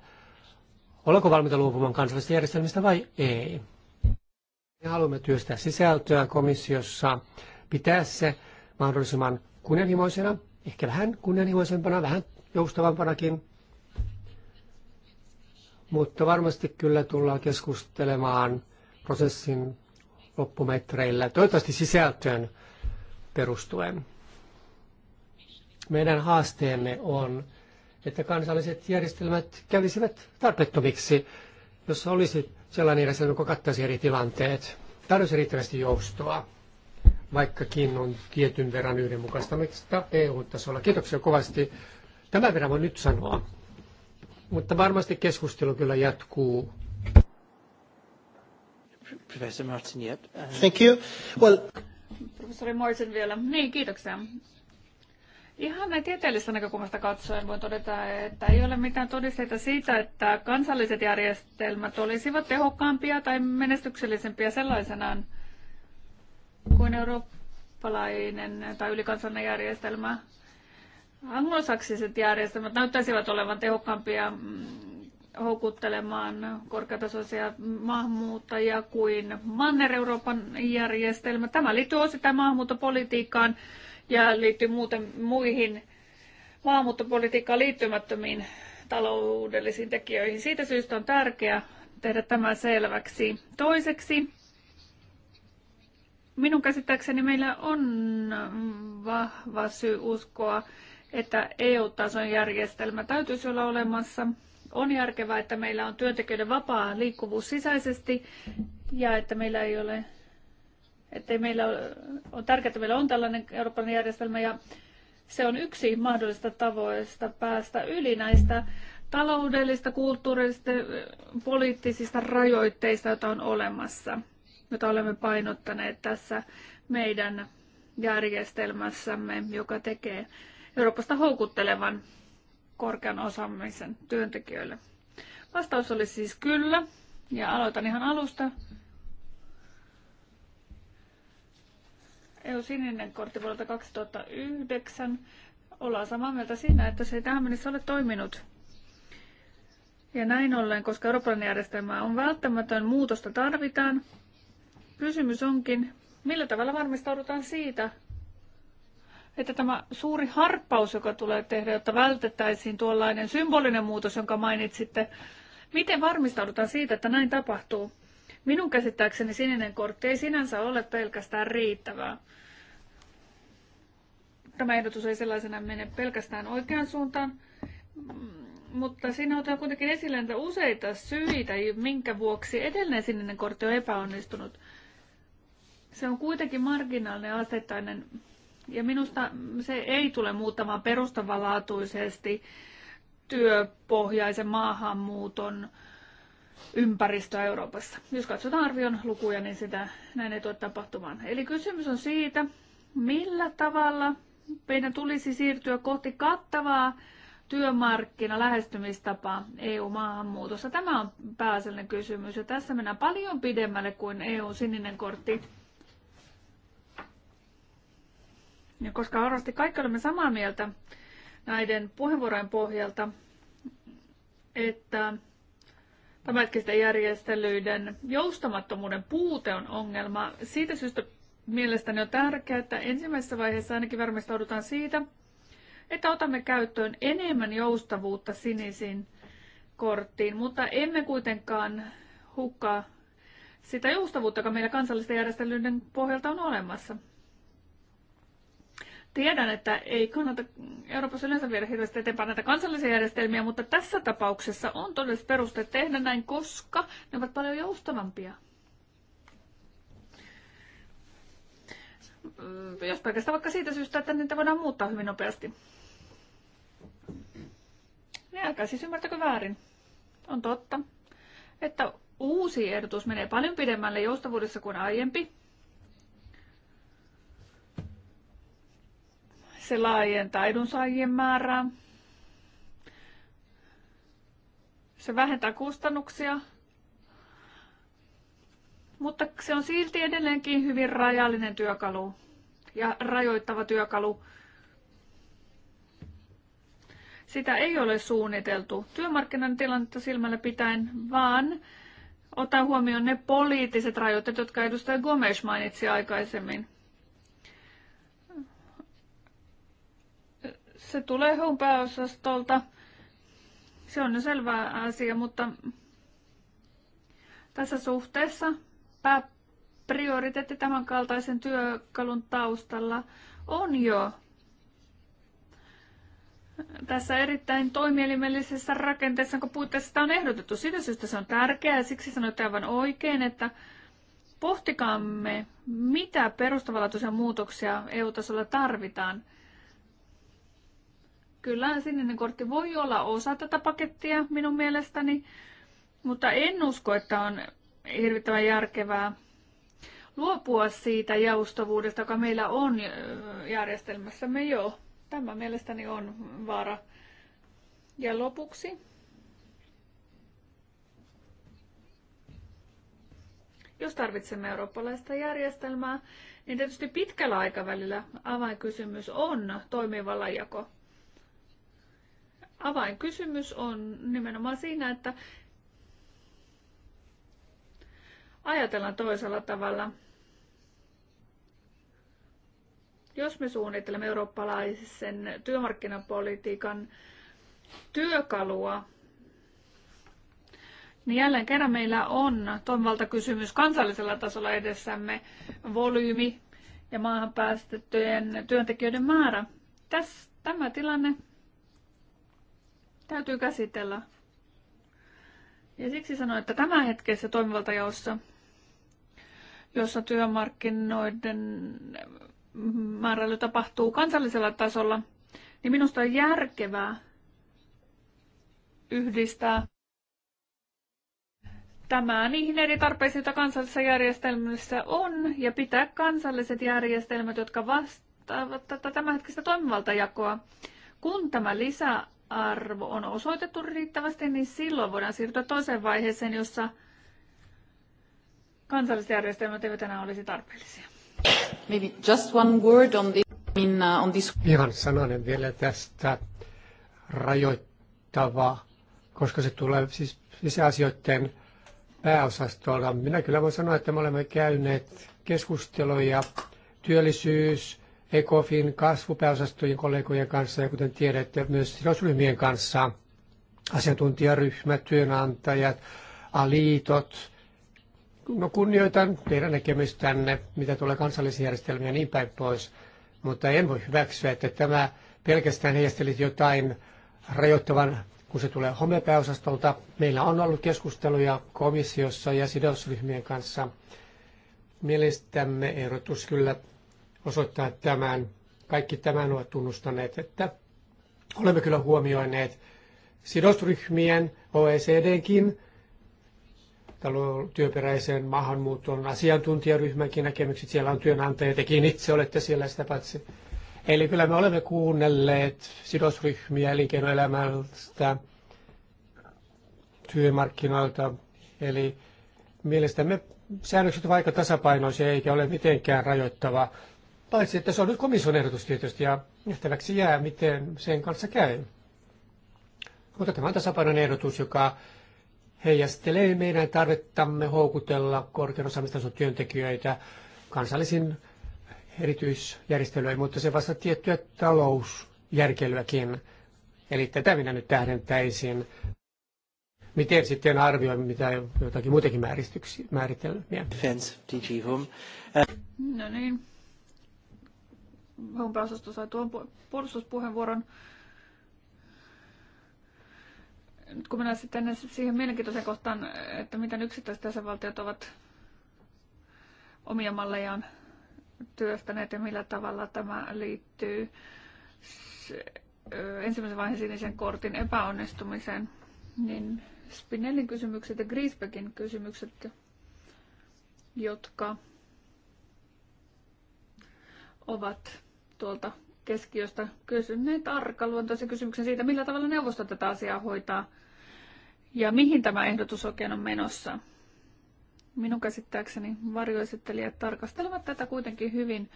ollaanko valmiita luopumaan kansallisista järjestelmistä vai ei. Me haluamme työstää sisältöä komissiossa, pitää se mahdollisimman kunnianhimoisena, ehkä vähän kunnianhimoisempana, vähän joustavampanakin. Mutta varmasti kyllä tullaan keskustelemaan prosessin loppumetreillä, toivottavasti sisältöön perustuen. Meidän haasteemme on, että kansalliset järjestelmät kävisivät tarpeettomiksi, jos olisi sellainen järjestelmä, joka kattaisi eri tilanteet. Tarvitsisi riittävästi joustoa, vaikkakin on tietyn verran yhdenmukaistamista EU-tasolla. Kiitoksia kovasti. Tämän verran voin nyt sanoa. Mutta varmasti keskustelu kyllä jatkuu. Professor Martin, yep. Thank you. Well professori Morrison vielä. Niin, kiitoksia. Ihan näin tieteellisestä näkökulmasta katsoen voin todeta, että ei ole mitään todisteita siitä, että kansalliset järjestelmät olisivat tehokkaampia tai menestyksellisempiä sellaisenaan kuin eurooppalainen tai ylikansallinen järjestelmä. Anglosaksiset järjestelmät näyttäisivät olevan tehokkaampia mm, houkuttelemaan korkeatasoisia maahanmuuttajia kuin Manner-Euroopan järjestelmä. Tämä liittyy osittain maahanmuuttopolitiikkaan ja liittyy muuten muihin maahanmuuttopolitiikkaan liittymättömiin taloudellisiin tekijöihin. Siitä syystä on tärkeää tehdä tämä selväksi. Toiseksi, minun käsittääkseni meillä on vahva syy uskoa, että EU-tason järjestelmä täytyisi olla olemassa – on järkevää, että meillä on työntekijöiden vapaa liikkuvuus sisäisesti ja että meillä ei ole, että meillä on tärkeää, että meillä on tällainen Euroopan järjestelmä ja se on yksi mahdollisista tavoista päästä yli näistä taloudellista, kulttuurillisista, poliittisista rajoitteista, joita on olemassa, joita olemme painottaneet tässä meidän järjestelmässämme, joka tekee Euroopasta houkuttelevan korkean osaamisen työntekijöille? Vastaus oli siis kyllä, ja aloitan ihan alusta. EU-sininen kortti vuodelta 2009. Ollaan samaa mieltä siinä, että se ei tähän mennessä ole toiminut. Ja näin ollen, koska Euroopan järjestelmä on välttämätön, muutosta tarvitaan. Kysymys onkin, millä tavalla varmistaudutaan siitä, että tämä suuri harppaus, joka tulee tehdä, jotta vältettäisiin tuollainen symbolinen muutos, jonka mainitsitte, miten varmistaudutaan siitä, että näin tapahtuu? Minun käsittääkseni sininen kortti ei sinänsä ole pelkästään riittävää. Tämä ehdotus ei sellaisena mene pelkästään oikeaan suuntaan, mutta siinä otetaan kuitenkin esille että useita syitä, minkä vuoksi edellinen sininen kortti on epäonnistunut. Se on kuitenkin marginaalinen asettainen ja minusta se ei tule muuttamaan perustavanlaatuisesti työpohjaisen maahanmuuton ympäristöä Euroopassa. Jos katsotaan arvion lukuja, niin sitä näin ei tule tapahtumaan. Eli kysymys on siitä, millä tavalla meidän tulisi siirtyä kohti kattavaa työmarkkina lähestymistapa EU-maahanmuutossa. Tämä on pääasiallinen kysymys ja tässä mennään paljon pidemmälle kuin EU-sininen kortti Ja koska varmasti kaikki olemme samaa mieltä näiden puheenvuorojen pohjalta, että tämänhetkisten järjestelyiden joustamattomuuden puute on ongelma. Siitä syystä mielestäni on tärkeää, että ensimmäisessä vaiheessa ainakin varmistaudutaan siitä, että otamme käyttöön enemmän joustavuutta sinisiin korttiin, mutta emme kuitenkaan hukkaa sitä joustavuutta, joka meillä kansallisten järjestelyiden pohjalta on olemassa. Tiedän, että ei kannata Euroopassa yleensä viedä hirveästi eteenpäin näitä kansallisia järjestelmiä, mutta tässä tapauksessa on todelliset perusteet tehdä näin, koska ne ovat paljon joustavampia. Jos pelkästään vaikka siitä syystä, että niitä voidaan muuttaa hyvin nopeasti. Niin älkää siis ymmärtäkö väärin. On totta, että uusi ehdotus menee paljon pidemmälle joustavuudessa kuin aiempi, Se laajentaa edunsaajien määrää. Se vähentää kustannuksia, mutta se on silti edelleenkin hyvin rajallinen työkalu ja rajoittava työkalu. Sitä ei ole suunniteltu työmarkkinan tilannetta silmällä pitäen, vaan ottaa huomioon ne poliittiset rajoitteet, jotka edustaja Gomes mainitsi aikaisemmin. Se tulee HUN pääosastolta. Se on jo selvä asia, mutta tässä suhteessa pääprioriteetti tämän kaltaisen työkalun taustalla on jo tässä erittäin toimielimellisessä rakenteessa, jonka puitteissa sitä on ehdotettu. Sitä syystä se on tärkeää ja siksi sanoitte aivan oikein, että pohtikaamme, mitä perustavanlaatuisia muutoksia EU-tasolla tarvitaan – Kyllä sininen kortti voi olla osa tätä pakettia minun mielestäni, mutta en usko, että on hirvittävän järkevää luopua siitä joustavuudesta, joka meillä on järjestelmässämme jo. Tämä mielestäni on vaara. Ja lopuksi. Jos tarvitsemme eurooppalaista järjestelmää, niin tietysti pitkällä aikavälillä avainkysymys on toimivallanjako. jako avainkysymys on nimenomaan siinä, että ajatellaan toisella tavalla. Jos me suunnittelemme eurooppalaisen työmarkkinapolitiikan työkalua, niin jälleen kerran meillä on toimivaltakysymys kansallisella tasolla edessämme volyymi ja maahan päästettyjen työntekijöiden määrä. Tässä, tämä tilanne täytyy käsitellä. Ja siksi sanoin, että tämän hetkessä toimivaltajaossa, jossa työmarkkinoiden määräily tapahtuu kansallisella tasolla, niin minusta on järkevää yhdistää tämä niihin eri tarpeisiin, joita kansallisissa järjestelmissä on, ja pitää kansalliset järjestelmät, jotka vastaavat tätä tämänhetkistä toimivaltajakoa. Kun tämä lisää arvo on osoitettu riittävästi, niin silloin voidaan siirtyä toiseen vaiheeseen, jossa kansalliset järjestelmät eivät enää olisi tarpeellisia. Maybe just one word on this. In, uh, on this. Ihan sananen vielä tästä rajoittavaa, koska se tulee siis sisäasioiden pääosastolla. Minä kyllä voin sanoa, että me olemme käyneet keskusteluja työllisyys, ECOFin kasvupääosastojen kollegojen kanssa ja kuten tiedätte myös sidosryhmien kanssa, asiantuntijaryhmät, työnantajat, aliitot. No kunnioitan teidän näkemystänne, mitä tulee kansallisjärjestelmiä ja niin päin pois, mutta en voi hyväksyä, että tämä pelkästään heijastelisi jotain rajoittavan, kun se tulee homepääosastolta. Meillä on ollut keskusteluja komissiossa ja sidosryhmien kanssa. Mielestämme ehdotus kyllä osoittaa tämän. Kaikki tämän ovat tunnustaneet, että olemme kyllä huomioineet sidosryhmien, OECDnkin, työperäisen maahanmuuton asiantuntijaryhmänkin näkemykset. Siellä on työnantaja, tekin itse olette siellä sitä paitsi. Eli kyllä me olemme kuunnelleet sidosryhmiä elinkeinoelämältä, työmarkkinoilta. Eli mielestämme säännökset ovat aika tasapainoisia eikä ole mitenkään rajoittava Paitsi, että se on nyt komission ehdotus tietysti ja nähtäväksi jää, miten sen kanssa käy. Mutta tämä on tasapainon ehdotus, joka heijastelee meidän tarvettamme houkutella korkean osaamistason työntekijöitä kansallisin erityisjärjestelyin, mutta se vasta tiettyä talousjärkelyäkin. Eli tätä minä nyt tähdentäisin. Miten sitten arvioi mitä jotakin muutenkin määritelmiä? Defense, DG Home. No niin, Hompeosasto sai tuon puolustuspuheenvuoron. Nyt kun mennään sitten siihen mielenkiintoiseen kohtaan, että miten yksittäiset jäsenvaltiot ovat omia mallejaan työstäneet ja millä tavalla tämä liittyy ensimmäisen vaiheen sinisen kortin epäonnistumiseen, niin Spinellin kysymykset ja Griesbeckin kysymykset, jotka ovat tuolta keskiöstä kysyneet arkaluontoisen kysymyksen siitä, millä tavalla neuvosto tätä asiaa hoitaa ja mihin tämä ehdotus oikein on menossa. Minun käsittääkseni varjoesittelijät tarkastelevat tätä kuitenkin hyvin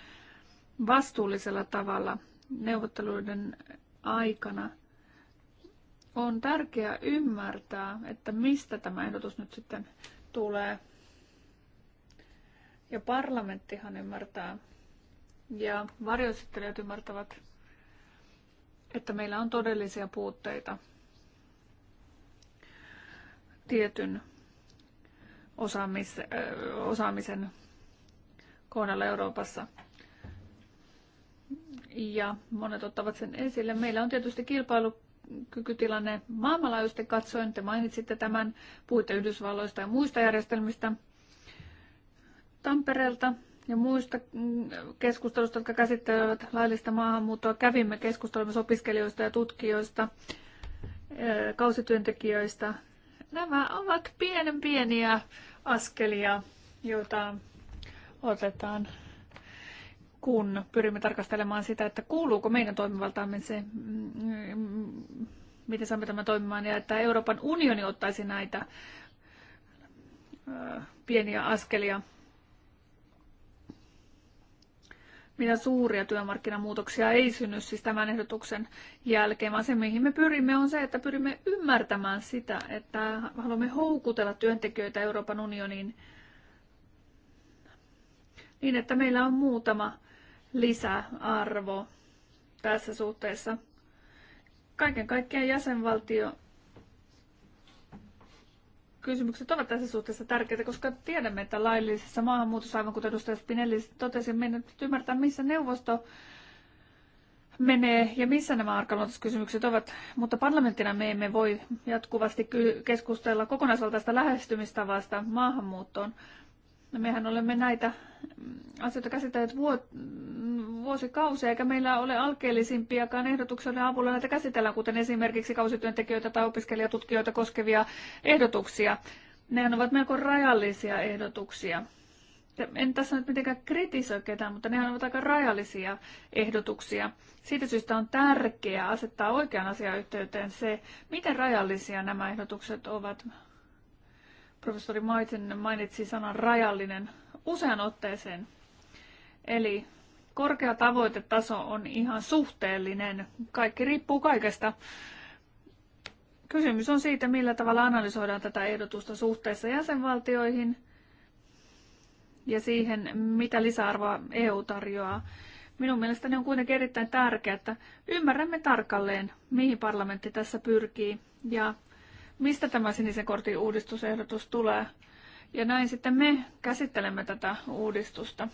vastuullisella tavalla neuvotteluiden aikana. On tärkeää ymmärtää, että mistä tämä ehdotus nyt sitten tulee. Ja parlamenttihan ymmärtää ja varjoesittelijät ymmärtävät, että meillä on todellisia puutteita tietyn osaamis, osaamisen kohdalla Euroopassa. Ja monet ottavat sen esille. Meillä on tietysti kilpailukykytilanne maailmanlaajuisesti katsoen. Te mainitsitte tämän, puhuitte Yhdysvalloista ja muista järjestelmistä. Tampereelta ja muista mm, keskustelusta, jotka käsittelevät laillista maahanmuuttoa, kävimme keskustelemassa opiskelijoista ja tutkijoista, eh, kausityöntekijöistä. Nämä ovat pienen pieniä askelia, joita otetaan, kun pyrimme tarkastelemaan sitä, että kuuluuko meidän toimivaltaamme se, mm, mm, miten saamme tämän toimimaan, ja että Euroopan unioni ottaisi näitä eh, pieniä askelia mitä suuria työmarkkinamuutoksia ei synny siis tämän ehdotuksen jälkeen, vaan se mihin me pyrimme on se, että pyrimme ymmärtämään sitä, että haluamme houkutella työntekijöitä Euroopan unioniin niin, että meillä on muutama lisäarvo tässä suhteessa. Kaiken kaikkiaan jäsenvaltio kysymykset ovat tässä suhteessa tärkeitä, koska tiedämme, että laillisessa maahanmuutossa, aivan kuten edustaja Spinelli totesi, meidän nyt ymmärtää, missä neuvosto menee ja missä nämä arkaluontoiskysymykset ovat, mutta parlamenttina me emme voi jatkuvasti keskustella kokonaisvaltaista lähestymistavasta maahanmuuttoon. Mehän olemme näitä asioita käsitelleet vuosikausia, eikä meillä ole alkeellisimpiakaan ehdotuksia avulla näitä käsitellään, kuten esimerkiksi kausityöntekijöitä tai opiskelijatutkijoita koskevia ehdotuksia. Ne ovat melko rajallisia ehdotuksia. En tässä nyt mitenkään kritisoi ketään, mutta nehän ovat aika rajallisia ehdotuksia. Siitä syystä on tärkeää asettaa oikean asian yhteyteen se, miten rajallisia nämä ehdotukset ovat. Professori Maitsen mainitsi sanan rajallinen usean otteeseen. Eli korkea tavoitetaso on ihan suhteellinen. Kaikki riippuu kaikesta. Kysymys on siitä, millä tavalla analysoidaan tätä ehdotusta suhteessa jäsenvaltioihin ja siihen, mitä lisäarvoa EU tarjoaa. Minun mielestäni on kuitenkin erittäin tärkeää, että ymmärrämme tarkalleen, mihin parlamentti tässä pyrkii ja mistä tämä sinisen kortin uudistusehdotus tulee. Ja näin sitten me käsittelemme tätä uudistusta.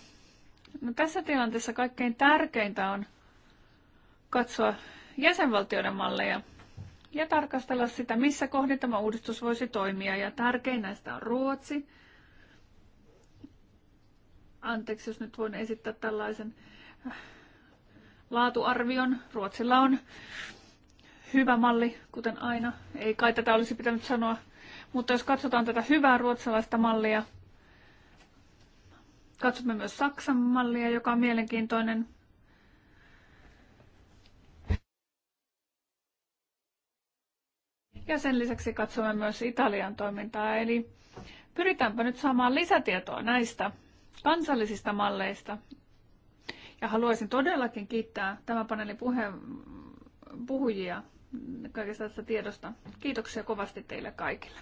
No, tässä tilanteessa kaikkein tärkeintä on katsoa jäsenvaltioiden malleja ja tarkastella sitä, missä kohdin tämä uudistus voisi toimia. Ja tärkein näistä on Ruotsi. Anteeksi, jos nyt voin esittää tällaisen äh, laatuarvion. Ruotsilla on hyvä malli, kuten aina. Ei kai tätä olisi pitänyt sanoa mutta jos katsotaan tätä hyvää ruotsalaista mallia, katsomme myös Saksan mallia, joka on mielenkiintoinen. Ja sen lisäksi katsomme myös Italian toimintaa, eli pyritäänpä nyt saamaan lisätietoa näistä kansallisista malleista. Ja haluaisin todellakin kiittää tämän paneelin puhujia kaikesta tästä tiedosta. Kiitoksia kovasti teille kaikille.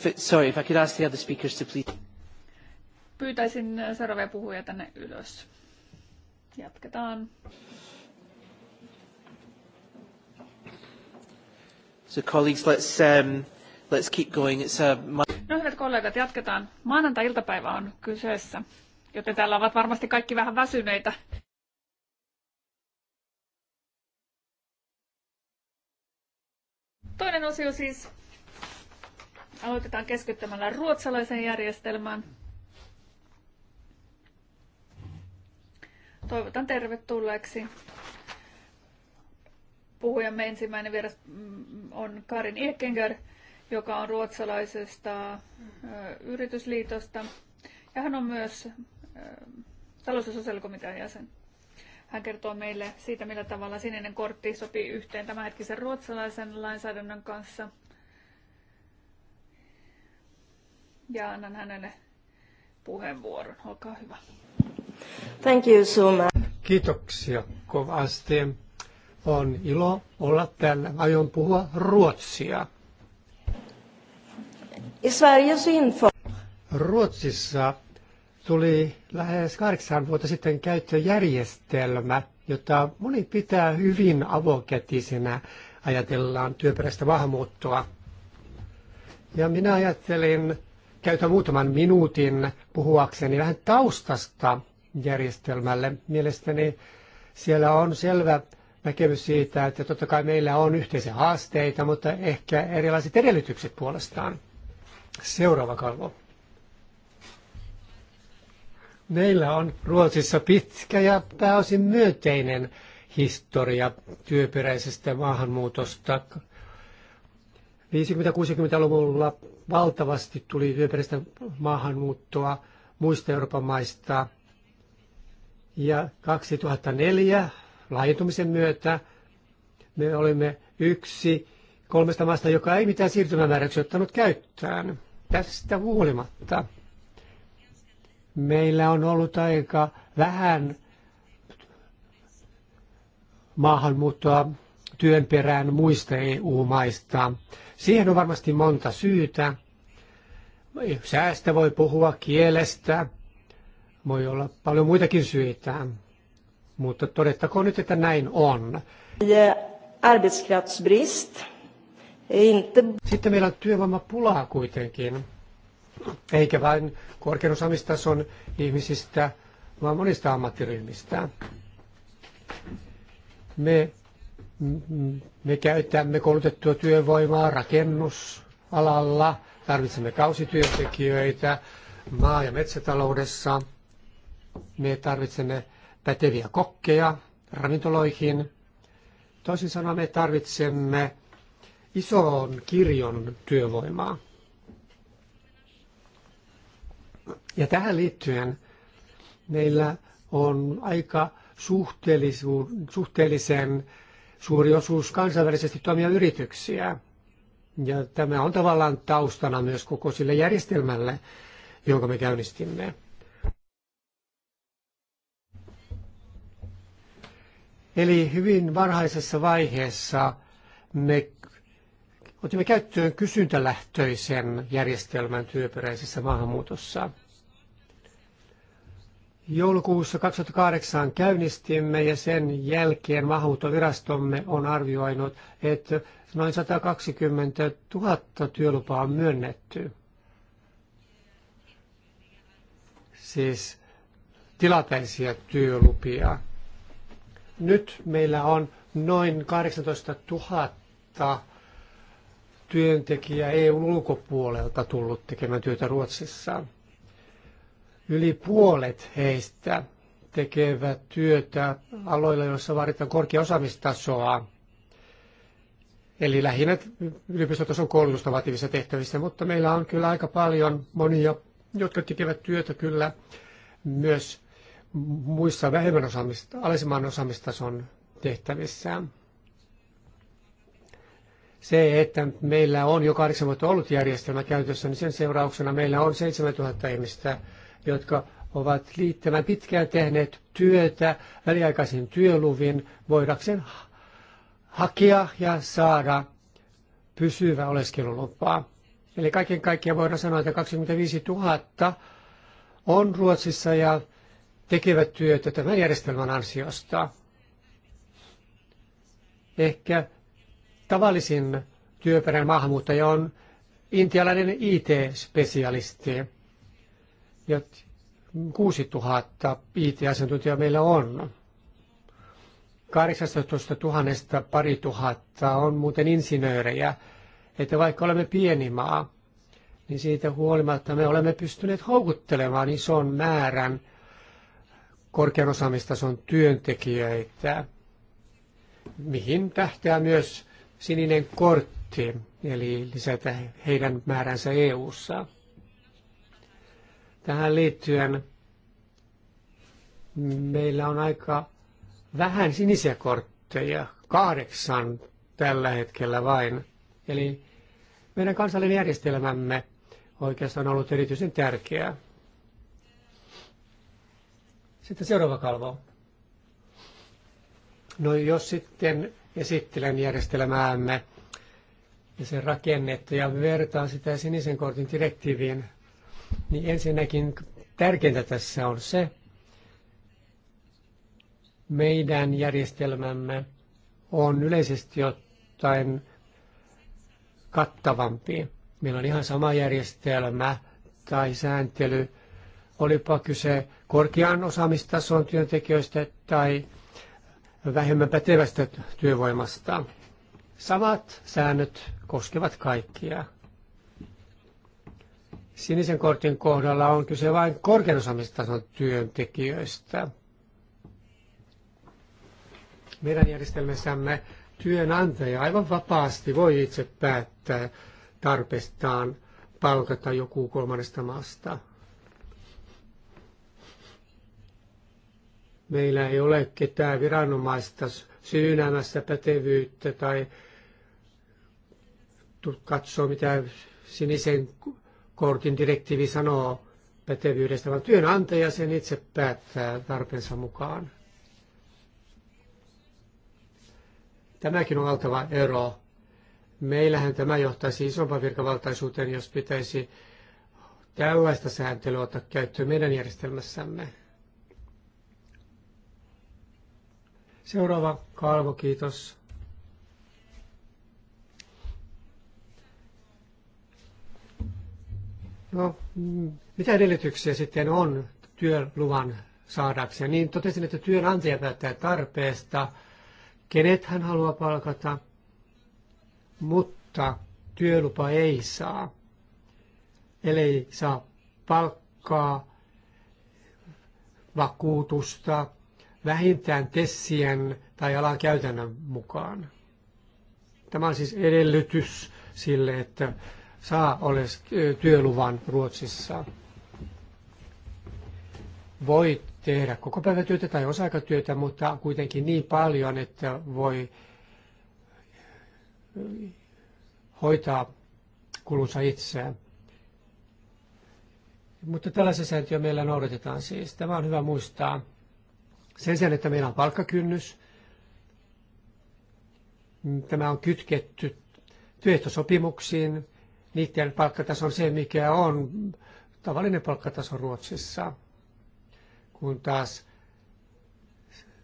if it, sorry, if I could ask the other speakers to please. Pyytäisin äh, seuraavia puhujia tänne ylös. Jatketaan. So colleagues, let's, um, let's keep going. It's a... Uh, no hyvät kollegat, jatketaan. Maanantai-iltapäivä on kyseessä, joten täällä ovat varmasti kaikki vähän väsyneitä. Toinen osio siis Aloitetaan keskittymällä ruotsalaisen järjestelmään. Toivotan tervetulleeksi. Puhujamme ensimmäinen vieras mm, on Karin Ekenger, joka on ruotsalaisesta yritysliitosta. Ja hän on myös talous- ja sosiaalikomitean jäsen. Hän kertoo meille siitä, millä tavalla sininen kortti sopii yhteen tämänhetkisen ruotsalaisen lainsäädännön kanssa – ja annan hänelle puheenvuoron. Olkaa hyvä. Thank you so much. Kiitoksia kovasti. On ilo olla täällä. Aion puhua ruotsia. Ruotsissa tuli lähes kahdeksan vuotta sitten käyttöjärjestelmä, jota moni pitää hyvin avokätisenä, ajatellaan työperäistä maahanmuuttoa. Ja minä ajattelin, käytän muutaman minuutin puhuakseni vähän taustasta järjestelmälle. Mielestäni siellä on selvä näkemys siitä, että totta kai meillä on yhteisiä haasteita, mutta ehkä erilaiset edellytykset puolestaan. Seuraava kalvo. Meillä on Ruotsissa pitkä ja pääosin myönteinen historia työperäisestä maahanmuutosta. 50-60-luvulla valtavasti tuli työperäistä maahanmuuttoa muista Euroopan maista. Ja 2004 laajentumisen myötä me olimme yksi kolmesta maasta, joka ei mitään siirtymämääräyksiä ottanut käyttöön. Tästä huolimatta meillä on ollut aika vähän maahanmuuttoa työn perään muista EU-maista. Siihen on varmasti monta syytä. Säästä voi puhua kielestä, voi olla paljon muitakin syitä, mutta todettakoon nyt, että näin on. Sitten meillä on työvoimapula kuitenkin, eikä vain korkean osaamistason ihmisistä, vaan monista ammattiryhmistä. Me me käytämme koulutettua työvoimaa rakennusalalla, tarvitsemme kausityöntekijöitä maa- ja metsätaloudessa. Me tarvitsemme päteviä kokkeja ravintoloihin. Toisin sanoen me tarvitsemme ison kirjon työvoimaa. Ja tähän liittyen meillä on aika suhteellisen suuri osuus kansainvälisesti toimia yrityksiä. Ja tämä on tavallaan taustana myös koko sille järjestelmälle, jonka me käynnistimme. Eli hyvin varhaisessa vaiheessa me otimme käyttöön kysyntälähtöisen järjestelmän työperäisessä maahanmuutossa – Joulukuussa 2008 käynnistimme ja sen jälkeen maahanmuuttovirastomme on arvioinut, että noin 120 000 työlupaa on myönnetty. Siis tilapäisiä työlupia. Nyt meillä on noin 18 000 työntekijää eu ulkopuolelta tullut tekemään työtä Ruotsissa. Yli puolet heistä tekevät työtä aloilla, joissa vaaditaan korkea osaamistasoa. Eli lähinnä yliopistotason koulutusta vaativissa tehtävissä, mutta meillä on kyllä aika paljon monia, jotka tekevät työtä kyllä myös muissa vähemmän osaamista, alisemman osaamistason tehtävissä. Se, että meillä on jo kahdeksan vuotta ollut järjestelmä käytössä, niin sen seurauksena meillä on 7000 ihmistä jotka ovat liittävän pitkään tehneet työtä väliaikaisen työluvin voidakseen hakea ja saada pysyvä oleskelulupaa. Eli kaiken kaikkiaan voidaan sanoa, että 25 000 on Ruotsissa ja tekevät työtä tämän järjestelmän ansiosta. Ehkä tavallisin työperäinen maahanmuuttaja on intialainen IT-spesialisti ja 6000 IT-asiantuntijaa meillä on. 18 000 pari tuhatta on muuten insinöörejä. Että vaikka olemme pieni maa, niin siitä huolimatta me olemme pystyneet houkuttelemaan ison määrän korkean osaamistason työntekijöitä, mihin tähtää myös sininen kortti, eli lisätä heidän määränsä EU-ssa. Tähän liittyen meillä on aika vähän sinisiä kortteja, kahdeksan tällä hetkellä vain. Eli meidän kansallinen järjestelmämme oikeastaan on ollut erityisen tärkeää. Sitten seuraava kalvo. No jos sitten esittelen järjestelmäämme ja sen rakennetta ja vertaan sitä sinisen kortin direktiiviin, niin ensinnäkin tärkeintä tässä on se, meidän järjestelmämme on yleisesti ottaen kattavampi. Meillä on ihan sama järjestelmä tai sääntely, olipa kyse korkean osaamistason työntekijöistä tai vähemmän pätevästä työvoimasta. Samat säännöt koskevat kaikkia. Sinisen kortin kohdalla on kyse vain korkean osaamistason työntekijöistä. Meidän järjestelmässämme työnantaja aivan vapaasti voi itse päättää tarpeestaan palkata joku kolmannesta maasta. Meillä ei ole ketään viranomaista syynäämässä pätevyyttä tai katsoa mitä sinisen kortin direktiivi sanoo pätevyydestä, vaan työnantaja sen itse päättää tarpeensa mukaan. Tämäkin on valtava ero. Meillähän tämä johtaisi isompaan virkavaltaisuuteen, jos pitäisi tällaista sääntelyä ottaa käyttöön meidän järjestelmässämme. Seuraava kalvo, kiitos. No, mm, mitä edellytyksiä sitten on työluvan saadakseen? Niin totesin, että työnantaja päättää tarpeesta, kenet hän haluaa palkata, mutta työlupa ei saa, ellei saa palkkaa, vakuutusta, vähintään tessien tai alan käytännön mukaan. Tämä on siis edellytys sille, että saa oles työluvan Ruotsissa. Voi tehdä koko työtä tai osa-aikatyötä, mutta kuitenkin niin paljon, että voi eh, hoitaa kulunsa itseään. Mutta tällaisia sääntöjä meillä noudatetaan siis. Tämä on hyvä muistaa. Sen sijaan, että meillä on palkkakynnys, mm, tämä on kytketty työehtosopimuksiin, niiden palkkataso on se, mikä on tavallinen palkkataso Ruotsissa, kun taas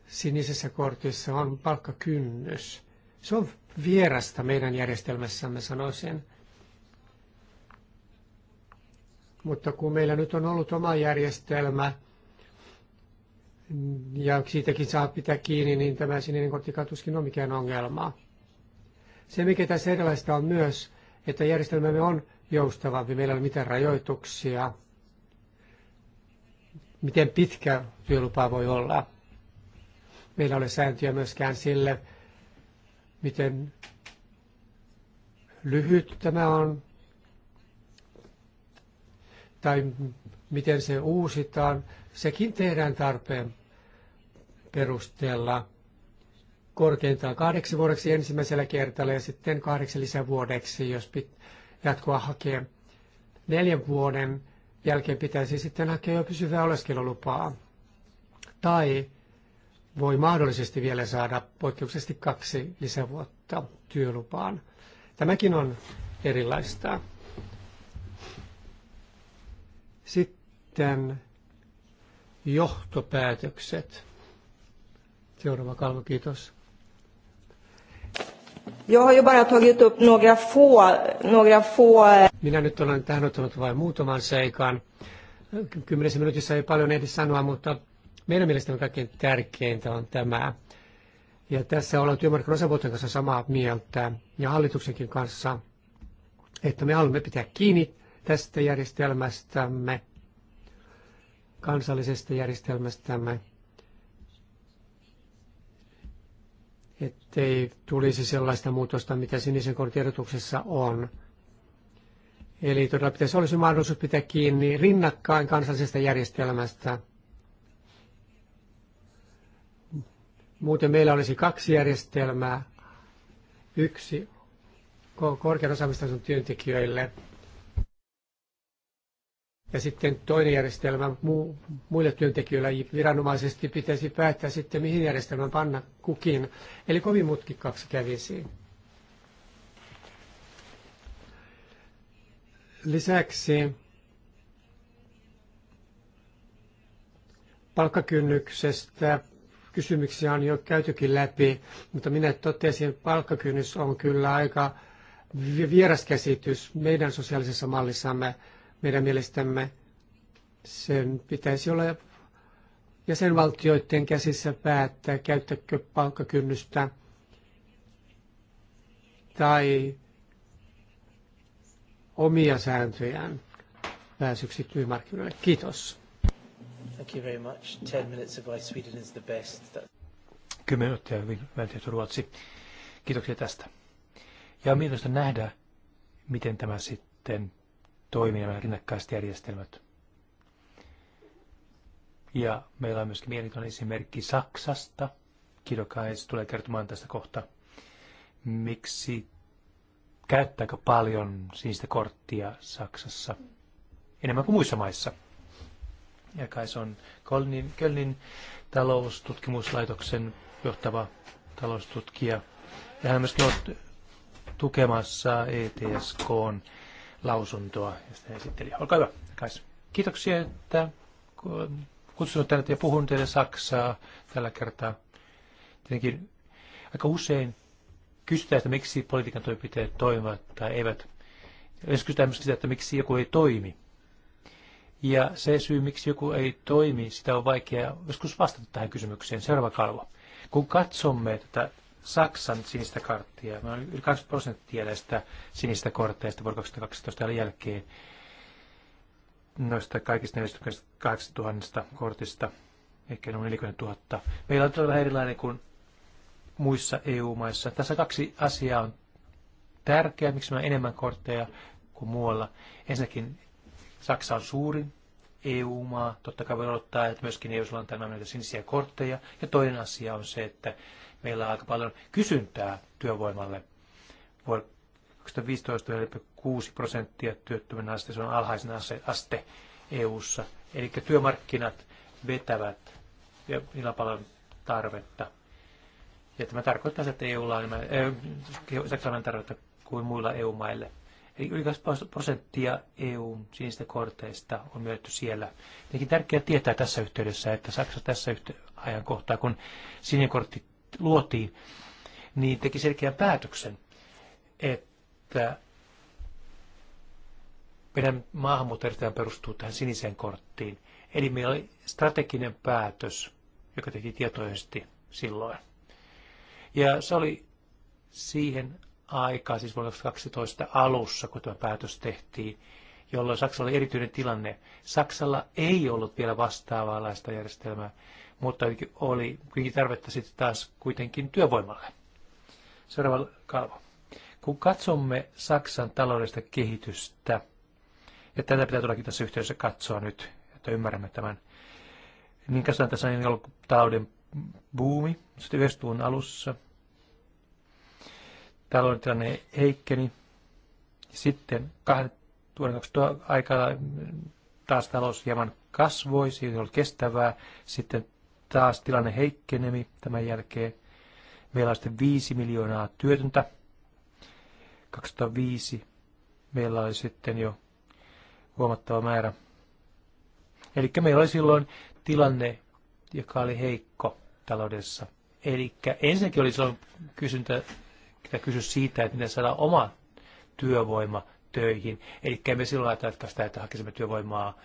sinisessä kortissa on palkkakynnys. Se on vierasta meidän järjestelmässämme, sanoisin. Mutta kun meillä nyt on ollut oma järjestelmä, ja siitäkin saa pitää kiinni, niin tämä sininen kortti tuskin on mikään ongelma. Se, mikä tässä erilaista on myös, että järjestelmämme on joustavampi, meillä ei ole mitään rajoituksia, miten pitkä työlupa voi olla. Meillä ei ole sääntöjä myöskään sille, miten lyhyt tämä on, tai miten se uusitaan. Sekin tehdään tarpeen perusteella korkeintaan kahdeksi vuodeksi ensimmäisellä kertalla ja sitten kahdeksi lisävuodeksi, jos pit, jatkoa hakee. Neljän vuoden jälkeen pitäisi sitten hakea jo pysyvää oleskelulupaa. Tai voi mahdollisesti vielä saada poikkeuksellisesti kaksi lisävuotta työlupaan. Tämäkin on erilaista. Sitten johtopäätökset. Seuraava kalvo, kiitos. Jag har ju bara tagit upp några få, några få... Eh, Minä nyt olen tähän ottanut vain muutaman seikan. Kymmenessä minuutissa ei paljon ehdi sanoa, mutta meidän mielestämme kaikkein tärkeintä on tämä. Ja tässä ollaan työmarkkinoiden kanssa samaa mieltä ja hallituksenkin kanssa, että me haluamme pitää kiinni tästä järjestelmästämme, kansallisesta järjestelmästämme, ettei tulisi sellaista muutosta, mitä sinisen kortierotuksessa on. Eli todella pitäisi olisi mahdollisuus pitää kiinni rinnakkain kansallisesta järjestelmästä. Muuten meillä olisi kaksi järjestelmää. Yksi korkean osaamistason työntekijöille – ja sitten toinen järjestelmä muu, muille työntekijöille viranomaisesti pitäisi päättää sitten, mihin järjestelmän panna kukin. Eli kovin mutkikkaaksi kävisi. Lisäksi palkkakynnyksestä kysymyksiä on jo käytykin läpi, mutta minä totesin, että palkkakynnys on kyllä aika vieras käsitys meidän sosiaalisessa mallissamme – meidän mielestämme sen pitäisi olla jäsenvaltioiden käsissä päättää, käyttäkö palkkakynnystä tai omia sääntöjään pääsyksi työmarkkinoille. Kiitos. Thank you very much. Ten minutes of why Sweden is the best. Kymmenen minuuttia hyvin myönteistä Ruotsi. Kiitoksia tästä. Ja on mielestäni nähdä, miten tämä sitten toimii nämä rinnakkaiset järjestelmät. Ja meillä on myöskin mielenkiintoinen esimerkki Saksasta. Kidokais tulee kertomaan tästä kohta. Miksi käyttääkö paljon sinistä korttia Saksassa? Enemmän kuin muissa maissa. Ja kai se on Kölnin, Kölnin taloustutkimuslaitoksen johtava taloustutkija. Ja hän on myös ETSK: tukemassa e lausuntoa ja esitteli. Olkaa hyvä, Kais. Kiitoksia, että kutsunut tänne ja puhun teille Saksaa tällä kertaa. Tietenkin aika usein kysytään että miksi politiikan toimenpiteet toimivat tai eivät. Jos kysytään myös sitä, että miksi joku ei toimi. Ja se syy, miksi joku ei toimi, sitä on vaikea joskus vastata tähän kysymykseen. Seuraava kalvo. Kun katsomme tätä Saksan sinistä karttia. Mä yli 20 prosenttia näistä sinistä korteista vuonna 2012 jälkeen noista kaikista 48 000 kortista, ehkä noin 40 000. Meillä on todella erilainen kuin muissa EU-maissa. Tässä kaksi asiaa on tärkeää, miksi meillä on enemmän kortteja kuin muualla. Ensinnäkin Saksa on suurin EU-maa, totta kai voi odottaa, että myöskin eu on tämä näitä sinisiä kortteja. Ja toinen asia on se, että meillä on aika paljon kysyntää työvoimalle. Vuonna 2015 prosenttia työttömän aste, se on alhaisin aste EU-ssa. Eli työmarkkinat vetävät ja niillä on paljon tarvetta. Ja tämä tarkoittaa, että EUlla on enemmän, äh, eh, Saksalla tarvetta kuin muilla EU-maille. Eli yli 20 prosenttia EUn sinistä korteista on myönnetty siellä. Tietenkin tärkeää tietää tässä yhteydessä, että Saksa tässä yhteydessä ajankohtaa, kun sininkortti luotiin, niin teki selkeän päätöksen, että meidän maahanmuuttajärjestelmä perustuu tähän siniseen korttiin. Eli meillä oli strateginen päätös, joka teki tietoisesti silloin. Ja se oli siihen aikaan, siis vuonna 2012 alussa, kun tämä päätös tehtiin, jolloin Saksalla oli erityinen tilanne. Saksalla ei ollut vielä vastaavaa järjestelmää mutta oli kuitenkin tarvetta sitten taas kuitenkin työvoimalle. Seuraava kalvo. Kun katsomme Saksan taloudellista kehitystä, ja tätä pitää todellakin tässä yhteydessä katsoa nyt, että ymmärrämme tämän, niin katsotaan tässä on ollut talouden buumi, sitten 90 alussa. Talouden tilanne heikkeni. Sitten 2000 aikaa taas talous hieman kasvoi, siitä oli kestävää. Sitten taas tilanne heikkenemi tämän jälkeen. Meillä on sitten 5 miljoonaa työtöntä. 2005 meillä oli sitten jo huomattava määrä. Eli meillä oli silloin tilanne, joka oli heikko taloudessa. Eli ensinnäkin oli silloin kysyntä, kysy siitä, että miten saadaan oma työvoima töihin. Eli me silloin ajatella, että hakisimme työvoimaa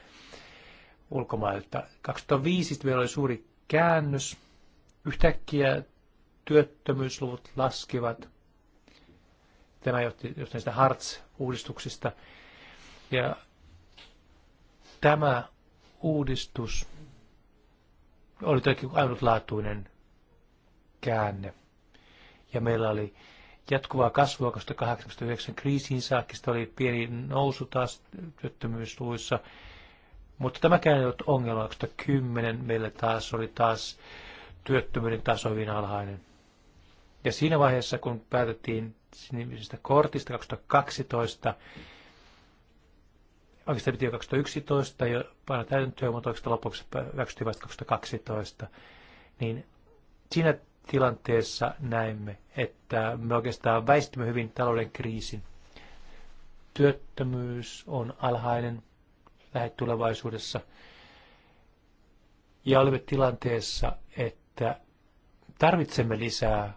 ulkomailta. 2005 meillä oli suuri käännös. Yhtäkkiä työttömyysluvut laskivat. Tämä johti just näistä Hartz-uudistuksista. Ja tämä uudistus oli todellakin ainutlaatuinen käänne. Ja meillä oli jatkuvaa kasvua 2008-2009 kriisiin saakka, oli pieni nousu taas työttömyysluvuissa mutta tämäkään ei ollut ongelma, kymmenen meillä taas oli taas työttömyyden taso hyvin alhainen. Ja siinä vaiheessa, kun päätettiin sinimisestä kortista 2012, oikeastaan piti jo 2011 jo paina täytäntöä, mutta oikeastaan lopuksi hyväksyttiin vasta 2012, niin siinä tilanteessa näimme, että me oikeastaan väistimme hyvin talouden kriisin. Työttömyys on alhainen, lähetulevaisuudessa. Ja olemme tilanteessa, että tarvitsemme lisää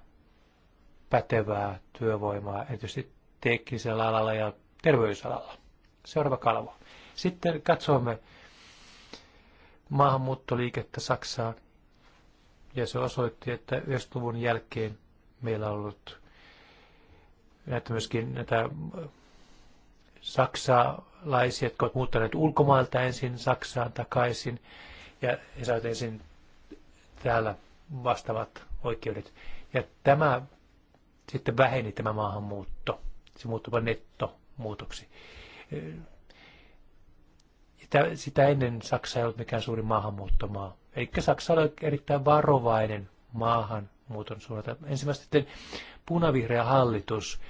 pätevää työvoimaa, erityisesti teknisellä alalla ja terveysalalla. Seuraava kalvo. Sitten katsomme maahanmuuttoliikettä Saksaan. Ja se osoitti, että 90-luvun jälkeen meillä on ollut näitä myöskin näitä saksalaisia, jotka ovat muuttaneet ulkomailta ensin Saksaan takaisin ja he saivat ensin täällä vastaavat oikeudet. Ja tämä sitten väheni tämä maahanmuutto. Se muuttuva nettomuutoksi. Sitä, ennen Saksa ei ollut mikään suuri maahanmuuttomaa. Eli Saksa oli erittäin varovainen maahanmuuton suunnalta. Ensimmäistä sitten punavihreä hallitus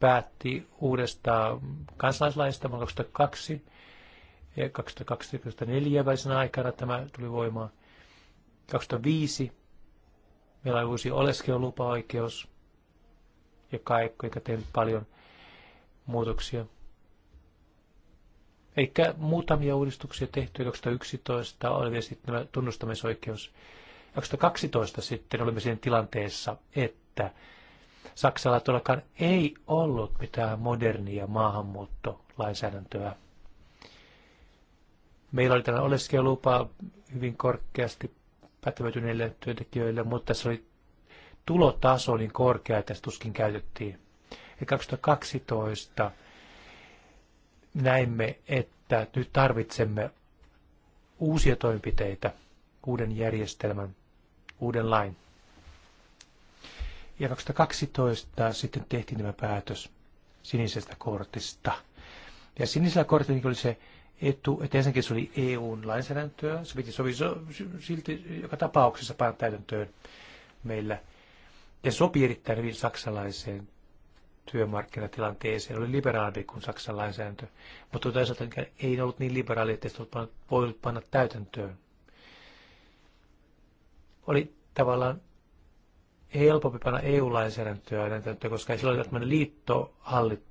päätti uudesta kansalaislaista vuonna 2002 ja 2002-2004 välisenä aikana tämä tuli voimaan. 2005 meillä oli uusi oikeus joka ei tehnyt paljon muutoksia. Eikä muutamia uudistuksia tehty. 2011 oli vielä sitten tunnustamisoikeus. 2012 sitten olimme siinä tilanteessa, että Saksalla todellakaan ei ollut mitään modernia maahanmuuttolainsäädäntöä. Meillä oli tällainen oleskelulupa hyvin korkeasti pätevätyneille työntekijöille, mutta se oli tulotaso niin korkea, että se tuskin käytettiin. Ja 2012 näimme, että nyt tarvitsemme uusia toimenpiteitä, uuden järjestelmän, uuden lain. Ja 2012 sitten tehtiin tämä päätös sinisestä kortista. Ja sinisellä kortilla oli se etu, että ensinnäkin se oli EUn lainsäädäntöä, se piti sovi silti joka tapauksessa panna täytäntöön meillä. Ja sopi erittäin hyvin saksalaiseen työmarkkinatilanteeseen, oli liberaali kuin Saksan lainsäädäntö, mutta tuota toisaalta niin ei ollut niin liberaali, että se voi panna täytäntöön. Oli tavallaan helpompi panna EU-lainsäädäntöä koska ei silloin ole liitto,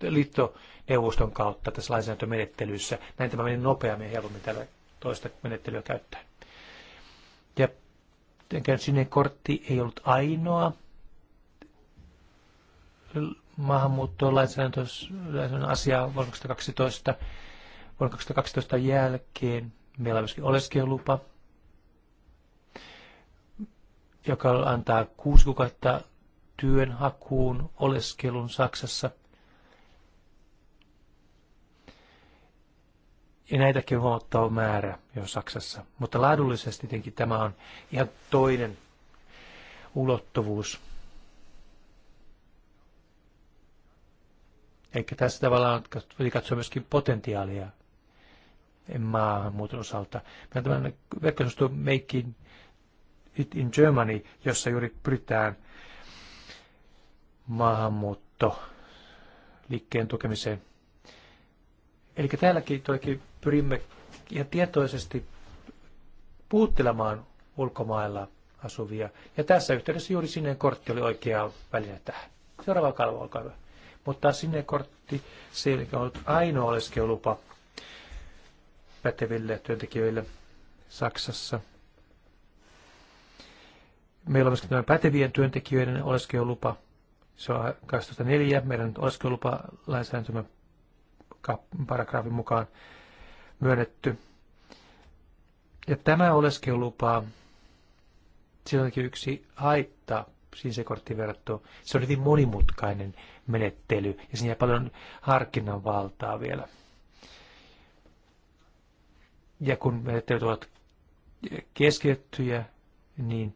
liittoneuvoston kautta tässä lainsäädäntömenettelyssä. Näin tämä meni nopeammin ja helpommin tällä toista menettelyä käyttää. Ja sininen kortti ei ollut ainoa maahanmuuttoon lainsäädännön asia vuonna 2012. Vuonna 2012 jälkeen meillä on myöskin oleskelulupa joka antaa kuusi kuukautta työnhakuun, oleskelun Saksassa. Ja näitäkin huomattava määrä jo Saksassa. Mutta laadullisesti tietenkin tämä on ihan toinen ulottuvuus. Eikä tässä tavallaan voi katsoa myöskin potentiaalia maahanmuuton osalta. Meillä on tämmöinen verkkosivusto It in Germany, jossa juuri pyritään maahanmuutto liikkeen tukemiseen. Eli täälläkin toki pyrimme ja tietoisesti puhuttelemaan ulkomailla asuvia. Ja tässä yhteydessä juuri sinne kortti oli oikea väline tähän. Seuraava kalvo, olkaa hyvä. Mutta sinne kortti, se ei ollut ainoa oleskelulupa päteville työntekijöille Saksassa. Meillä on myöskin tämä pätevien työntekijöiden oleskelulupa. Se on 24. meidän oleskelulupa lainsäädäntömme paragraafin mukaan myönnetty. Ja tämä oleskelulupa, siinä on yksi haitta sinisekorttiin verrattuna. Se on hyvin monimutkainen menettely ja siinä jää paljon harkinnan valtaa vielä. Ja kun menettelyt ovat keskitettyjä, niin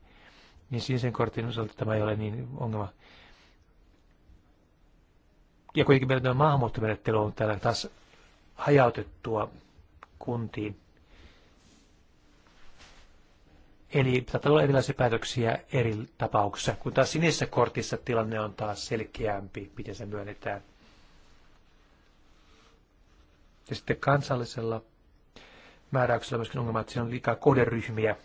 niin sinisen kortin osalta tämä ei ole niin ongelma. Ja kuitenkin meillä tämä maahanmuuttomenettely on täällä taas hajautettua kuntiin. Eli saattaa olla erilaisia päätöksiä eri tapauksissa, kun taas sinisessä kortissa tilanne on taas selkeämpi, miten se myönnetään. Ja sitten kansallisella määräyksellä on myöskin ongelma, että siinä on liikaa kohderyhmiä,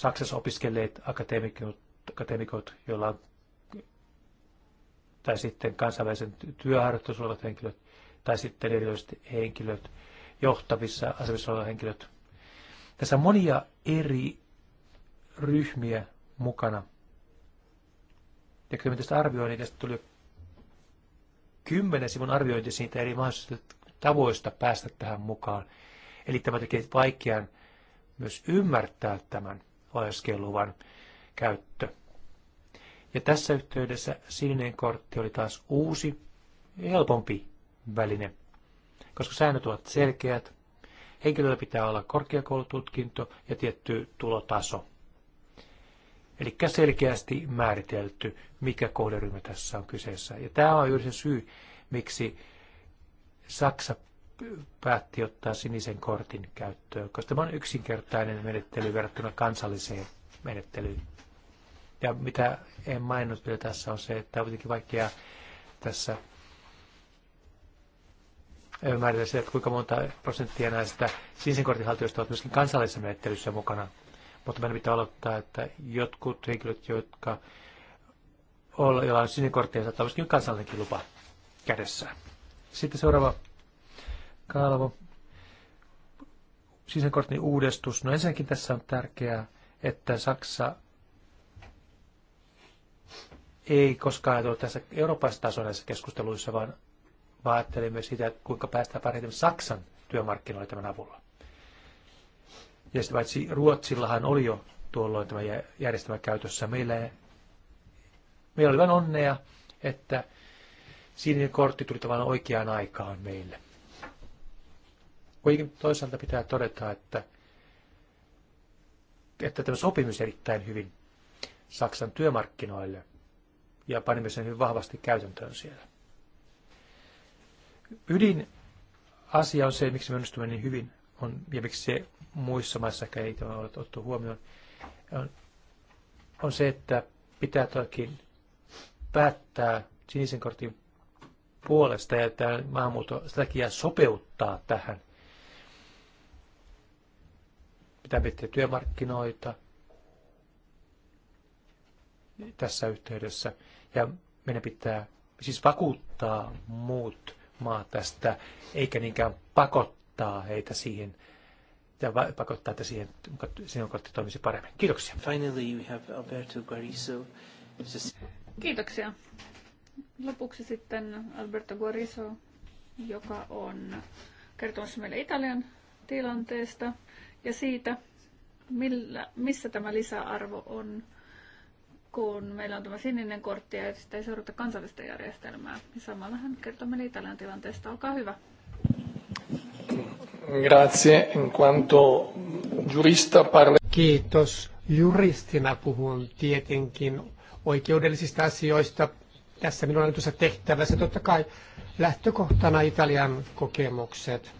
Saksassa opiskelleet akateemikot, akateemikot joilla on, tai sitten kansainvälisen työharjoittelussa olevat henkilöt, tai sitten erilaiset henkilöt, johtavissa asemissa olevat henkilöt. Tässä on monia eri ryhmiä mukana. Ja kun me tästä arvioinnin, tästä tuli kymmenen sivun arviointi siitä eri mahdollisista tavoista päästä tähän mukaan. Eli tämä tekee vaikean myös ymmärtää tämän oleskeluvan käyttö. Ja tässä yhteydessä sininen kortti oli taas uusi, helpompi väline, koska säännöt ovat selkeät. Henkilöllä pitää olla korkeakoulututkinto ja tietty tulotaso. Eli selkeästi määritelty, mikä kohderyhmä tässä on kyseessä. Ja tämä on juuri se syy, miksi Saksa päätti ottaa sinisen kortin käyttöön, koska tämä on yksinkertainen menettely verrattuna kansalliseen menettelyyn. Ja mitä en maininnut vielä tässä on se, että on kuitenkin vaikea tässä määritellä sitä, että kuinka monta prosenttia näistä sinisen kortin haltijoista ovat myöskin kansallisessa menettelyssä mukana. Mutta meidän pitää aloittaa, että jotkut henkilöt, jotka joilla on sininen kortti, saattaa myöskin kansallinenkin lupa kädessään. Sitten seuraava Kalvo. Sisäkortin uudistus. No ensinnäkin tässä on tärkeää, että Saksa ei koskaan ajatellut tässä eurooppalaisessa tasolla keskusteluissa, vaan ajattelimme sitä, kuinka päästään parhaiten Saksan työmarkkinoille tämän avulla. Ja sitten paitsi Ruotsillahan oli jo tuolloin tämä järjestelmä käytössä. Meillä, meillä oli vain onnea, että sininen kortti tuli tavallaan oikeaan aikaan meille. Kuitenkin toisaalta pitää todeta, että, että tämä sopimus erittäin hyvin Saksan työmarkkinoille ja panimme sen hyvin vahvasti käytäntöön siellä. Ydin asia on se, miksi me onnistumme niin hyvin on, ja miksi se muissa maissa ehkä ei tämä ole otettu huomioon, on, on se, että pitää toikin päättää sinisen kortin puolesta ja tämä maahanmuutto jää sopeuttaa tähän pitää miettiä työmarkkinoita tässä yhteydessä. Ja meidän pitää siis vakuuttaa muut maat tästä, eikä niinkään pakottaa heitä siihen, ja pakottaa, että siihen, sinun kohti toimisi paremmin. Kiitoksia. Finally we have Alberto Guariso. Kiitoksia. Lopuksi sitten Alberto Guariso, joka on kertomassa meille Italian tilanteesta ja siitä, millä, missä tämä lisäarvo on, kun meillä on tämä sininen kortti ja sitä ei seurata kansallista järjestelmää. Niin samalla hän kertoo Italian tilanteesta. Olkaa hyvä. Grazie, in quanto jurista parle... Kiitos. Juristina puhun tietenkin oikeudellisista asioista. Tässä minulla on tuossa tehtävässä totta kai lähtökohtana Italian kokemukset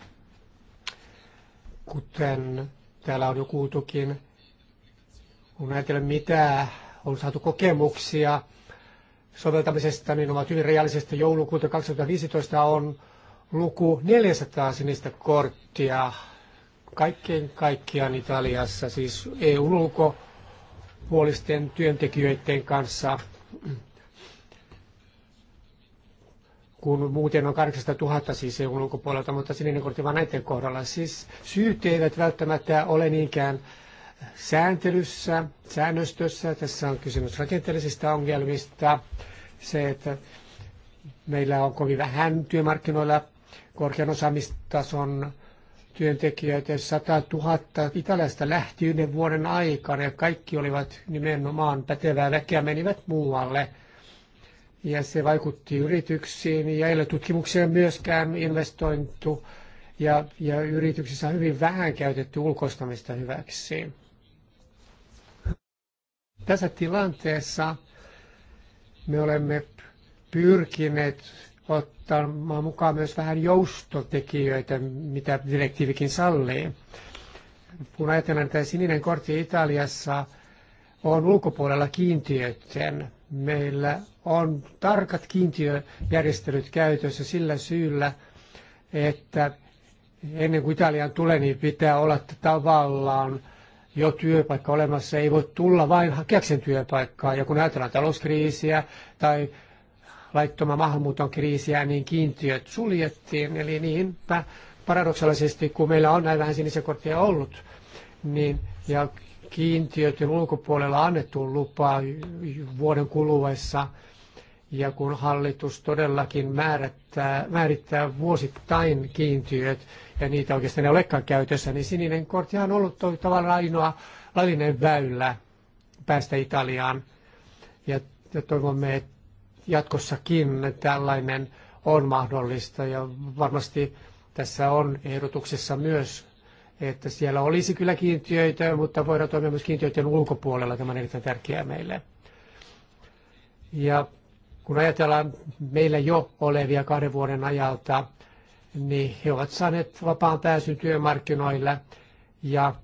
kuten täällä on jo kuultukin, kun ajatellaan mitä on saatu kokemuksia soveltamisesta, niin ovat hyvin reaalisesti joulukuuta 2015 on luku 400 sinistä korttia kaikkien kaikkiaan Italiassa, siis EU-ulkopuolisten työntekijöiden kanssa – kun muuten on 8000 siis EUn ulkopuolelta, mutta sininen kortti vaan näiden kohdalla. Siis syyt eivät välttämättä ole niinkään sääntelyssä, säännöstössä. Tässä on kysymys rakenteellisista ongelmista. Se, että meillä on kovin vähän työmarkkinoilla korkean osaamistason työntekijöitä. 100 000 Italiasta lähti yhden vuoden aikana ja kaikki olivat nimenomaan pätevää väkeä, menivät muualle – ja se vaikutti yrityksiin ja ei ole tutkimuksia myöskään investointu ja, ja yrityksissä on hyvin vähän käytetty ulkoistamista hyväksi. Tässä tilanteessa me olemme pyrkineet ottamaan mukaan myös vähän joustotekijöitä, mitä direktiivikin sallii. Kun ajatellaan, että sininen kortti Italiassa on ulkopuolella kiintiöiden, meillä on tarkat kiintiöjärjestelyt käytössä sillä syyllä, että ennen kuin Italian tulee, niin pitää olla tavallaan jo työpaikka olemassa. Ei voi tulla vain hakeakseen työpaikkaa. Ja kun ajatellaan talouskriisiä tai laittoman maahanmuuton kriisiä, niin kiintiöt suljettiin. Eli niinpä paradoksaalisesti, kun meillä on näin vähän sinisiä kortteja ollut, niin ja kiintiöiden ulkopuolella annettu lupa vuoden kuluessa. Ja kun hallitus todellakin määrittää, määrittää vuosittain kiintiöt, ja niitä oikeastaan ei olekaan käytössä, niin sininen kortti on ollut tavallaan ainoa laillinen väylä päästä Italiaan. Ja, ja toivomme, että jatkossakin tällainen on mahdollista ja varmasti tässä on ehdotuksessa myös että siellä olisi kyllä kiintiöitä, mutta voidaan toimia myös kiintiöiden ulkopuolella. Tämä on erittäin tärkeää meille. Ja kun ajatellaan meillä jo olevia kahden vuoden ajalta, niin he ovat saaneet vapaan pääsyn työmarkkinoille ja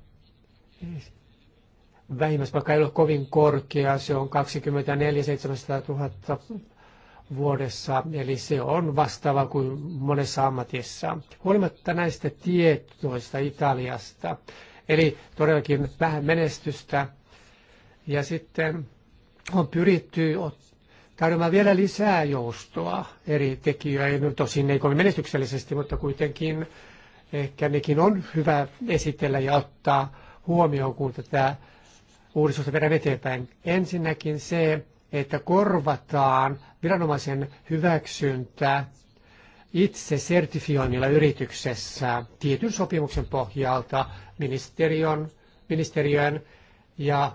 vähimmäispalkka ei ole kovin korkea, se on 24 700 000 vuodessa, eli se on vastaava kuin monessa ammatissa. Huolimatta näistä tietoista Italiasta, eli todellakin vähän menestystä. Ja sitten on pyritty tarjoamaan vielä lisää joustoa eri tekijöille, no, tosin ei kovin menestyksellisesti, mutta kuitenkin ehkä nekin on hyvä esitellä ja ottaa huomioon, kun tätä uudistusta viedään eteenpäin. Ensinnäkin se, että korvataan viranomaisen hyväksyntä itse sertifioinnilla yrityksessä tietyn sopimuksen pohjalta ministeriön, ministeriön ja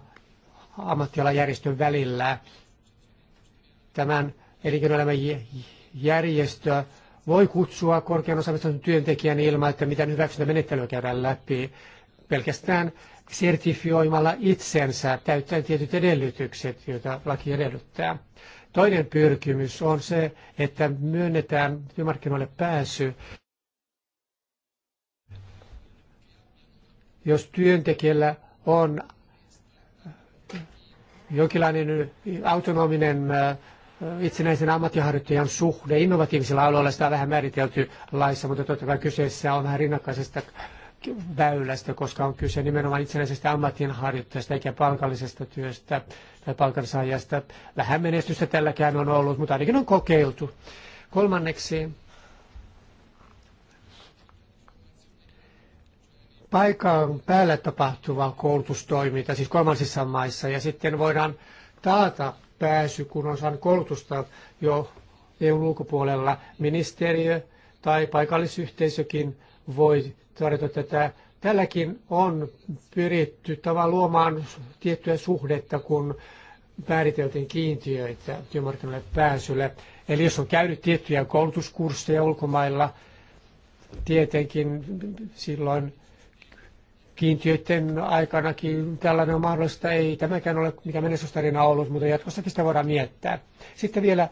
ammattialajärjestön välillä. Tämän elinkeinoelämän järjestö voi kutsua korkean osaamisen työntekijän ilman, että mitään hyväksyntämenettelyä käydään läpi. Pelkästään sertifioimalla itsensä täyttäen tietyt edellytykset, joita laki edellyttää. Toinen pyrkimys on se, että myönnetään työmarkkinoille pääsy, jos työntekijällä on jonkinlainen autonominen äh, itsenäisen ammattiharjoittajan suhde. Innovatiivisilla aloilla sitä on vähän määritelty laissa, mutta totta kai kyseessä on vähän rinnakkaisesta väylästä, koska on kyse nimenomaan itsenäisestä ammatinharjoittajasta eikä palkallisesta työstä tai palkansaajasta. Vähän menestystä tälläkään on ollut, mutta ainakin on kokeiltu. Kolmanneksi paikan päällä tapahtuva koulutustoiminta, siis kolmansissa maissa, ja sitten voidaan taata pääsy, kun on saanut koulutusta jo eu ulkopuolella. Ministeriö tai paikallisyhteisökin voi tarjota tätä. Tälläkin on pyritty tavallaan luomaan tiettyä suhdetta, kun määriteltiin kiintiöitä työmarkkinoille pääsylle. Eli jos on käynyt tiettyjä koulutuskursseja ulkomailla, tietenkin silloin kiintiöiden aikanakin tällainen on mahdollista. Ei tämäkään ole mikä menestystarina ollut, mutta jatkossakin sitä voidaan miettää. Sitten vielä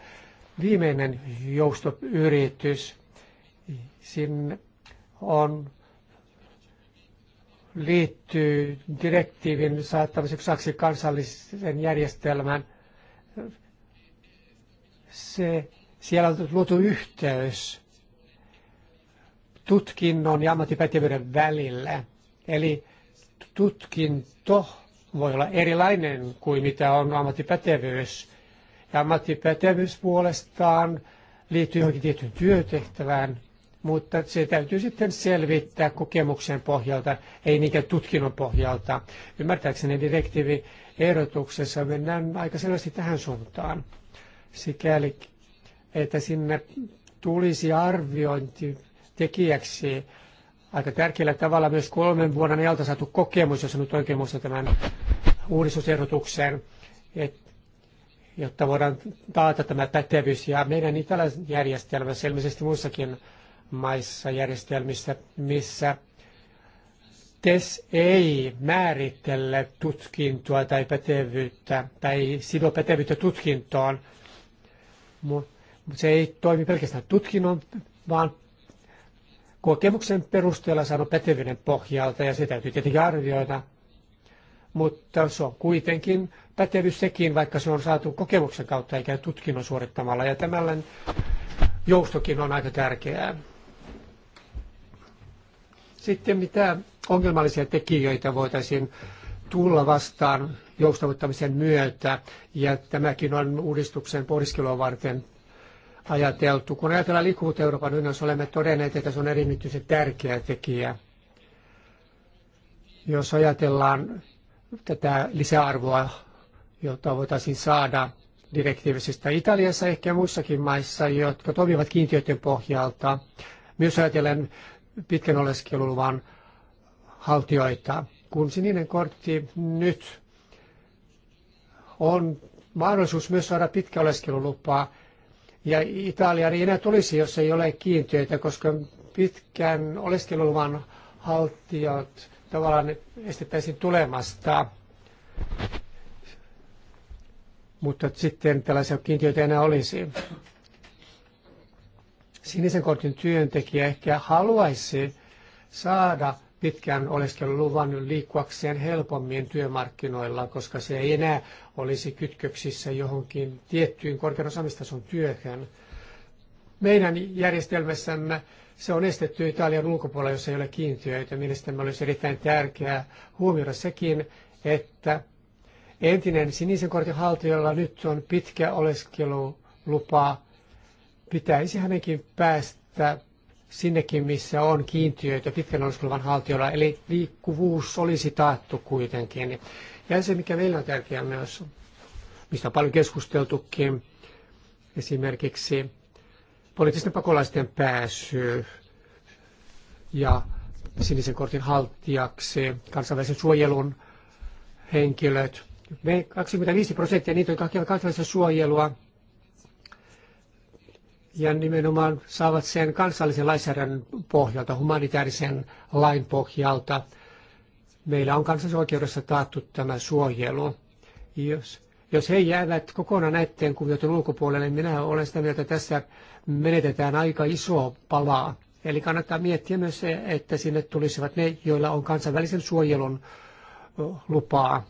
viimeinen joustoyritys. Siinä on liittyy direktiivin saattamiseksi osaksi kansallisen järjestelmän. Se, siellä on luotu yhteys tutkinnon ja ammattipätevyyden välillä. Eli tutkinto voi olla erilainen kuin mitä on ammattipätevyys. Ja ammattipätevyys puolestaan liittyy johonkin tiettyyn työtehtävään mutta se täytyy sitten selvittää kokemuksen pohjalta, ei niinkään tutkinnon pohjalta. Ymmärtääkseni direktiivi ehdotuksessa mennään aika selvästi tähän suuntaan. Sikäli, että sinne tulisi arviointi tekijäksi aika tärkeällä tavalla myös kolmen vuoden ajalta saatu kokemus, jos nyt oikein muista tämän uudistusehdotuksen, että jotta voidaan taata tämä pätevyys. Ja meidän Italian ilmeisesti muissakin maissa järjestelmissä, missä TES ei määrittele tutkintoa tai pätevyyttä tai sido pätevyyttä tutkintoon. Se ei toimi pelkästään tutkinnon, vaan kokemuksen perusteella saanut pätevyyden pohjalta ja se täytyy tietenkin arvioida. Mutta se on kuitenkin pätevyys sekin, vaikka se on saatu kokemuksen kautta eikä tutkinnon suorittamalla. Ja tämällä joustokin on aika tärkeää. Sitten mitä ongelmallisia tekijöitä voitaisiin tulla vastaan joustavuttamisen myötä, ja tämäkin on uudistuksen pohdiskelua varten ajateltu. Kun ajatellaan liikkuvuutta Euroopan unionissa, olemme todenneet, että se on erityisen tärkeä tekijä. Jos ajatellaan tätä lisäarvoa, jota voitaisiin saada direktiivisestä Italiassa ehkä muissakin maissa, jotka toimivat kiintiöiden pohjalta, myös ajatellen pitkän oleskeluluvan haltioita. Kun sininen kortti nyt on mahdollisuus myös saada pitkä oleskelulupaa, ja Italia ei enää tulisi, jos ei ole kiintiöitä, koska pitkän oleskeluluvan haltijat tavallaan estettäisiin tulemasta. Mutta sitten tällaisia kiintiöitä enää olisi sinisen kortin työntekijä ehkä haluaisi saada pitkään oleskeluluvan liikkuakseen helpommin työmarkkinoilla, koska se ei enää olisi kytköksissä johonkin tiettyyn korkean osaamistason työhön. Meidän järjestelmässämme se on estetty Italian ulkopuolella, jos ei ole kiintiöitä. Mielestäni olisi erittäin tärkeää huomioida sekin, että entinen sinisen kortin haltijalla nyt on pitkä oleskelulupa pitäisi hänenkin päästä sinnekin, missä on kiintiöitä pitkän oleskeluvan haltijoilla, eli liikkuvuus olisi taattu kuitenkin. Ja se, mikä meillä on tärkeää myös, mistä on paljon keskusteltukin, esimerkiksi poliittisten pakolaisten pääsy ja sinisen kortin haltijaksi, kansainvälisen suojelun henkilöt. Me 25 prosenttia niitä, on hakevat kansainvälistä suojelua, ja nimenomaan saavat sen kansallisen lainsäädännön pohjalta, humanitaarisen lain pohjalta. Meillä on kansallisoikeudessa taattu tämä suojelu. Jos, jos he jäävät kokonaan näiden kuvioiden ulkopuolelle, niin minä olen sitä mieltä, että tässä menetetään aika iso palaa. Eli kannattaa miettiä myös se, että sinne tulisivat ne, joilla on kansainvälisen suojelun lupaa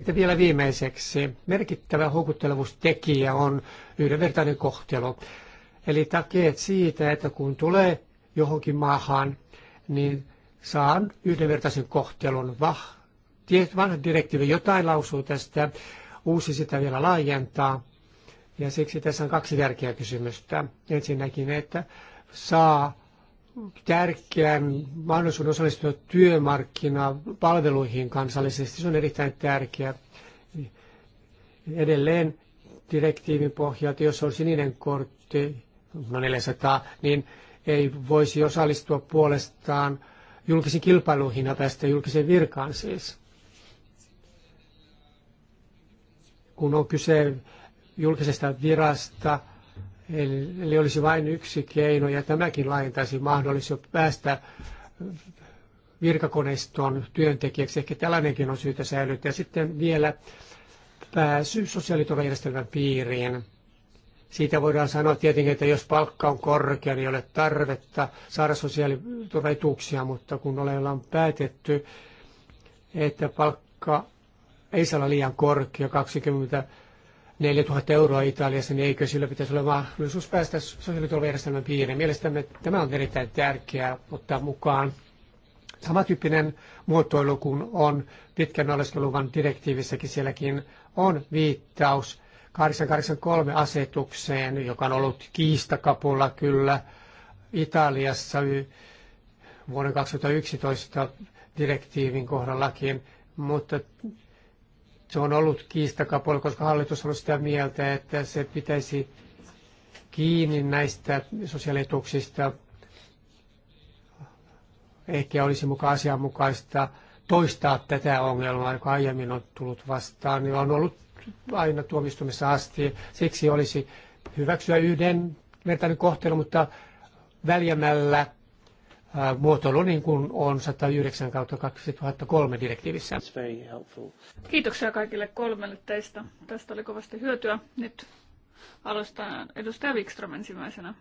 sitten vielä viimeiseksi. Merkittävä houkuttelevuustekijä on yhdenvertainen kohtelu. Eli takeet siitä, että kun tulee johonkin maahan, niin saan yhdenvertaisen kohtelun. Vah, vanha direktiivi jotain lausuu tästä, uusi sitä vielä laajentaa. Ja siksi tässä on kaksi tärkeää kysymystä. Ensinnäkin, että saa tärkeän mahdollisuuden osallistua työmarkkinapalveluihin kansallisesti. Se on erittäin tärkeä. Edelleen direktiivin pohjalta, jos on sininen kortti, no 400, niin ei voisi osallistua puolestaan julkisiin kilpailuihin ja päästä julkiseen virkaan siis. Kun on kyse julkisesta virasta, Eli, eli olisi vain yksi keino, ja tämäkin laajentaisi mahdollisuus päästä virkakoneiston työntekijäksi. Ehkä tällainenkin on syytä säilyttää. Ja sitten vielä pääsy sosiaaliturvajärjestelmän piiriin. Siitä voidaan sanoa tietenkin, että jos palkka on korkea, niin ei ole tarvetta saada sosiaaliturvaetuuksia, mutta kun ollaan päätetty, että palkka ei saa olla liian korkea, 20 4000 euroa Italiassa, niin eikö sillä pitäisi olla mahdollisuus päästä sosiaaliturvajärjestelmän piiriin? Mielestäni tämä on erittäin tärkeää ottaa mukaan. Samantyyppinen muotoilu kuin on pitkän oleskeluvan direktiivissäkin, sielläkin on viittaus 883 asetukseen, joka on ollut kiistakapulla kyllä Italiassa vuoden 2011 direktiivin kohdallakin, mutta se on ollut kiistakapuolella, koska hallitus on sitä mieltä, että se pitäisi kiinni näistä sosiaalietuuksista. Ehkä olisi mukaan asianmukaista toistaa tätä ongelmaa, joka aiemmin on tullut vastaan, niin on ollut aina tuomistumissa asti. Siksi olisi hyväksyä yhden vertainen kohtelu, mutta väljämällä muotoilu niin kuin on 109 kautta 2003 direktiivissä. Kiitoksia kaikille kolmelle teistä. Tästä oli kovasti hyötyä. Nyt aloittaa edustaja Wikström ensimmäisenä.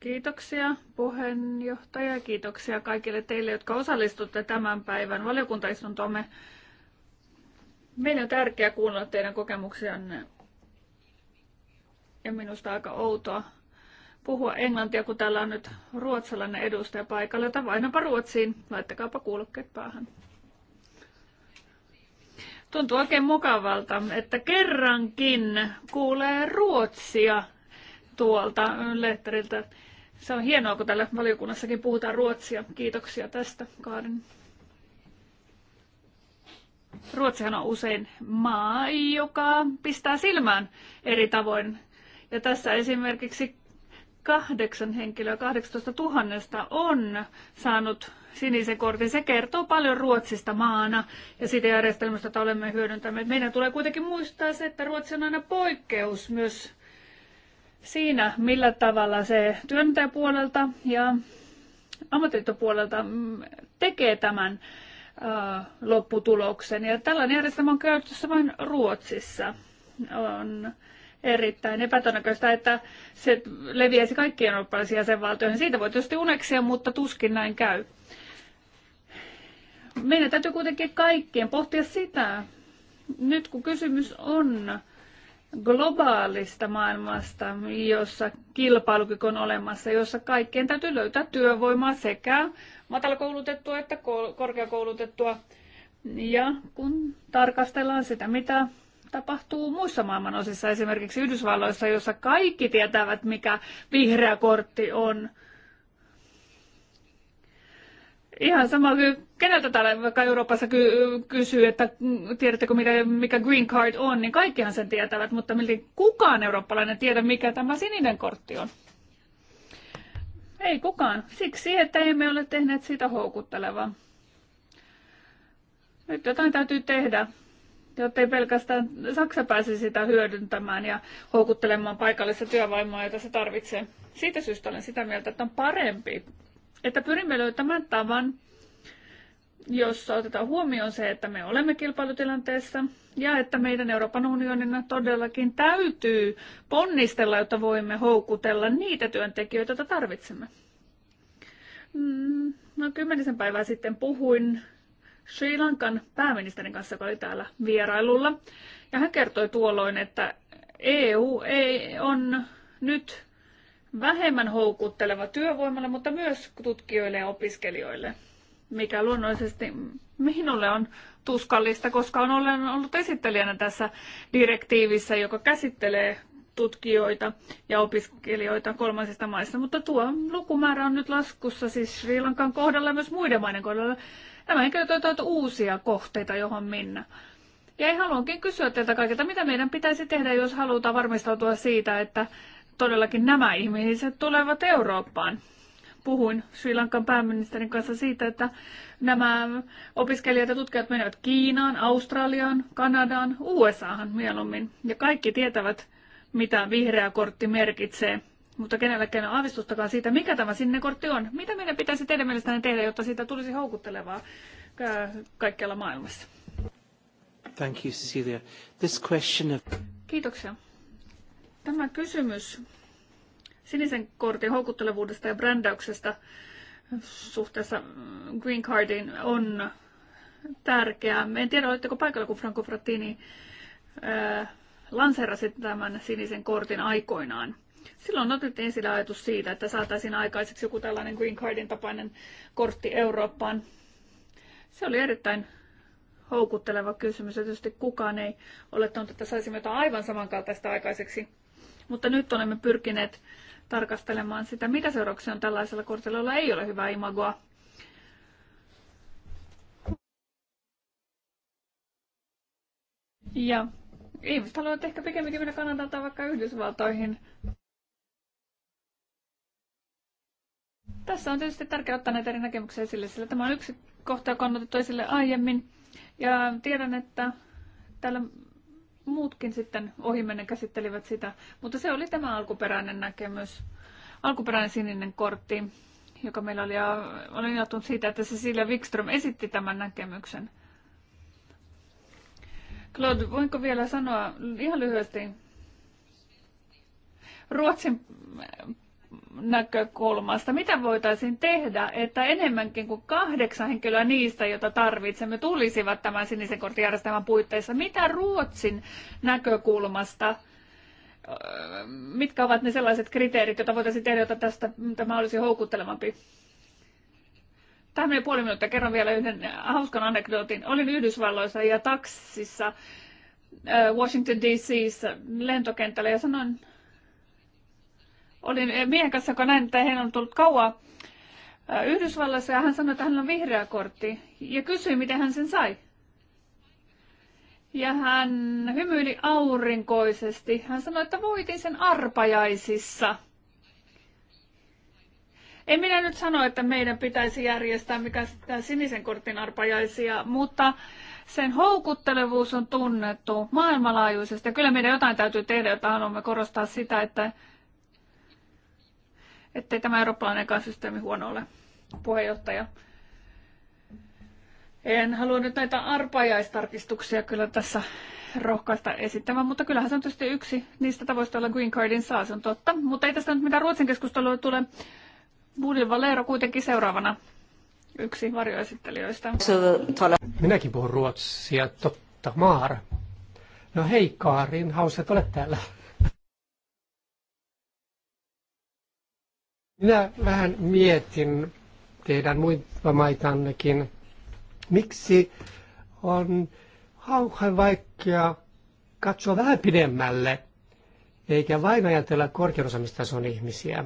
Kiitoksia puheenjohtaja ja kiitoksia kaikille teille, jotka osallistutte tämän päivän valiokuntaistuntoomme. Meidän on tärkeää kuunnella teidän kokemuksianne. Ja minusta aika outoa, puhua englantia, kun täällä on nyt ruotsalainen edustaja paikalla, Jota vainapa ruotsiin. Laittakaapa kuulokkeet päähän. Tuntuu oikein mukavalta, että kerrankin kuulee ruotsia tuolta lehteriltä. Se on hienoa, kun täällä valiokunnassakin puhutaan ruotsia. Kiitoksia tästä, Kaarin. Ruotsihan on usein maa, joka pistää silmään eri tavoin. Ja tässä esimerkiksi kahdeksan henkilöä 18 000 on saanut sinisen kortin. Se kertoo paljon Ruotsista maana ja siitä järjestelmästä, että olemme hyödyntäneet. Meidän tulee kuitenkin muistaa se, että Ruotsi on aina poikkeus myös siinä, millä tavalla se työnantajapuolelta ja ammattiliittopuolelta tekee tämän lopputuloksen. Ja tällainen järjestelmä on käytössä vain Ruotsissa. On erittäin epätodennäköistä, että se leviäisi kaikkiin eurooppalaisiin jäsenvaltioihin. Siitä voi tietysti uneksia, mutta tuskin näin käy. Meidän täytyy kuitenkin kaikkien pohtia sitä, nyt kun kysymys on globaalista maailmasta, jossa kilpailukyky on olemassa, jossa kaikkien täytyy löytää työvoimaa sekä matalakoulutettua että korkeakoulutettua. Ja kun tarkastellaan sitä, mitä tapahtuu muissa maailmanosissa esimerkiksi Yhdysvalloissa, jossa kaikki tietävät, mikä vihreä kortti on. Ihan sama, kuin keneltä täällä vaikka Euroopassa ky- kysyy, että tiedättekö mikä, mikä green card on, niin kaikkihan sen tietävät, mutta miltä kukaan eurooppalainen tiedä, mikä tämä sininen kortti on. Ei kukaan. Siksi, että emme ole tehneet sitä houkuttelevaa. Nyt jotain täytyy tehdä jotta ei pelkästään Saksa pääse sitä hyödyntämään ja houkuttelemaan paikallista työvoimaa, jota se tarvitsee. Siitä syystä olen sitä mieltä, että on parempi, että pyrimme löytämään tavan, jossa otetaan huomioon se, että me olemme kilpailutilanteessa ja että meidän Euroopan unionina todellakin täytyy ponnistella, jotta voimme houkutella niitä työntekijöitä, joita tarvitsemme. Mm, no kymmenisen päivää sitten puhuin Sri Lankan pääministerin kanssa, joka oli täällä vierailulla. Ja hän kertoi tuolloin, että EU ei, on nyt vähemmän houkutteleva työvoimalle, mutta myös tutkijoille ja opiskelijoille, mikä luonnollisesti minulle on tuskallista, koska olen ollut esittelijänä tässä direktiivissä, joka käsittelee tutkijoita ja opiskelijoita kolmansista maista, mutta tuo lukumäärä on nyt laskussa siis Sri Lankan kohdalla ja myös muiden maiden kohdalla enkä henkilöt jotain uusia kohteita, johon mennä. Ja ei haluankin kysyä teiltä kaikilta, mitä meidän pitäisi tehdä, jos halutaan varmistautua siitä, että todellakin nämä ihmiset tulevat Eurooppaan. Puhuin Sri Lankan pääministerin kanssa siitä, että nämä opiskelijat ja tutkijat menevät Kiinaan, Australiaan, Kanadaan, USAhan mieluummin. Ja kaikki tietävät, mitä vihreä kortti merkitsee – mutta kenelläkään on aavistustakaan siitä, mikä tämä sinnekortti on. Mitä meidän pitäisi teidän mielestänne tehdä, jotta siitä tulisi houkuttelevaa äh, kaikkialla maailmassa? Thank you, Cecilia. This question of... Kiitoksia. Tämä kysymys sinisen kortin houkuttelevuudesta ja brändäyksestä suhteessa mm, Green cardin on tärkeää. En tiedä, oletteko paikalla, kun Franco Frattini äh, lanseerasi tämän sinisen kortin aikoinaan. Silloin otettiin sillä ajatus siitä, että saataisiin aikaiseksi joku tällainen Green Cardin tapainen kortti Eurooppaan. Se oli erittäin houkutteleva kysymys. tietysti kukaan ei olettanut, että saisimme jotain aivan samankaltaista aikaiseksi. Mutta nyt olemme pyrkineet tarkastelemaan sitä, mitä seurauksia on tällaisella kortilla, jolla ei ole hyvää imagoa. Ja ihmiset haluavat ehkä pikemminkin mennä Kanadaan tai vaikka Yhdysvaltoihin. Tässä on tietysti tärkeää ottaa näitä eri näkemyksiä esille, sillä tämä on yksi kohta, joka on otettu esille aiemmin. Ja tiedän, että täällä muutkin sitten ohimennen käsittelivät sitä, mutta se oli tämä alkuperäinen näkemys, alkuperäinen sininen kortti, joka meillä oli, ja olen ilahtunut siitä, että Cecilia Wikström esitti tämän näkemyksen. Claude, voinko vielä sanoa ihan lyhyesti Ruotsin näkökulmasta. Mitä voitaisiin tehdä, että enemmänkin kuin kahdeksan henkilöä niistä, joita tarvitsemme, tulisivat tämän sinisen korttijärjestelmän puitteissa? Mitä Ruotsin näkökulmasta, öö, mitkä ovat ne sellaiset kriteerit, joita voitaisiin tehdä, jotta tästä tämä olisi houkuttelevampi? Tähän meni puoli minuuttia. Kerron vielä yhden hauskan anekdootin. Olin Yhdysvalloissa ja taksissa öö, Washington DC:ssä lentokentällä ja sanoin Olin miehen kanssa, joka näin, että hän on tullut kauan äh, Yhdysvalloissa ja hän sanoi, että hänellä on vihreä kortti ja kysyi, miten hän sen sai. Ja hän hymyili aurinkoisesti. Hän sanoi, että voitin sen arpajaisissa. En minä nyt sano, että meidän pitäisi järjestää mikä tämä sinisen kortin arpajaisia, mutta sen houkuttelevuus on tunnettu maailmanlaajuisesti. Ja kyllä meidän jotain täytyy tehdä, jota haluamme korostaa sitä, että ettei tämä eurooppalainen systeemi huono ole, puheenjohtaja. En halua nyt näitä arpajaistarkistuksia kyllä tässä rohkaista esittämään, mutta kyllähän se on tietysti yksi niistä tavoista, joilla Green Cardin saa, se on totta. Mutta ei tästä nyt mitään Ruotsin keskustelua tule. Budil Valero kuitenkin seuraavana yksi varjoesittelijöistä. Minäkin puhun ruotsia, totta Maara, No hei Kaarin, hauska, että olet täällä. Minä vähän mietin teidän muita maitannekin, miksi on hauhan vaikea katsoa vähän pidemmälle, eikä vain ajatella korkean ihmisiä.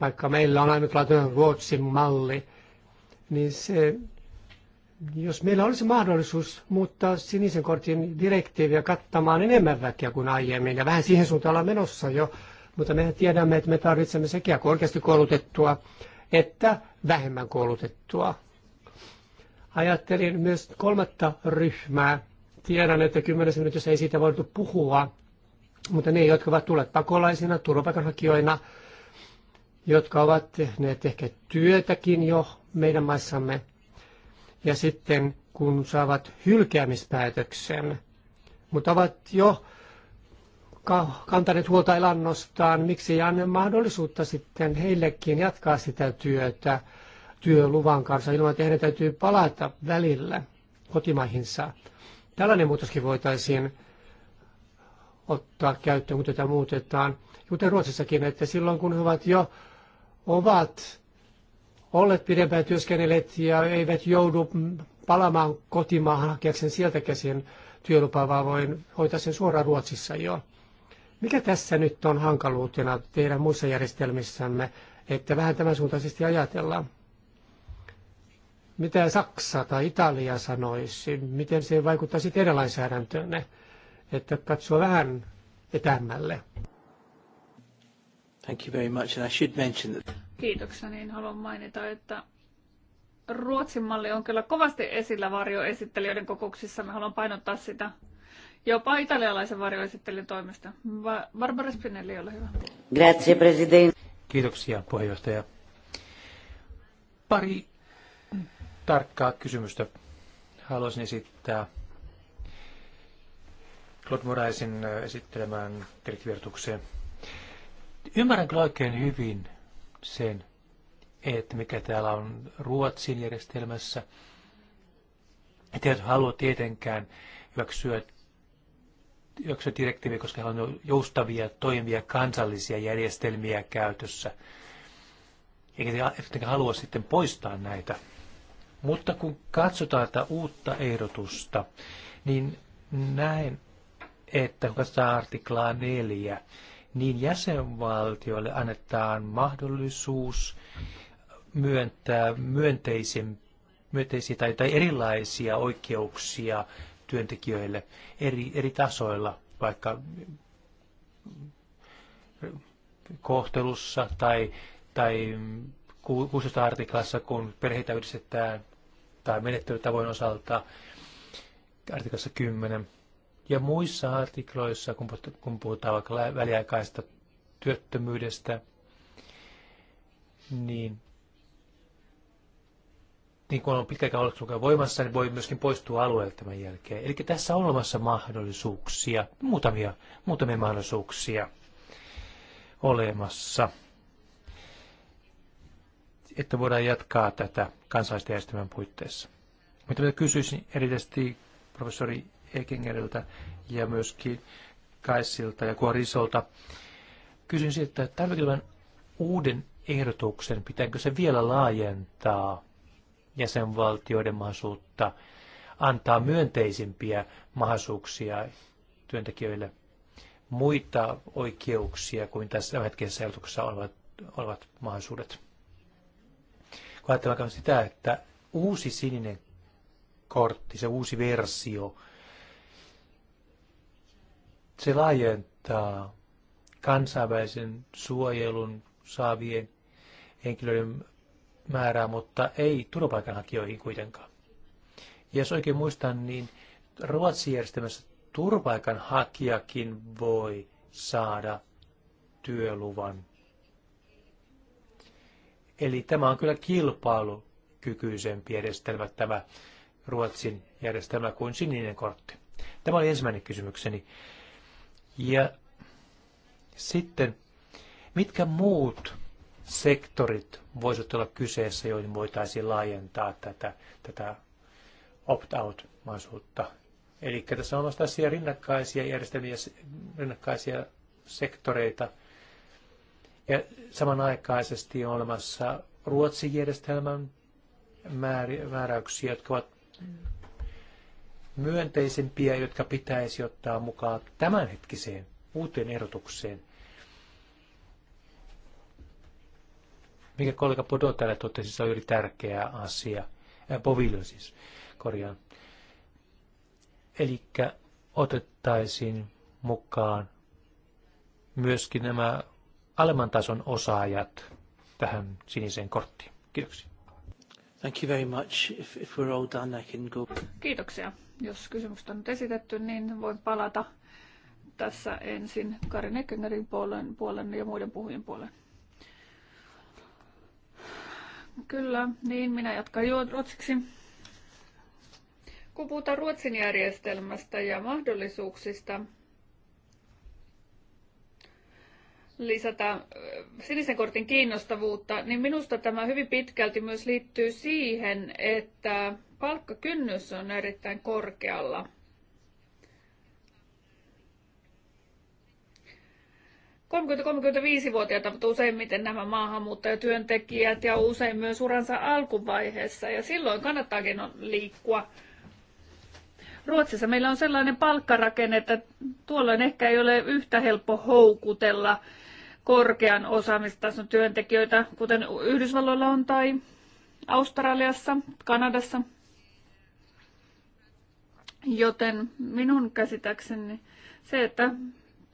Vaikka meillä on ainutlaatuinen Ruotsin malli, niin se, jos meillä olisi mahdollisuus muuttaa sinisen kortin direktiiviä kattamaan enemmän väkeä kuin aiemmin, ja vähän siihen suuntaan ollaan menossa jo, mutta mehän tiedämme, että me tarvitsemme sekä korkeasti koulutettua että vähemmän koulutettua. Ajattelin myös kolmatta ryhmää. Tiedän, että kymmenessä minuutissa ei siitä voitu puhua, mutta ne, jotka ovat tulleet pakolaisina, turvapaikanhakijoina, jotka ovat tehneet ehkä työtäkin jo meidän maissamme, ja sitten kun saavat hylkäämispäätöksen, mutta ovat jo kantaneet huolta elannostaan, miksi ei anna mahdollisuutta sitten heillekin jatkaa sitä työtä työluvan kanssa ilman, että heidän täytyy palata välillä kotimaihinsa. Tällainen muutoskin voitaisiin ottaa käyttöön, kun tätä muutetaan, kuten Ruotsissakin, että silloin kun he ovat jo ovat olleet pidempään työskennelleet ja eivät joudu palaamaan kotimaahan hakeakseen sieltä käsin työlupaa, vaan voin hoitaa sen suoraan Ruotsissa jo. Mikä tässä nyt on hankaluutena teidän muissa järjestelmissämme, että vähän tämän suuntaisesti ajatellaan? Mitä Saksa tai Italia sanoisi? Miten se vaikuttaisi teidän lainsäädäntöönne? Että katsoa vähän etämmälle. Thank you very much. And I should mention that... Kiitoksia, niin haluan mainita, että Ruotsin malli on kyllä kovasti esillä varjoesittelijöiden kokouksissa. Me haluan painottaa sitä jopa italialaisen varjoesittelijän toimesta. Barbara Spinelli, ole hyvä. Grazie, presidente. Kiitoksia, puheenjohtaja. Pari tarkkaa kysymystä haluaisin esittää Claude Moraisin äh, esittelemään direktivirtukseen. Ymmärränkö oikein hyvin sen, että mikä täällä on Ruotsin järjestelmässä, että et halua tietenkään hyväksyä direktiivi, koska heillä on joustavia, toimivia kansallisia järjestelmiä käytössä. Eikä te halua sitten poistaa näitä. Mutta kun katsotaan tätä uutta ehdotusta, niin näen, että kun katsotaan artiklaa 4, niin jäsenvaltioille annetaan mahdollisuus myöntää myönteisiä, myönteisiä tai, tai erilaisia oikeuksia työntekijöille eri, eri tasoilla, vaikka kohtelussa tai, tai 16 artiklassa, kun perheitä yhdistetään tai menettelytavoin osalta, artiklassa 10. Ja muissa artikloissa, kun puhutaan vaikka väliaikaista työttömyydestä, niin niin kun on ollut, oleskelulupa voimassa, niin voi myöskin poistua alueelta tämän jälkeen. Eli tässä on olemassa mahdollisuuksia, muutamia, muutamia mahdollisuuksia olemassa, että voidaan jatkaa tätä kansallisten järjestelmän puitteissa. Mutta mitä kysyisin erityisesti professori Ekingeriltä ja myöskin Kaisilta ja Kuorisolta, kysyn siitä, että tarvitaanko uuden ehdotuksen, pitääkö se vielä laajentaa jäsenvaltioiden mahdollisuutta antaa myönteisimpiä mahdollisuuksia työntekijöille muita oikeuksia kuin tässä hetkessä ehdotuksessa olevat, olevat mahdollisuudet. Kun ajatellaan sitä, että uusi sininen kortti, se uusi versio, se laajentaa kansainvälisen suojelun saavien henkilöiden määrää, mutta ei turvapaikanhakijoihin kuitenkaan. Ja jos oikein muistan, niin Ruotsin järjestelmässä turvapaikanhakijakin voi saada työluvan. Eli tämä on kyllä kilpailukykyisempi järjestelmä, tämä Ruotsin järjestelmä kuin sininen kortti. Tämä oli ensimmäinen kysymykseni. Ja sitten, mitkä muut sektorit voisivat olla kyseessä, joihin voitaisiin laajentaa tätä, tätä opt-out-mahdollisuutta. Eli tässä on tällaisia rinnakkaisia järjestelmiä, rinnakkaisia sektoreita. Ja samanaikaisesti on olemassa Ruotsin järjestelmän määräyksiä, jotka ovat myönteisempiä, jotka pitäisi ottaa mukaan tämänhetkiseen uuteen erotukseen. mikä kollega Podo täällä totesi, se on juuri tärkeä asia. Äh, Povilio siis, korjaan. Eli otettaisiin mukaan myöskin nämä alemman tason osaajat tähän siniseen korttiin. Kiitoksia. Thank you very much. If, if we're all done, I can go. Kiitoksia. Jos kysymykset on nyt esitetty, niin voin palata tässä ensin Karin Neckengerin puolen, puolen ja muiden puhujien puolen. Kyllä, niin minä jatkan jo ruotsiksi. Kun puhutaan Ruotsin järjestelmästä ja mahdollisuuksista lisätä äh, sinisen kortin kiinnostavuutta, niin minusta tämä hyvin pitkälti myös liittyy siihen, että palkkakynnys on erittäin korkealla – 30-35-vuotiaita mutta useimmiten nämä maahanmuuttajatyöntekijät ja usein myös uransa alkuvaiheessa ja silloin kannattaakin liikkua. Ruotsissa meillä on sellainen palkkarakenne, että tuolloin ehkä ei ole yhtä helppo houkutella korkean osaamistason työntekijöitä, kuten Yhdysvalloilla on tai Australiassa, Kanadassa. Joten minun käsitäkseni se, että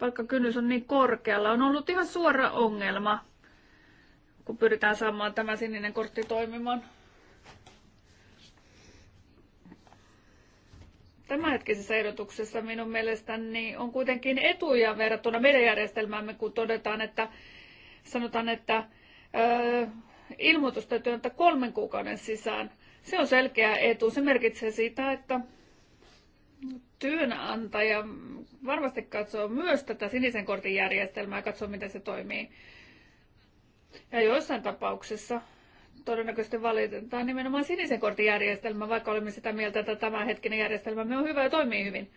vaikka kynnys on niin korkealla, on ollut ihan suora ongelma, kun pyritään saamaan tämä sininen kortti toimimaan. tämänhetkisessä ehdotuksessa minun mielestäni on kuitenkin etuja verrattuna meidän järjestelmäämme, kun todetaan, että sanotaan, että ö, ilmoitus täytyy antaa kolmen kuukauden sisään. Se on selkeä etu. Se merkitsee sitä, että työnantaja varmasti katsoo myös tätä sinisen kortin järjestelmää ja katsoo, miten se toimii. Ja joissain tapauksissa todennäköisesti valitetaan nimenomaan sinisen kortin järjestelmä, vaikka olemme sitä mieltä, että tämä hetkinen on hyvä ja toimii hyvin.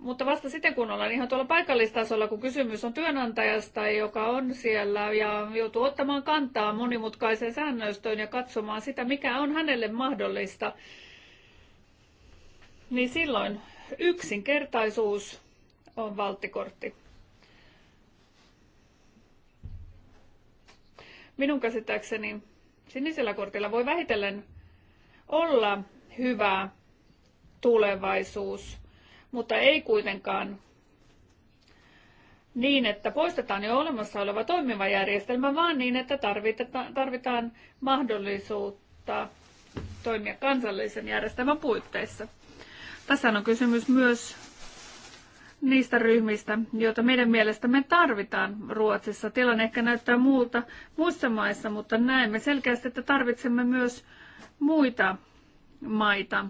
Mutta vasta sitten, kun ollaan ihan tuolla paikallistasolla, kun kysymys on työnantajasta, joka on siellä ja joutuu ottamaan kantaa monimutkaiseen säännöstöön ja katsomaan sitä, mikä on hänelle mahdollista, niin silloin yksinkertaisuus on valttikortti. Minun käsittääkseni sinisellä kortilla voi vähitellen olla hyvä tulevaisuus mutta ei kuitenkaan niin, että poistetaan jo olemassa oleva toimiva järjestelmä, vaan niin, että tarvitaan mahdollisuutta toimia kansallisen järjestelmän puitteissa. Tässä on kysymys myös niistä ryhmistä, joita meidän mielestämme tarvitaan Ruotsissa. Tilanne ehkä näyttää muulta muissa maissa, mutta näemme selkeästi, että tarvitsemme myös muita maita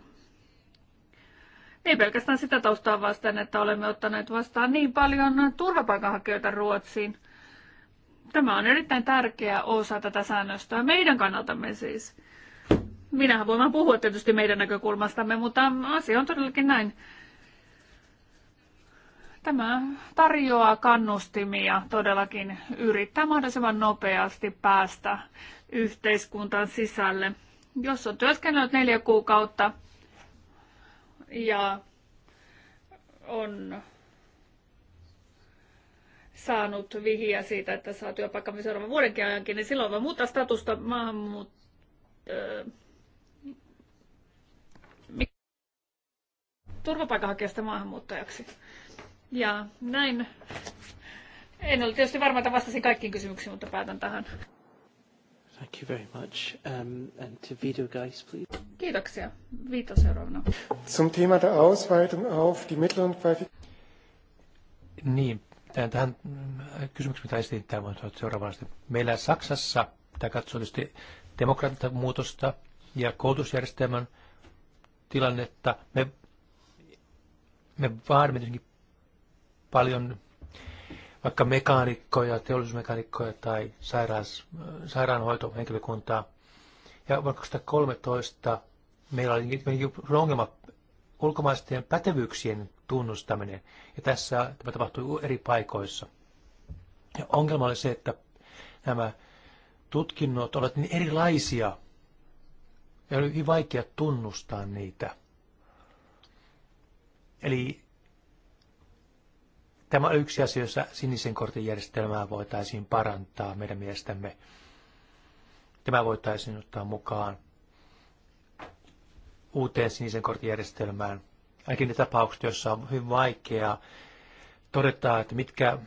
ei pelkästään sitä taustaa vasten, että olemme ottaneet vastaan niin paljon turvapaikanhakijoita Ruotsiin. Tämä on erittäin tärkeä osa tätä säännöstöä meidän kannaltamme siis. Minähän voin puhua tietysti meidän näkökulmastamme, mutta asia on todellakin näin. Tämä tarjoaa kannustimia todellakin yrittää mahdollisimman nopeasti päästä yhteiskuntan sisälle. Jos on työskennellyt neljä kuukautta, ja on saanut vihiä siitä, että saa myös seuraavan vuodenkin ajankin, niin silloin voi muuttaa statusta maahanmuut... Öö, turvapaikanhakijasta maahanmuuttajaksi. Ja näin. En ole tietysti varma, että vastasin kaikkiin kysymyksiin, mutta päätän tähän. Thank you very much. Um, and to Vito Geis, please. Kiitoksia. Vito seuraavana. Zum Thema der Ausweitung auf die Niin, tähän äh, kysymykseen, mitä esitin tämän seuraavasti. Meillä Saksassa, tämä katsoo tietysti demokraattista muutosta ja koulutusjärjestelmän tilannetta, me, me vaadimme paljon vaikka mekaanikkoja, teollisuusmekaanikkoja tai sairaans, sairaanhoitohenkilökuntaa. Ja vuonna 2013 meillä oli niin, niin ongelma ulkomaisten pätevyyksien tunnustaminen. Ja tässä tämä tapahtui eri paikoissa. Ja ongelma oli se, että nämä tutkinnot ovat niin erilaisia. Ja oli hyvin vaikea tunnustaa niitä. Eli Tämä on yksi asia, jossa sinisen kortin järjestelmää voitaisiin parantaa meidän mielestämme. Tämä voitaisiin ottaa mukaan uuteen sinisen kortin järjestelmään. Ainakin ne tapaukset, joissa on hyvin vaikeaa todeta, että mitkä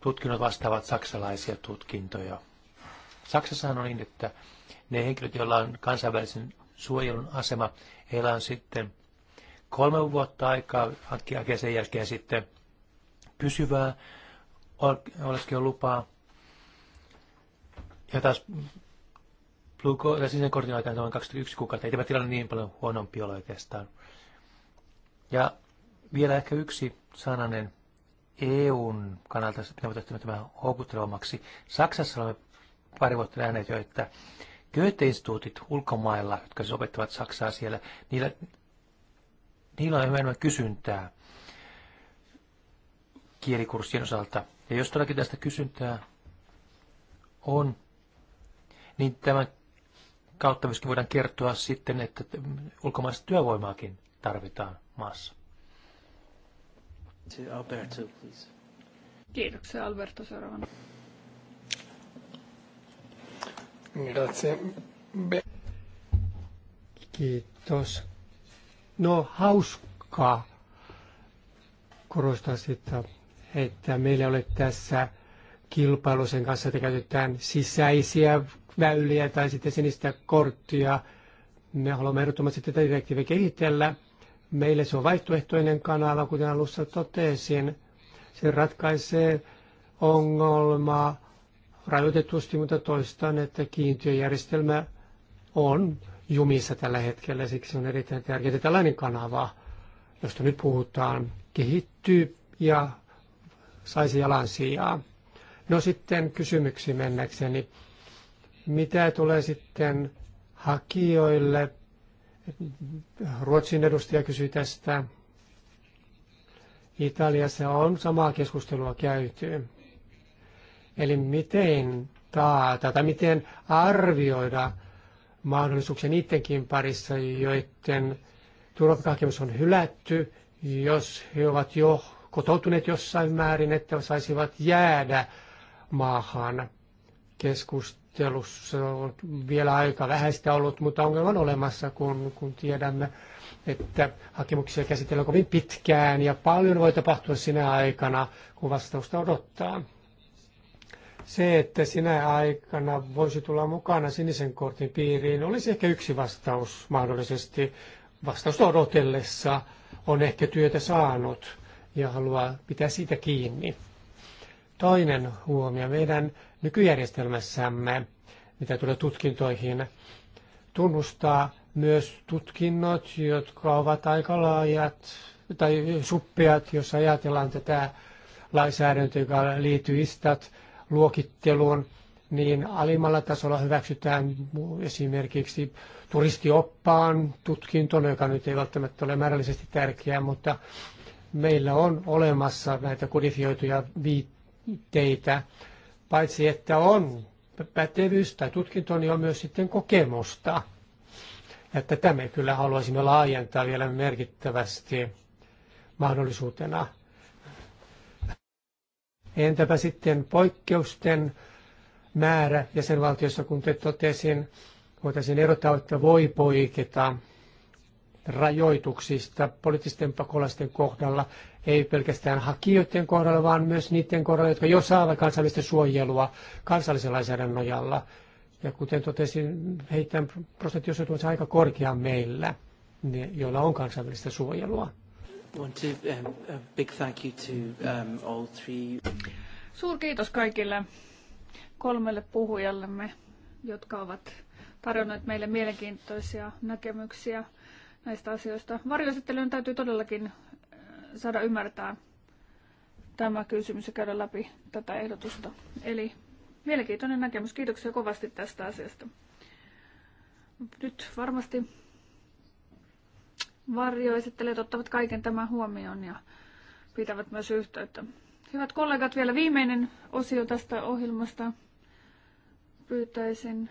tutkinnot vastaavat saksalaisia tutkintoja. Saksassahan on niin, että ne henkilöt, joilla on kansainvälisen suojelun asema, heillä on sitten kolme vuotta aikaa hankkia sen jälkeen sitten pysyvää oleskelulupaa. Ja taas Blue sinisen kortin aikana noin 21 kuukautta. Ei tämä tilanne niin paljon huonompi ole oikeastaan. Ja vielä ehkä yksi sananen EUn kannalta, mitä voitaisiin tämä houkuttelevammaksi. Saksassa olemme pari vuotta nähneet jo, että Goethe-instituutit ulkomailla, jotka siis opettavat Saksaa siellä, niillä, niillä on enemmän kysyntää kielikurssien osalta. Ja jos todellakin tästä kysyntää on, niin tämän kautta myöskin voidaan kertoa sitten, että ulkomaista työvoimaakin tarvitaan maassa. Alberto, please. Kiitoksia Alberto seuraavana. Grazie. Kiitos. No hauskaa korostaa sitä, että meillä ei ole tässä kilpailu sen kanssa, että käytetään sisäisiä väyliä tai sitten sinistä korttia. Me haluamme ehdottomasti tätä direktiiviä kehitellä. Meille se on vaihtoehtoinen kanava, kuten alussa totesin. Se ratkaisee ongelmaa rajoitetusti, mutta toistan, että kiintiöjärjestelmä on jumissa tällä hetkellä. Siksi on erittäin tärkeää, että tällainen kanava, josta nyt puhutaan, kehittyy ja saisi jalan sijaa. No sitten kysymyksi mennäkseni. Mitä tulee sitten hakijoille? Ruotsin edustaja kysyi tästä. Italiassa on samaa keskustelua käyty. Eli miten taata tai miten arvioida mahdollisuuksia niidenkin parissa, joiden turvapaikkahakemus on hylätty, jos he ovat jo kotoutuneet jossain määrin, että saisivat jäädä maahan. Keskustelussa on vielä aika vähäistä ollut, mutta ongelma on olemassa, kun, kun tiedämme, että hakemuksia käsitellään kovin pitkään ja paljon voi tapahtua sinä aikana, kun vastausta odottaa. Se, että sinä aikana voisi tulla mukana sinisen kortin piiriin, olisi ehkä yksi vastaus mahdollisesti vastausta odotellessa on ehkä työtä saanut ja haluaa pitää siitä kiinni. Toinen huomio meidän nykyjärjestelmässämme, mitä tulee tutkintoihin, tunnustaa myös tutkinnot, jotka ovat aika laajat tai suppeat, jos ajatellaan tätä lainsäädäntöä, joka liittyy istat luokitteluun, niin alimmalla tasolla hyväksytään esimerkiksi turistioppaan tutkinto, joka nyt ei välttämättä ole määrällisesti tärkeää, mutta meillä on olemassa näitä kodifioituja viitteitä, paitsi että on pätevyys tai tutkinto, niin on myös sitten kokemusta. Ja tätä me kyllä haluaisimme laajentaa vielä merkittävästi mahdollisuutena. Entäpä sitten poikkeusten määrä jäsenvaltiossa, kun te totesin, voitaisiin erottaa, että voi poiketa rajoituksista poliittisten pakolaisten kohdalla, ei pelkästään hakijoiden kohdalla, vaan myös niiden kohdalla, jotka jo saavat kansallista suojelua kansallisen lainsäädännön nojalla. Ja kuten totesin, heidän prosenttiosuus on aika korkea meillä, ne, joilla on kansainvälistä suojelua. Um, um, kiitos kaikille kolmelle puhujallemme, jotka ovat tarjonneet meille mielenkiintoisia näkemyksiä näistä asioista. Varjoesittelyyn täytyy todellakin äh, saada ymmärtää tämä kysymys ja käydä läpi tätä ehdotusta. Eli mielenkiintoinen näkemys. Kiitoksia kovasti tästä asiasta. Nyt varmasti varjoesittelijät ottavat kaiken tämän huomioon ja pitävät myös yhteyttä. Hyvät kollegat, vielä viimeinen osio tästä ohjelmasta. Pyytäisin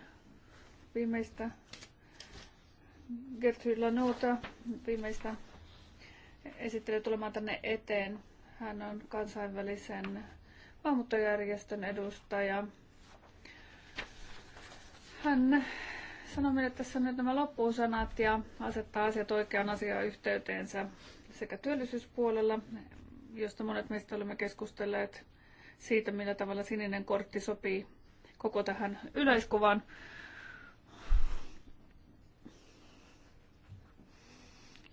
viimeistä Gertrude Lanota viimeistä esittelee tulemaan tänne eteen. Hän on kansainvälisen maahanmuuttojärjestön edustaja. Hän sanoi meille tässä nyt nämä loppuun sanat ja asettaa asiat oikean asian yhteyteensä sekä työllisyyspuolella, josta monet meistä olemme keskustelleet siitä, millä tavalla sininen kortti sopii koko tähän yleiskuvaan.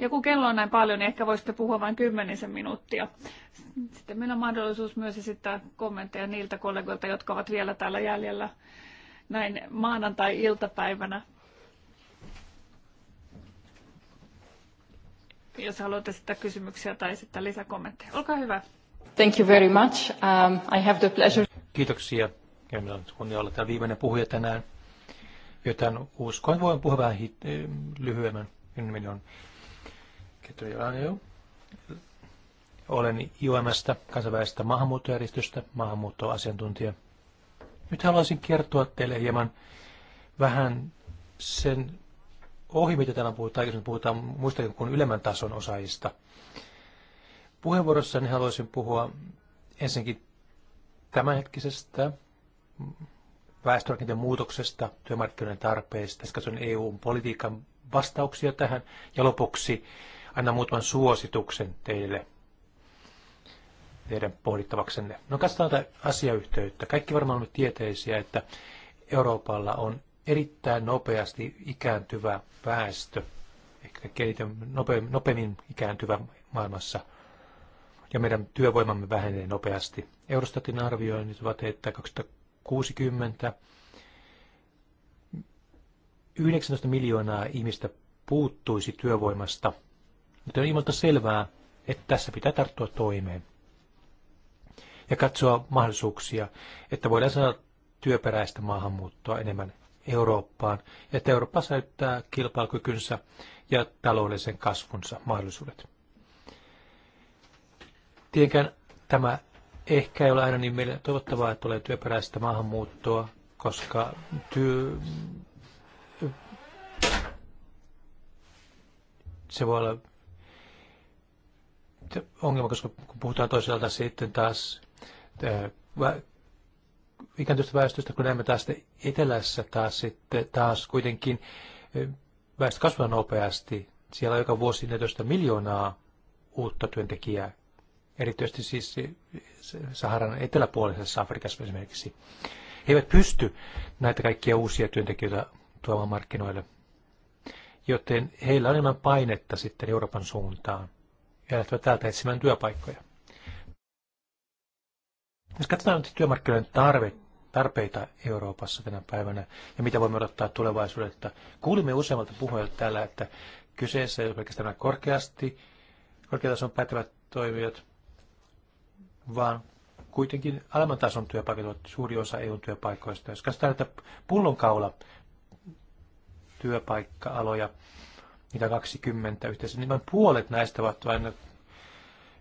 Ja kun kello on näin paljon, niin ehkä voisitte puhua vain kymmenisen minuuttia. Sitten meillä on mahdollisuus myös esittää kommentteja niiltä kollegoilta, jotka ovat vielä täällä jäljellä näin maanantai-iltapäivänä. Jos haluatte esittää kysymyksiä tai esittää lisäkommentteja. Olkaa hyvä. Thank you very much. Um, I have the pleasure. Kiitoksia. Ja minä olen kunnia olla tämä viimeinen puhuja tänään, joten uskoin voin puhua vähän hit- eh, lyhyemmän. Minun nimeni on Ketri Olen IOMstä, kansainvälisestä maahanmuuttojärjestöstä, maahanmuuttoasiantuntija. Nyt haluaisin kertoa teille hieman vähän sen ohi, mitä täällä on puhuttu, aikaisemmin puhutaan muistakin kuin ylemmän tason osaajista. Puheenvuorossani haluaisin puhua ensinnäkin tämänhetkisestä väestörakenteen muutoksesta, työmarkkinoiden tarpeista, sitten katson EU-politiikan vastauksia tähän ja lopuksi annan muutaman suosituksen teille teidän pohdittavaksenne. No katsotaan tätä asiayhteyttä. Kaikki varmaan on tieteisiä, että Euroopalla on erittäin nopeasti ikääntyvä väestö, ehkä eniten nope, nopeammin ikääntyvä maailmassa, ja meidän työvoimamme vähenee nopeasti. Eurostatin arvioinnit ovat, että 2060 19 miljoonaa ihmistä puuttuisi työvoimasta – mutta on ilmoilta selvää, että tässä pitää tarttua toimeen ja katsoa mahdollisuuksia, että voidaan saada työperäistä maahanmuuttoa enemmän Eurooppaan, ja että Eurooppa säyttää kilpailukykynsä ja taloudellisen kasvunsa mahdollisuudet. Tietenkään tämä ehkä ei ole aina niin meille toivottavaa, että tulee työperäistä maahanmuuttoa, koska työ, se voi olla ongelma, koska kun puhutaan toisaalta sitten taas eh, ikääntyvästä väestöstä, kun näemme taas etelässä taas sitten taas kuitenkin eh, väestö kasvaa nopeasti. Siellä on joka vuosi 14 miljoonaa uutta työntekijää, erityisesti siis Saharan eteläpuolisessa Afrikassa esimerkiksi. He eivät pysty näitä kaikkia uusia työntekijöitä tuomaan markkinoille, joten heillä on enemmän painetta sitten Euroopan suuntaan ja lähtevät täältä etsimään työpaikkoja. Jos katsotaan nyt työmarkkinoiden tarve, tarpeita Euroopassa tänä päivänä ja mitä voimme odottaa tulevaisuudelta. Kuulimme useammalta puhujalta täällä, että kyseessä ei ole pelkästään nämä korkeasti, korkeatason päättävät toimijat, vaan kuitenkin alemman tason työpaikat ovat suuri osa EUn työpaikoista. Jos katsotaan että pullonkaula työpaikka-aloja, niitä 20 yhteensä, niin vain puolet näistä ovat vain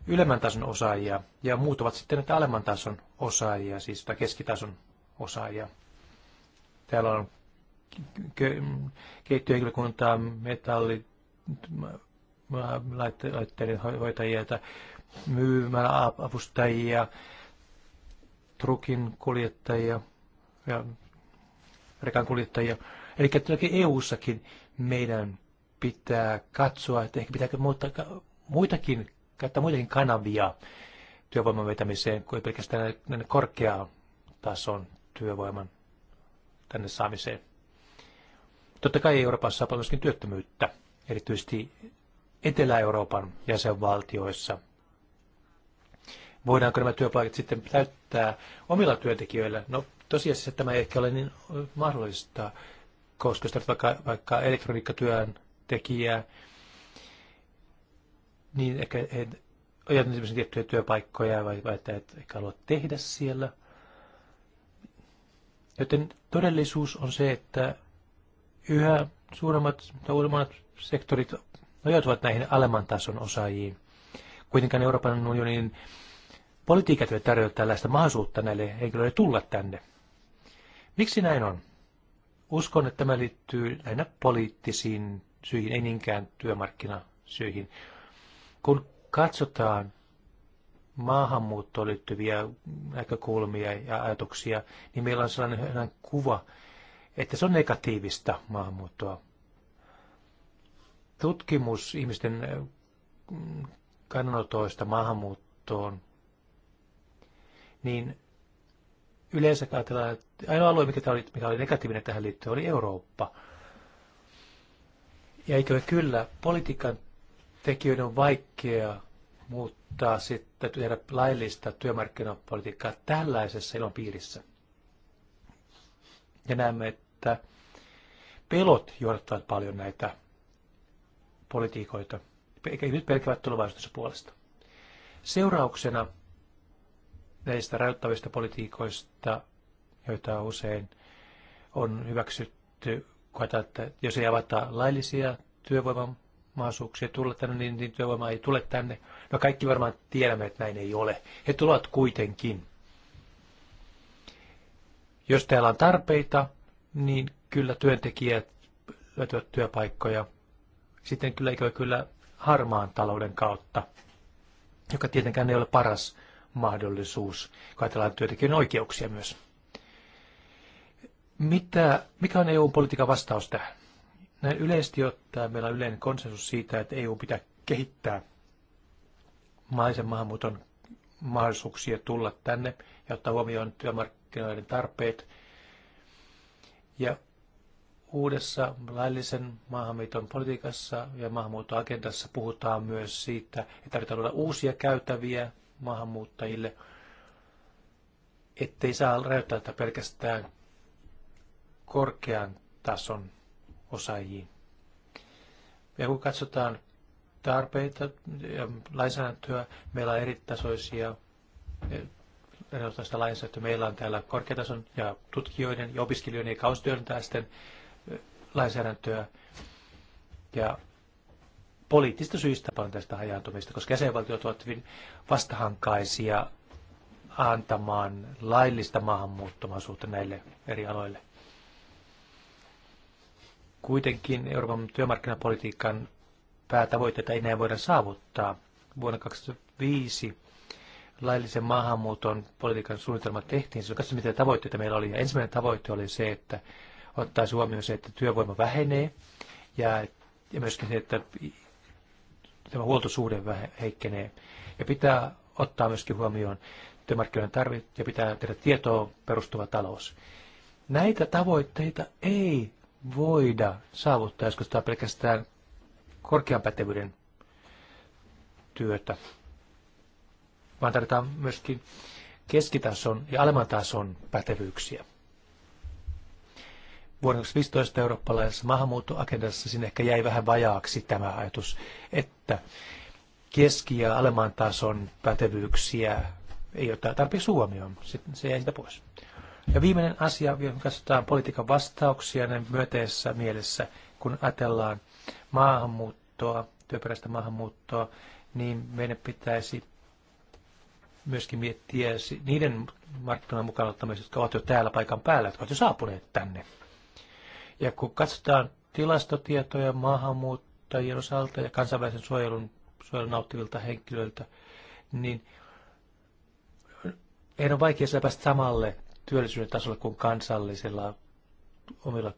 ylemmän tason osaajia, ja muut ovat sitten näitä alemman tason osaajia, siis tai keskitason osaajia. Täällä on keittiöhenkilökuntaa, metallilaitteiden hoitajia, myymällä avustajia, trukin kuljettajia ja rekan kuljettajia. Eli EU-sakin meidän pitää katsoa, että ehkä pitääkö muuta, muitakin, käyttää muitakin kanavia työvoiman vetämiseen kuin pelkästään näiden korkean tason työvoiman tänne saamiseen. Totta kai Euroopassa on myöskin työttömyyttä, erityisesti Etelä-Euroopan jäsenvaltioissa. Voidaanko nämä työpaikat sitten täyttää omilla työntekijöillä? No tosiasiassa tämä ei ehkä ole niin mahdollista, koska jos vaikka, vaikka elektroniikkatyön tekijää, niin ehkä he ovat tiettyjä työpaikkoja vai, vai että et ehkä haluat tehdä siellä. Joten todellisuus on se, että yhä suuremmat tai uudemmat sektorit nojautuvat näihin alemman tason osaajiin. Kuitenkaan Euroopan unionin politiikat eivät tarjoa tällaista mahdollisuutta näille henkilöille tulla tänne. Miksi näin on? Uskon, että tämä liittyy lähinnä poliittisiin syihin, ei niinkään työmarkkinasyihin. Kun katsotaan maahanmuuttoon liittyviä näkökulmia ja ajatuksia, niin meillä on sellainen kuva, että se on negatiivista maahanmuuttoa. Tutkimus ihmisten mm, kannanotoista maahanmuuttoon, niin yleensä ajatellaan, että ainoa alue, mikä oli, mikä oli negatiivinen tähän liittyen, oli Eurooppa – ja eikö kyllä, politiikan tekijöiden on vaikea muuttaa sitten, tehdä laillista työmarkkinapolitiikkaa tällaisessa ilmapiirissä. Ja näemme, että pelot johdattavat paljon näitä politiikoita, eikä nyt pelkävät tulevaisuudessa puolesta. Seurauksena näistä rajoittavista politiikoista, joita usein on hyväksytty koetaan, että jos ei avata laillisia työvoiman mahdollisuuksia tulla tänne, niin, niin työvoima ei tule tänne. No kaikki varmaan tiedämme, että näin ei ole. He tulevat kuitenkin. Jos täällä on tarpeita, niin kyllä työntekijät löytyvät työpaikkoja. Sitten kyllä ikävä kyllä harmaan talouden kautta, joka tietenkään ei ole paras mahdollisuus, kun ajatellaan työntekijän oikeuksia myös. Mitä, mikä on EU-politiikan vastaus tähän? Näin no, yleisesti ottaen meillä on yleinen konsensus siitä, että EU pitää kehittää maisen maahanmuuton mahdollisuuksia tulla tänne ja ottaa huomioon työmarkkinoiden tarpeet. Ja uudessa laillisen maahanmuuton politiikassa ja maahanmuuttoagendassa puhutaan myös siitä, että tarvitaan luoda uusia käytäviä maahanmuuttajille, ettei saa rajoittaa tätä pelkästään korkean tason osaajiin. Ja kun katsotaan tarpeita ja lainsäädäntöä, meillä on eri tasoisia erilaista lainsäädäntöä. Meillä on täällä korkeatason ja tutkijoiden ja opiskelijoiden ja kaustyöntäisten e, lainsäädäntöä. Ja poliittista syistä paljon tästä hajaantumista, koska jäsenvaltiot ovat hyvin vastahankaisia antamaan laillista maahanmuuttomaisuutta näille eri aloille. Kuitenkin Euroopan työmarkkinapolitiikan päätavoitteita ei näin voida saavuttaa. Vuonna 2005 laillisen maahanmuuton politiikan suunnitelma tehtiin. Silloin katsotaan, mitä tavoitteita meillä oli. Ja ensimmäinen tavoite oli se, että ottaa huomioon se, että työvoima vähenee ja, ja myöskin se, että tämä huoltosuhde heikkenee. Ja pitää ottaa myöskin huomioon työmarkkinoiden tarvitse ja pitää tehdä tietoon perustuva talous. Näitä tavoitteita ei voida saavuttaa, joskus tämä pelkästään korkean pätevyyden työtä, vaan tarvitaan myöskin keskitason ja alemman tason pätevyyksiä. Vuonna 2015 eurooppalaisessa maahanmuuttoagendassa sinne ehkä jäi vähän vajaaksi tämä ajatus, että keski- ja alemman tason pätevyyksiä ei ole tarpeeksi huomioon. se jäi sitä pois. Ja viimeinen asia, kun katsotaan politiikan vastauksia näin myöteessä mielessä, kun ajatellaan maahanmuuttoa, työperäistä maahanmuuttoa, niin meidän pitäisi myöskin miettiä niiden markkinoiden mukaan ottamista, jotka ovat jo täällä paikan päällä, jotka ovat jo saapuneet tänne. Ja kun katsotaan tilastotietoja maahanmuuttajien osalta ja kansainvälisen suojelun, suojelun nauttivilta henkilöiltä, niin ei on vaikea päästä samalle työllisyyden tasolla kuin kansallisilla omilla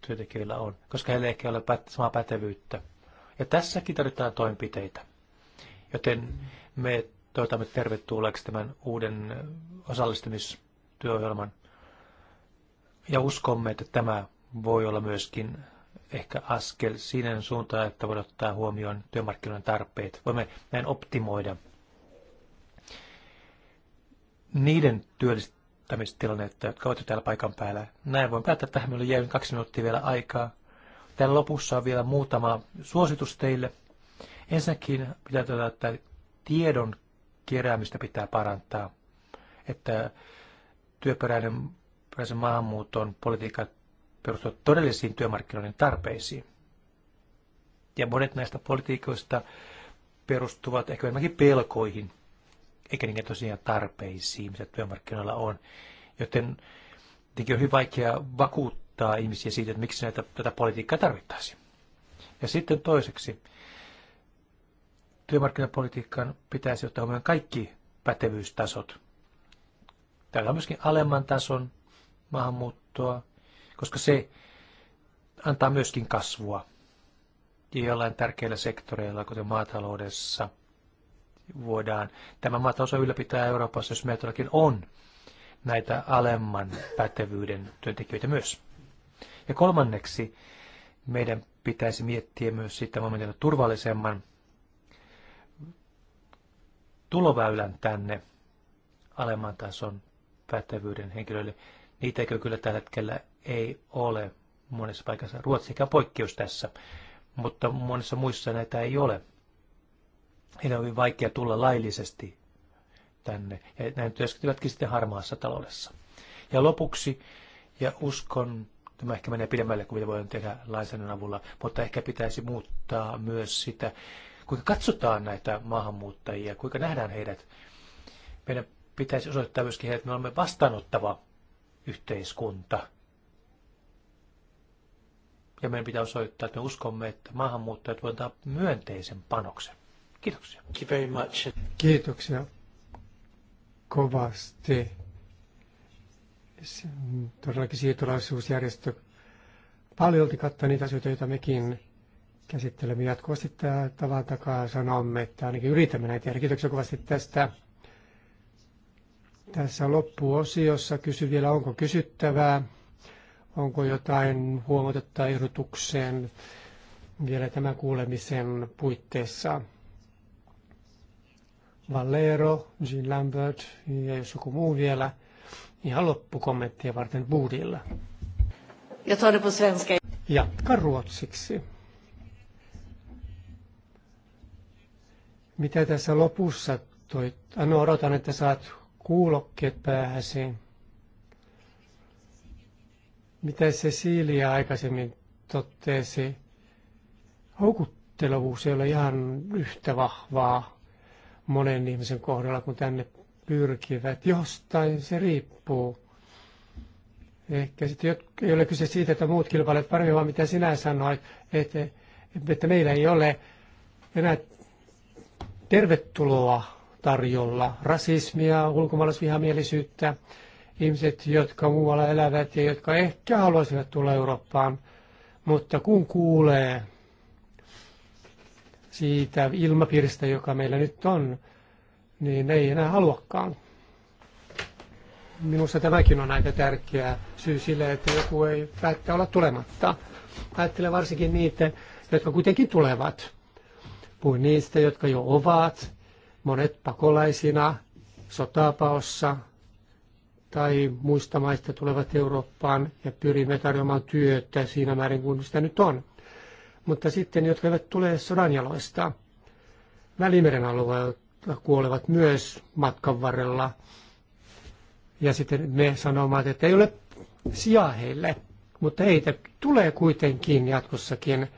työntekijöillä on, koska heillä ehkä ei ole samaa pätevyyttä. Ja tässäkin tarvitaan toimenpiteitä. Joten me toivotamme tervetulleeksi tämän uuden osallistumistyöohjelman. Ja uskomme, että tämä voi olla myöskin ehkä askel siinä suuntaan, että voidaan ottaa huomioon työmarkkinoiden tarpeet. Voimme näin optimoida niiden työllist- tilannetta, jotka olette täällä paikan päällä. Näin voin päättää, tähän meillä jäi kaksi minuuttia vielä aikaa. Täällä lopussa on vielä muutama suositus teille. Ensinnäkin pitää todeta, että tiedon keräämistä pitää parantaa, että työperäinen maahanmuuton politiikka perustuu todellisiin työmarkkinoiden tarpeisiin. Ja monet näistä politiikoista perustuvat ehkä enemmänkin pelkoihin eikä niinkään tosiaan tarpeisiin, mitä työmarkkinoilla on. Joten tietenkin on hyvin vaikea vakuuttaa ihmisiä siitä, että miksi näitä, tätä politiikkaa tarvittaisiin. Ja sitten toiseksi, työmarkkinapolitiikan pitäisi ottaa huomioon kaikki pätevyystasot. Täällä on myöskin alemman tason maahanmuuttoa, koska se antaa myöskin kasvua ja jollain tärkeillä sektoreilla, kuten maataloudessa – voidaan tämä maatalousa ylläpitää Euroopassa, jos meillä todellakin on näitä alemman pätevyyden työntekijöitä myös. Ja kolmanneksi meidän pitäisi miettiä myös sitä momentin turvallisemman tuloväylän tänne alemman tason pätevyyden henkilöille. Niitä ei kyllä tällä hetkellä ei ole monessa paikassa. Ruotsi on poikkeus tässä, mutta monissa muissa näitä ei ole heidän oli vaikea tulla laillisesti tänne. Ja näin työskentelivätkin sitten harmaassa taloudessa. Ja lopuksi, ja uskon, tämä ehkä menee pidemmälle kuin mitä voidaan tehdä lainsäädännön avulla, mutta ehkä pitäisi muuttaa myös sitä, kuinka katsotaan näitä maahanmuuttajia, kuinka nähdään heidät. Meidän pitäisi osoittaa myöskin heidät, että me olemme vastaanottava yhteiskunta. Ja meidän pitää osoittaa, että me uskomme, että maahanmuuttajat voivat antaa myönteisen panoksen. Kiitoksia. very much. Kiitoksia kovasti. Todellakin siirtolaisuusjärjestö paljolti kattaa niitä asioita, joita mekin käsittelemme jatkuvasti tavan takaa sanomme, että ainakin yritämme näitä tehdä. Kiitoksia kovasti tästä. Tässä loppuosiossa kysy vielä, onko kysyttävää, onko jotain huomautetta ehdotukseen vielä tämän kuulemisen puitteissa. Valero, Jean Lambert ja jos joku muu vielä. Ihan loppukommenttia varten Budilla. Ja toinen svenska. Jatka ruotsiksi. Mitä tässä lopussa toi? Ah, no odotan, että saat kuulokkeet päähäsi. Mitä se Siilia aikaisemmin totesi? Houkuttelevuus ei ole ihan yhtä vahvaa monen ihmisen kohdalla, kun tänne pyrkivät. Jostain se riippuu. Ehkä sitten ei ole kyse siitä, että muut kilpailevat paremmin, vaan mitä sinä sanoit, että, että meillä ei ole enää tervetuloa tarjolla. Rasismia, ulkomaalaisvihamielisyyttä, ihmiset, jotka muualla elävät ja jotka ehkä haluaisivat tulla Eurooppaan, mutta kun kuulee siitä ilmapiiristä, joka meillä nyt on, niin ei enää haluakaan. Minusta tämäkin on aika tärkeä syy sille, että joku ei päättää olla tulematta. Ajattelen varsinkin niitä, jotka kuitenkin tulevat. Puhun niistä, jotka jo ovat, monet pakolaisina, sotapaossa tai muista maista tulevat Eurooppaan ja pyrimme tarjoamaan työtä siinä määrin kuin sitä nyt on mutta sitten jotka eivät tule sodanjaloista. Välimeren alueelta kuolevat myös matkan varrella. Ja sitten me sanomaan, että ei ole sijaa heille, mutta heitä tulee kuitenkin jatkossakin.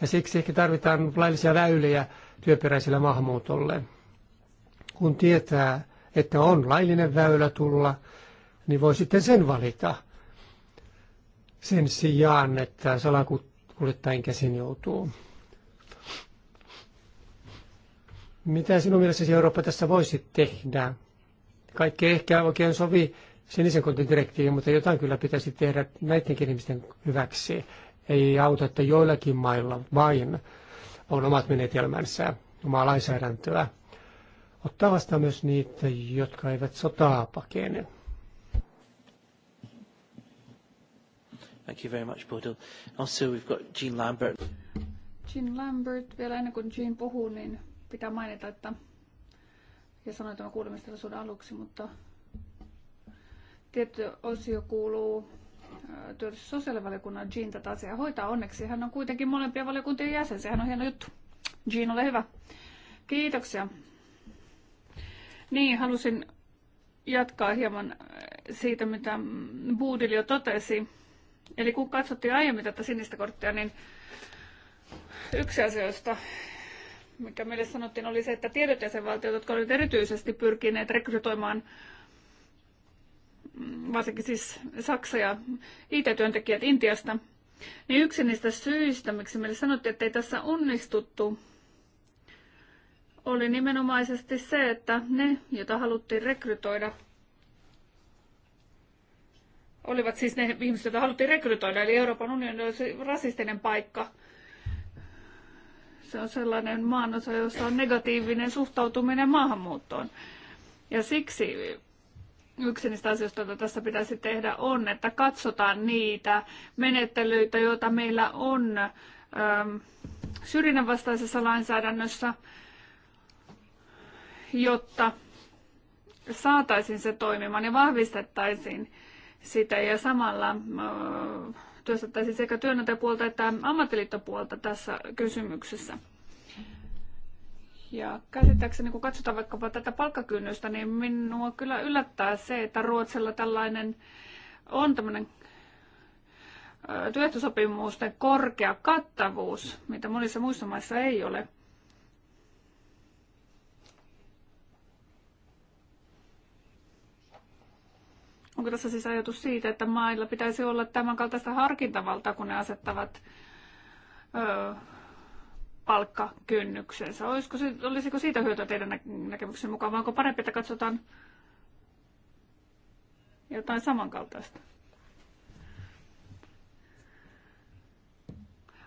Ja siksi ehkä tarvitaan laillisia väyliä työperäisellä maahanmuutolle. Kun tietää, että on laillinen väylä tulla, niin voi sitten sen valita. Sen sijaan, että salakut kuljettajan käsin joutuu. Mitä sinun mielestäsi Eurooppa tässä voisi tehdä? Kaikki ehkä oikein sovi sinisen kontin mutta jotain kyllä pitäisi tehdä näidenkin ihmisten hyväksi. Ei auta, että joillakin mailla vain on omat menetelmänsä, omaa lainsäädäntöä. Ottaa vastaan myös niitä, jotka eivät sotaa pakene. Thank you very much, Bodil. Also, we've got Jean Lambert. Jean Lambert, vielä ennen kuin Jean puhuu, niin pitää mainita, että ja sanoin tämän kuulemistilaisuuden aluksi, mutta tietty osio kuuluu työllisyys- sosiaalivaliokunnan Jean tätä asiaa hoitaa. Onneksi hän on kuitenkin molempia valiokuntien jäsen. Sehän on hieno juttu. Jean, ole hyvä. Kiitoksia. Niin, halusin jatkaa hieman siitä, mitä Boodil jo totesi Eli kun katsottiin aiemmin tätä sinistä korttia, niin yksi asioista, mikä meille sanottiin, oli se, että tietyt jäsenvaltiot, jotka olivat erityisesti pyrkineet rekrytoimaan mm, varsinkin siis Saksa ja IT-työntekijät Intiasta, niin yksi niistä syistä, miksi meille sanottiin, että ei tässä onnistuttu, oli nimenomaisesti se, että ne, joita haluttiin rekrytoida, olivat siis ne ihmiset, joita haluttiin rekrytoida, eli Euroopan unioni olisi rasistinen paikka. Se on sellainen maanosa, jossa on negatiivinen suhtautuminen maahanmuuttoon. Ja siksi yksi niistä asioista, joita tässä pitäisi tehdä, on, että katsotaan niitä menettelyitä, joita meillä on ähm, syrjinnän vastaisessa lainsäädännössä, jotta saataisiin se toimimaan ja vahvistettaisiin sitä ja samalla työstettäisiin sekä työnantajapuolta että ammattiliittopuolta tässä kysymyksessä. Ja käsittääkseni, kun katsotaan vaikkapa tätä palkkakynnystä, niin minua kyllä yllättää se, että Ruotsilla tällainen on tämmöinen työehtosopimusten korkea kattavuus, mitä monissa muissa maissa ei ole. Onko tässä siis ajatus siitä, että mailla pitäisi olla tämän kaltaista harkintavaltaa, kun ne asettavat öö, palkkakynnyksensä? Olisiko, olisiko siitä hyötyä teidän näkemyksen mukaan, vai onko parempi, että katsotaan jotain samankaltaista?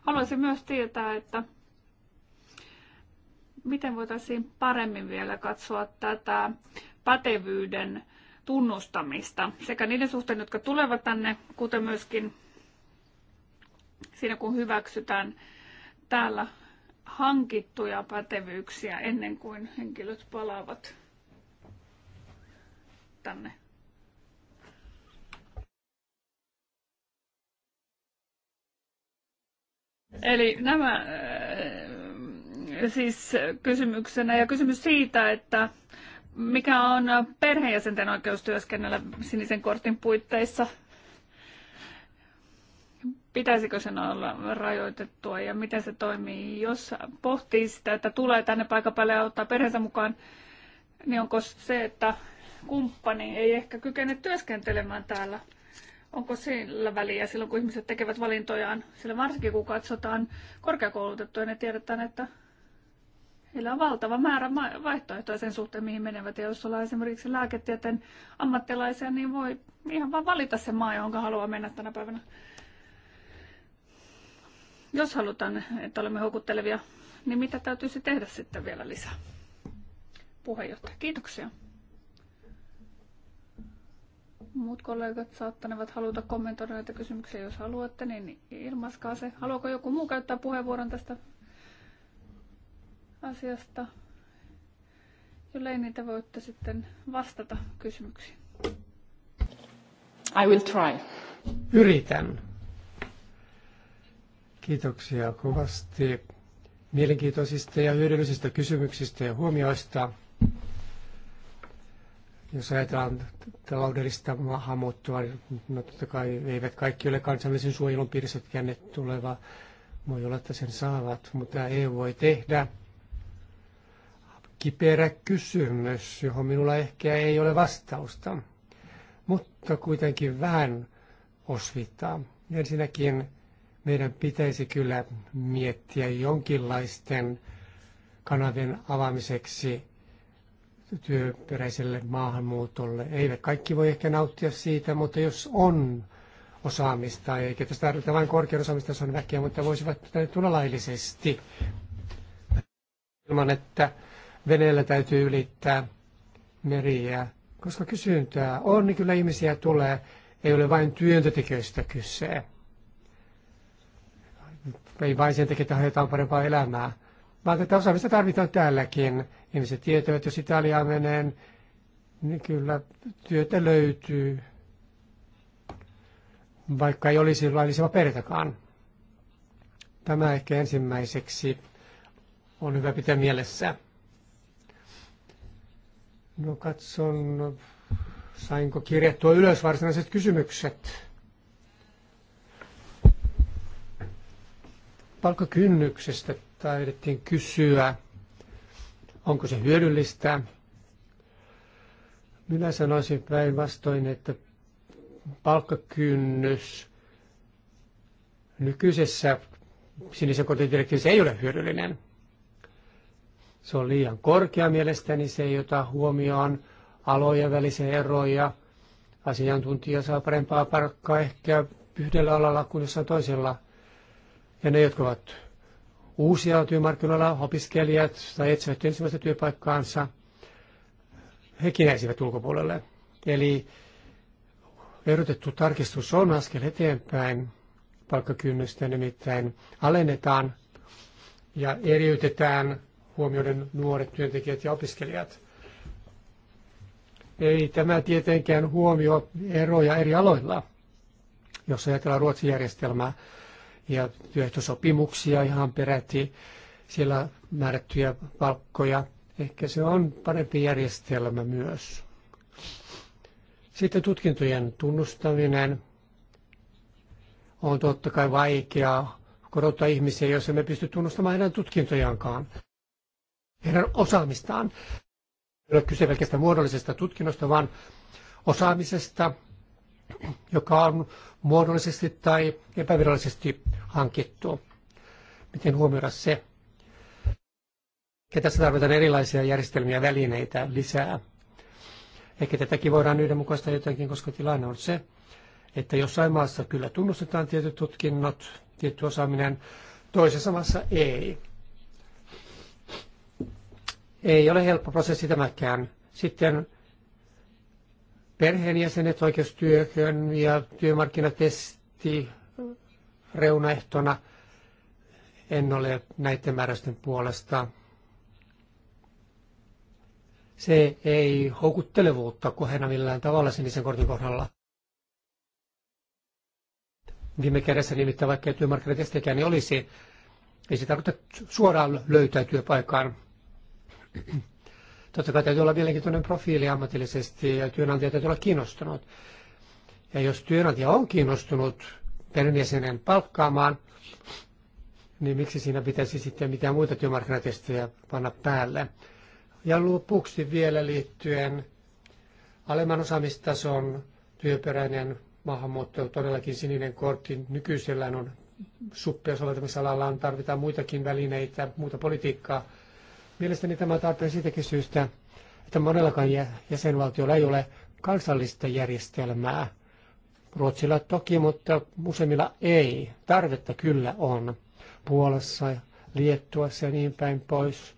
Haluaisin myös tietää, että miten voitaisiin paremmin vielä katsoa tätä pätevyyden tunnustamista sekä niiden suhteen, jotka tulevat tänne, kuten myöskin siinä, kun hyväksytään täällä hankittuja pätevyyksiä ennen kuin henkilöt palaavat tänne. Eli nämä äh, siis kysymyksenä ja kysymys siitä, että mikä on perheenjäsenten oikeus työskennellä sinisen kortin puitteissa? Pitäisikö sen olla rajoitettua ja miten se toimii? Jos pohtii sitä, että tulee tänne paikan päälle ja ottaa perheensä mukaan, niin onko se, että kumppani ei ehkä kykene työskentelemään täällä? Onko sillä väliä silloin, kun ihmiset tekevät valintojaan? Sillä varsinkin, kun katsotaan korkeakoulutettuja, ne tiedetään, että Heillä on valtava määrä vaihtoehtoja sen suhteen, mihin menevät. Ja jos ollaan esimerkiksi lääketieteen ammattilaisia, niin voi ihan vaan valita se maa, jonka haluaa mennä tänä päivänä. Jos halutaan, että olemme houkuttelevia, niin mitä täytyisi tehdä sitten vielä lisää? Puheenjohtaja, kiitoksia. Muut kollegat saattanevat haluta kommentoida näitä kysymyksiä, jos haluatte, niin ilmaiskaa se. Haluaako joku muu käyttää puheenvuoron tästä asiasta, jollei niitä voitte sitten vastata kysymyksiin. I will try. Yritän. Kiitoksia kovasti mielenkiintoisista ja hyödyllisistä kysymyksistä ja huomioista. Jos ajatellaan taloudellista maahanmuuttoa, niin no totta kai eivät kaikki ole kansallisen suojelun piirissä tänne tuleva. Voi olla, että sen saavat, mutta EU voi tehdä kiperä kysymys, johon minulla ehkä ei ole vastausta, mutta kuitenkin vähän osvittaa. Ensinnäkin meidän pitäisi kyllä miettiä jonkinlaisten kanavien avaamiseksi työperäiselle maahanmuutolle. Eivät kaikki voi ehkä nauttia siitä, mutta jos on osaamista, eikä tässä tarvita vain korkean on väkeä, mutta voisivat tulla laillisesti ilman, että veneellä täytyy ylittää meriä. Koska kysyntää on, niin kyllä ihmisiä tulee. Ei ole vain työntötekijöistä kyse. Ei vain sen takia, että haetaan parempaa elämää. Vaan tätä osaamista tarvitaan täälläkin. Ihmiset tietävät, jos Italiaa menee, niin kyllä työtä löytyy, vaikka ei olisi laillisella pertakaan. Tämä ehkä ensimmäiseksi on hyvä pitää mielessä. No katson, sainko kirjattua ylös varsinaiset kysymykset. Palkkakynnyksestä taidettiin kysyä, onko se hyödyllistä. Minä sanoisin päinvastoin, että palkkakynnys nykyisessä sinisen kortin ei ole hyödyllinen. Se on liian korkea mielestäni, se ei ota huomioon alojen välisiä eroja. Asiantuntija saa parempaa parkkaa ehkä yhdellä alalla kuin jossain toisella. Ja ne, jotka ovat uusia työmarkkinoilla, opiskelijat tai etsivät ensimmäistä työpaikkaansa, hekin jäisivät ulkopuolelle. Eli ehdotettu tarkistus on askel eteenpäin. Palkkakynnystä nimittäin alennetaan ja eriytetään huomioiden nuoret työntekijät ja opiskelijat. Ei tämä tietenkään huomio eroja eri aloilla, jos ajatellaan Ruotsin järjestelmää ja työehtosopimuksia ihan peräti siellä määrättyjä palkkoja. Ehkä se on parempi järjestelmä myös. Sitten tutkintojen tunnustaminen on totta kai vaikeaa korottaa ihmisiä, jos emme pysty tunnustamaan heidän tutkintojaankaan heidän osaamistaan. Ei ole kyse pelkästään muodollisesta tutkinnosta, vaan osaamisesta, joka on muodollisesti tai epävirallisesti hankittu. Miten huomioida se? Ja tässä tarvitaan erilaisia järjestelmiä ja välineitä lisää. Ehkä tätäkin voidaan yhdenmukaista jotenkin, koska tilanne on se, että jossain maassa kyllä tunnustetaan tietyt tutkinnot, tietty osaaminen, toisessa maassa ei. Ei ole helppo prosessi tämäkään. Sitten perheenjäsenet oikeustyöhön ja työmarkkinatesti reunaehtona. En ole näiden määräysten puolesta. Se ei houkuttelevuutta kohena millään tavalla sinisen kortin kohdalla. Viime kädessä nimittäin vaikka työmarkkinatestikään niin olisi, ei se tarkoita suoraan löytää työpaikkaan. Totta kai täytyy olla mielenkiintoinen profiili ammatillisesti ja työnantaja täytyy olla kiinnostunut. Ja jos työnantaja on kiinnostunut perheenjäsenen palkkaamaan, niin miksi siinä pitäisi sitten mitään muita työmarkkinatestejä panna päälle? Ja lopuksi vielä liittyen alemman osaamistason työperäinen maahanmuutto, todellakin sininen kortti nykyisellään on suppea soveltamisalallaan, tarvitaan muitakin välineitä, muuta politiikkaa, Mielestäni tämä on tarpeen siitäkin syystä, että monellakaan jäsenvaltiolla ei ole kansallista järjestelmää. Ruotsilla toki, mutta useimmilla ei. Tarvetta kyllä on. Puolassa, Liettuassa ja niin päin pois.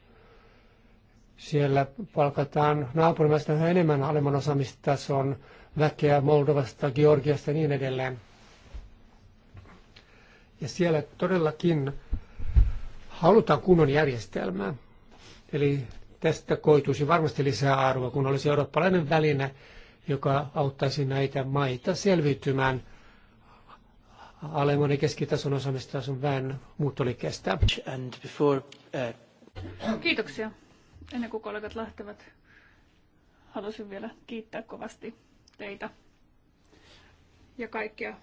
Siellä palkataan naapurimaista yhä enemmän alemman osaamistason väkeä Moldovasta, Georgiasta ja niin edelleen. Ja siellä todellakin halutaan kunnon järjestelmää. Eli tästä koituisi varmasti lisää arvoa, kun olisi eurooppalainen väline, joka auttaisi näitä maita selviytymään alemman ja keskitason osaamistason väen muuttoliikkeestä. before, uh... Kiitoksia. Ennen kuin kollegat lähtevät, halusin vielä kiittää kovasti teitä ja kaikkia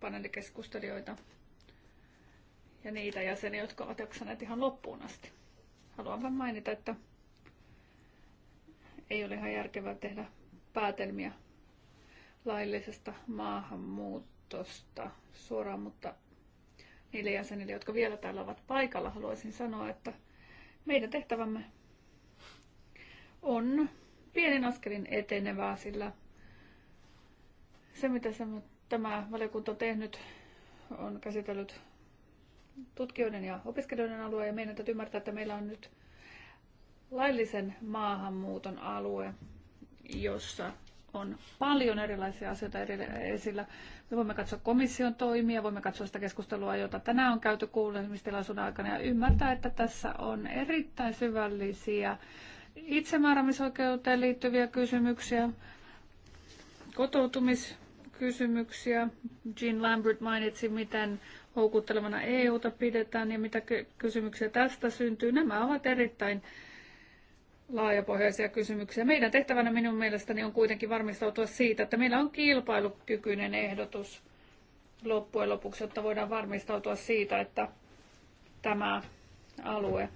paneelikeskustelijoita ja niitä jäseniä, jotka ovat jaksaneet ihan loppuun asti. Haluan vain mainita, että ei ole ihan järkevää tehdä päätelmiä laillisesta maahanmuutosta suoraan, mutta niille jäsenille, jotka vielä täällä ovat paikalla, haluaisin sanoa, että meidän tehtävämme on pienin askelin etenevää, sillä se, mitä tämä valiokunta on tehnyt, on käsitellyt tutkijoiden ja opiskelijoiden alue ja meidän täytyy ymmärtää, että meillä on nyt laillisen maahanmuuton alue, jossa on paljon erilaisia asioita esillä. Me voimme katsoa komission toimia, voimme katsoa sitä keskustelua, jota tänään on käyty kuulemistilaisuuden aikana ja ymmärtää, että tässä on erittäin syvällisiä itsemääräämisoikeuteen liittyviä kysymyksiä, kotoutumiskysymyksiä. Jean Lambert mainitsi, miten houkuttelevana EUta pidetään ja mitä kysymyksiä tästä syntyy. Nämä ovat erittäin laajapohjaisia kysymyksiä. Meidän tehtävänä minun mielestäni on kuitenkin varmistautua siitä, että meillä on kilpailukykyinen ehdotus loppujen lopuksi, jotta voidaan varmistautua siitä, että tämä alue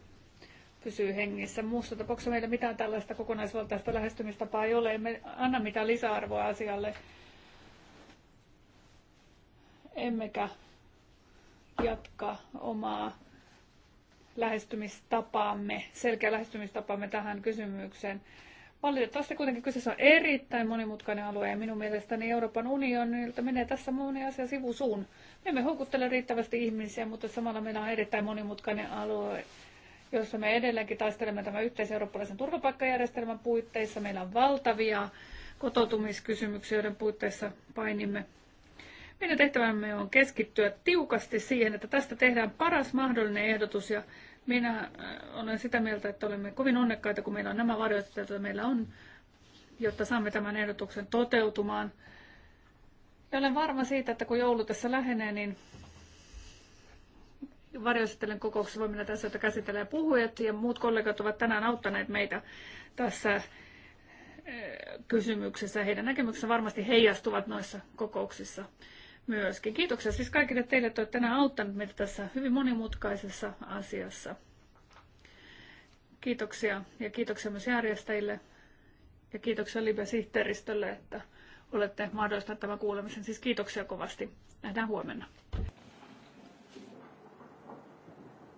pysyy hengissä. Muussa tapauksessa meillä mitään tällaista kokonaisvaltaista lähestymistapaa ei ole. Emme anna mitään lisäarvoa asialle. Emmekä jatka omaa lähestymistapaamme, selkeä lähestymistapaamme tähän kysymykseen. Valitettavasti kuitenkin kyseessä on erittäin monimutkainen alue ja minun mielestäni Euroopan unionilta menee tässä moni asia sivusuun. Me emme houkuttele riittävästi ihmisiä, mutta samalla meillä on erittäin monimutkainen alue, jossa me edelleenkin taistelemme tämän yhteiseurooppalaisen turvapaikkajärjestelmän puitteissa. Meillä on valtavia kotoutumiskysymyksiä, joiden puitteissa painimme meidän tehtävämme on keskittyä tiukasti siihen, että tästä tehdään paras mahdollinen ehdotus ja minä äh, olen sitä mieltä, että olemme kovin onnekkaita, kun meillä on nämä varjoiset, joita meillä on, jotta saamme tämän ehdotuksen toteutumaan. Ja olen varma siitä, että kun joulu tässä lähenee, niin varjoisittelen kokouksessa voimme näitä asioita käsitellä ja puhujat ja muut kollegat ovat tänään auttaneet meitä tässä äh, kysymyksessä. Heidän näkemyksensä varmasti heijastuvat noissa kokouksissa myöskin. Kiitoksia siis kaikille teille, että olette tänään auttaneet meitä tässä hyvin monimutkaisessa asiassa. Kiitoksia ja kiitoksia myös järjestäjille ja kiitoksia Libe-sihteeristölle, että olette mahdollistaneet tämän kuulemisen. Siis kiitoksia kovasti. Nähdään huomenna.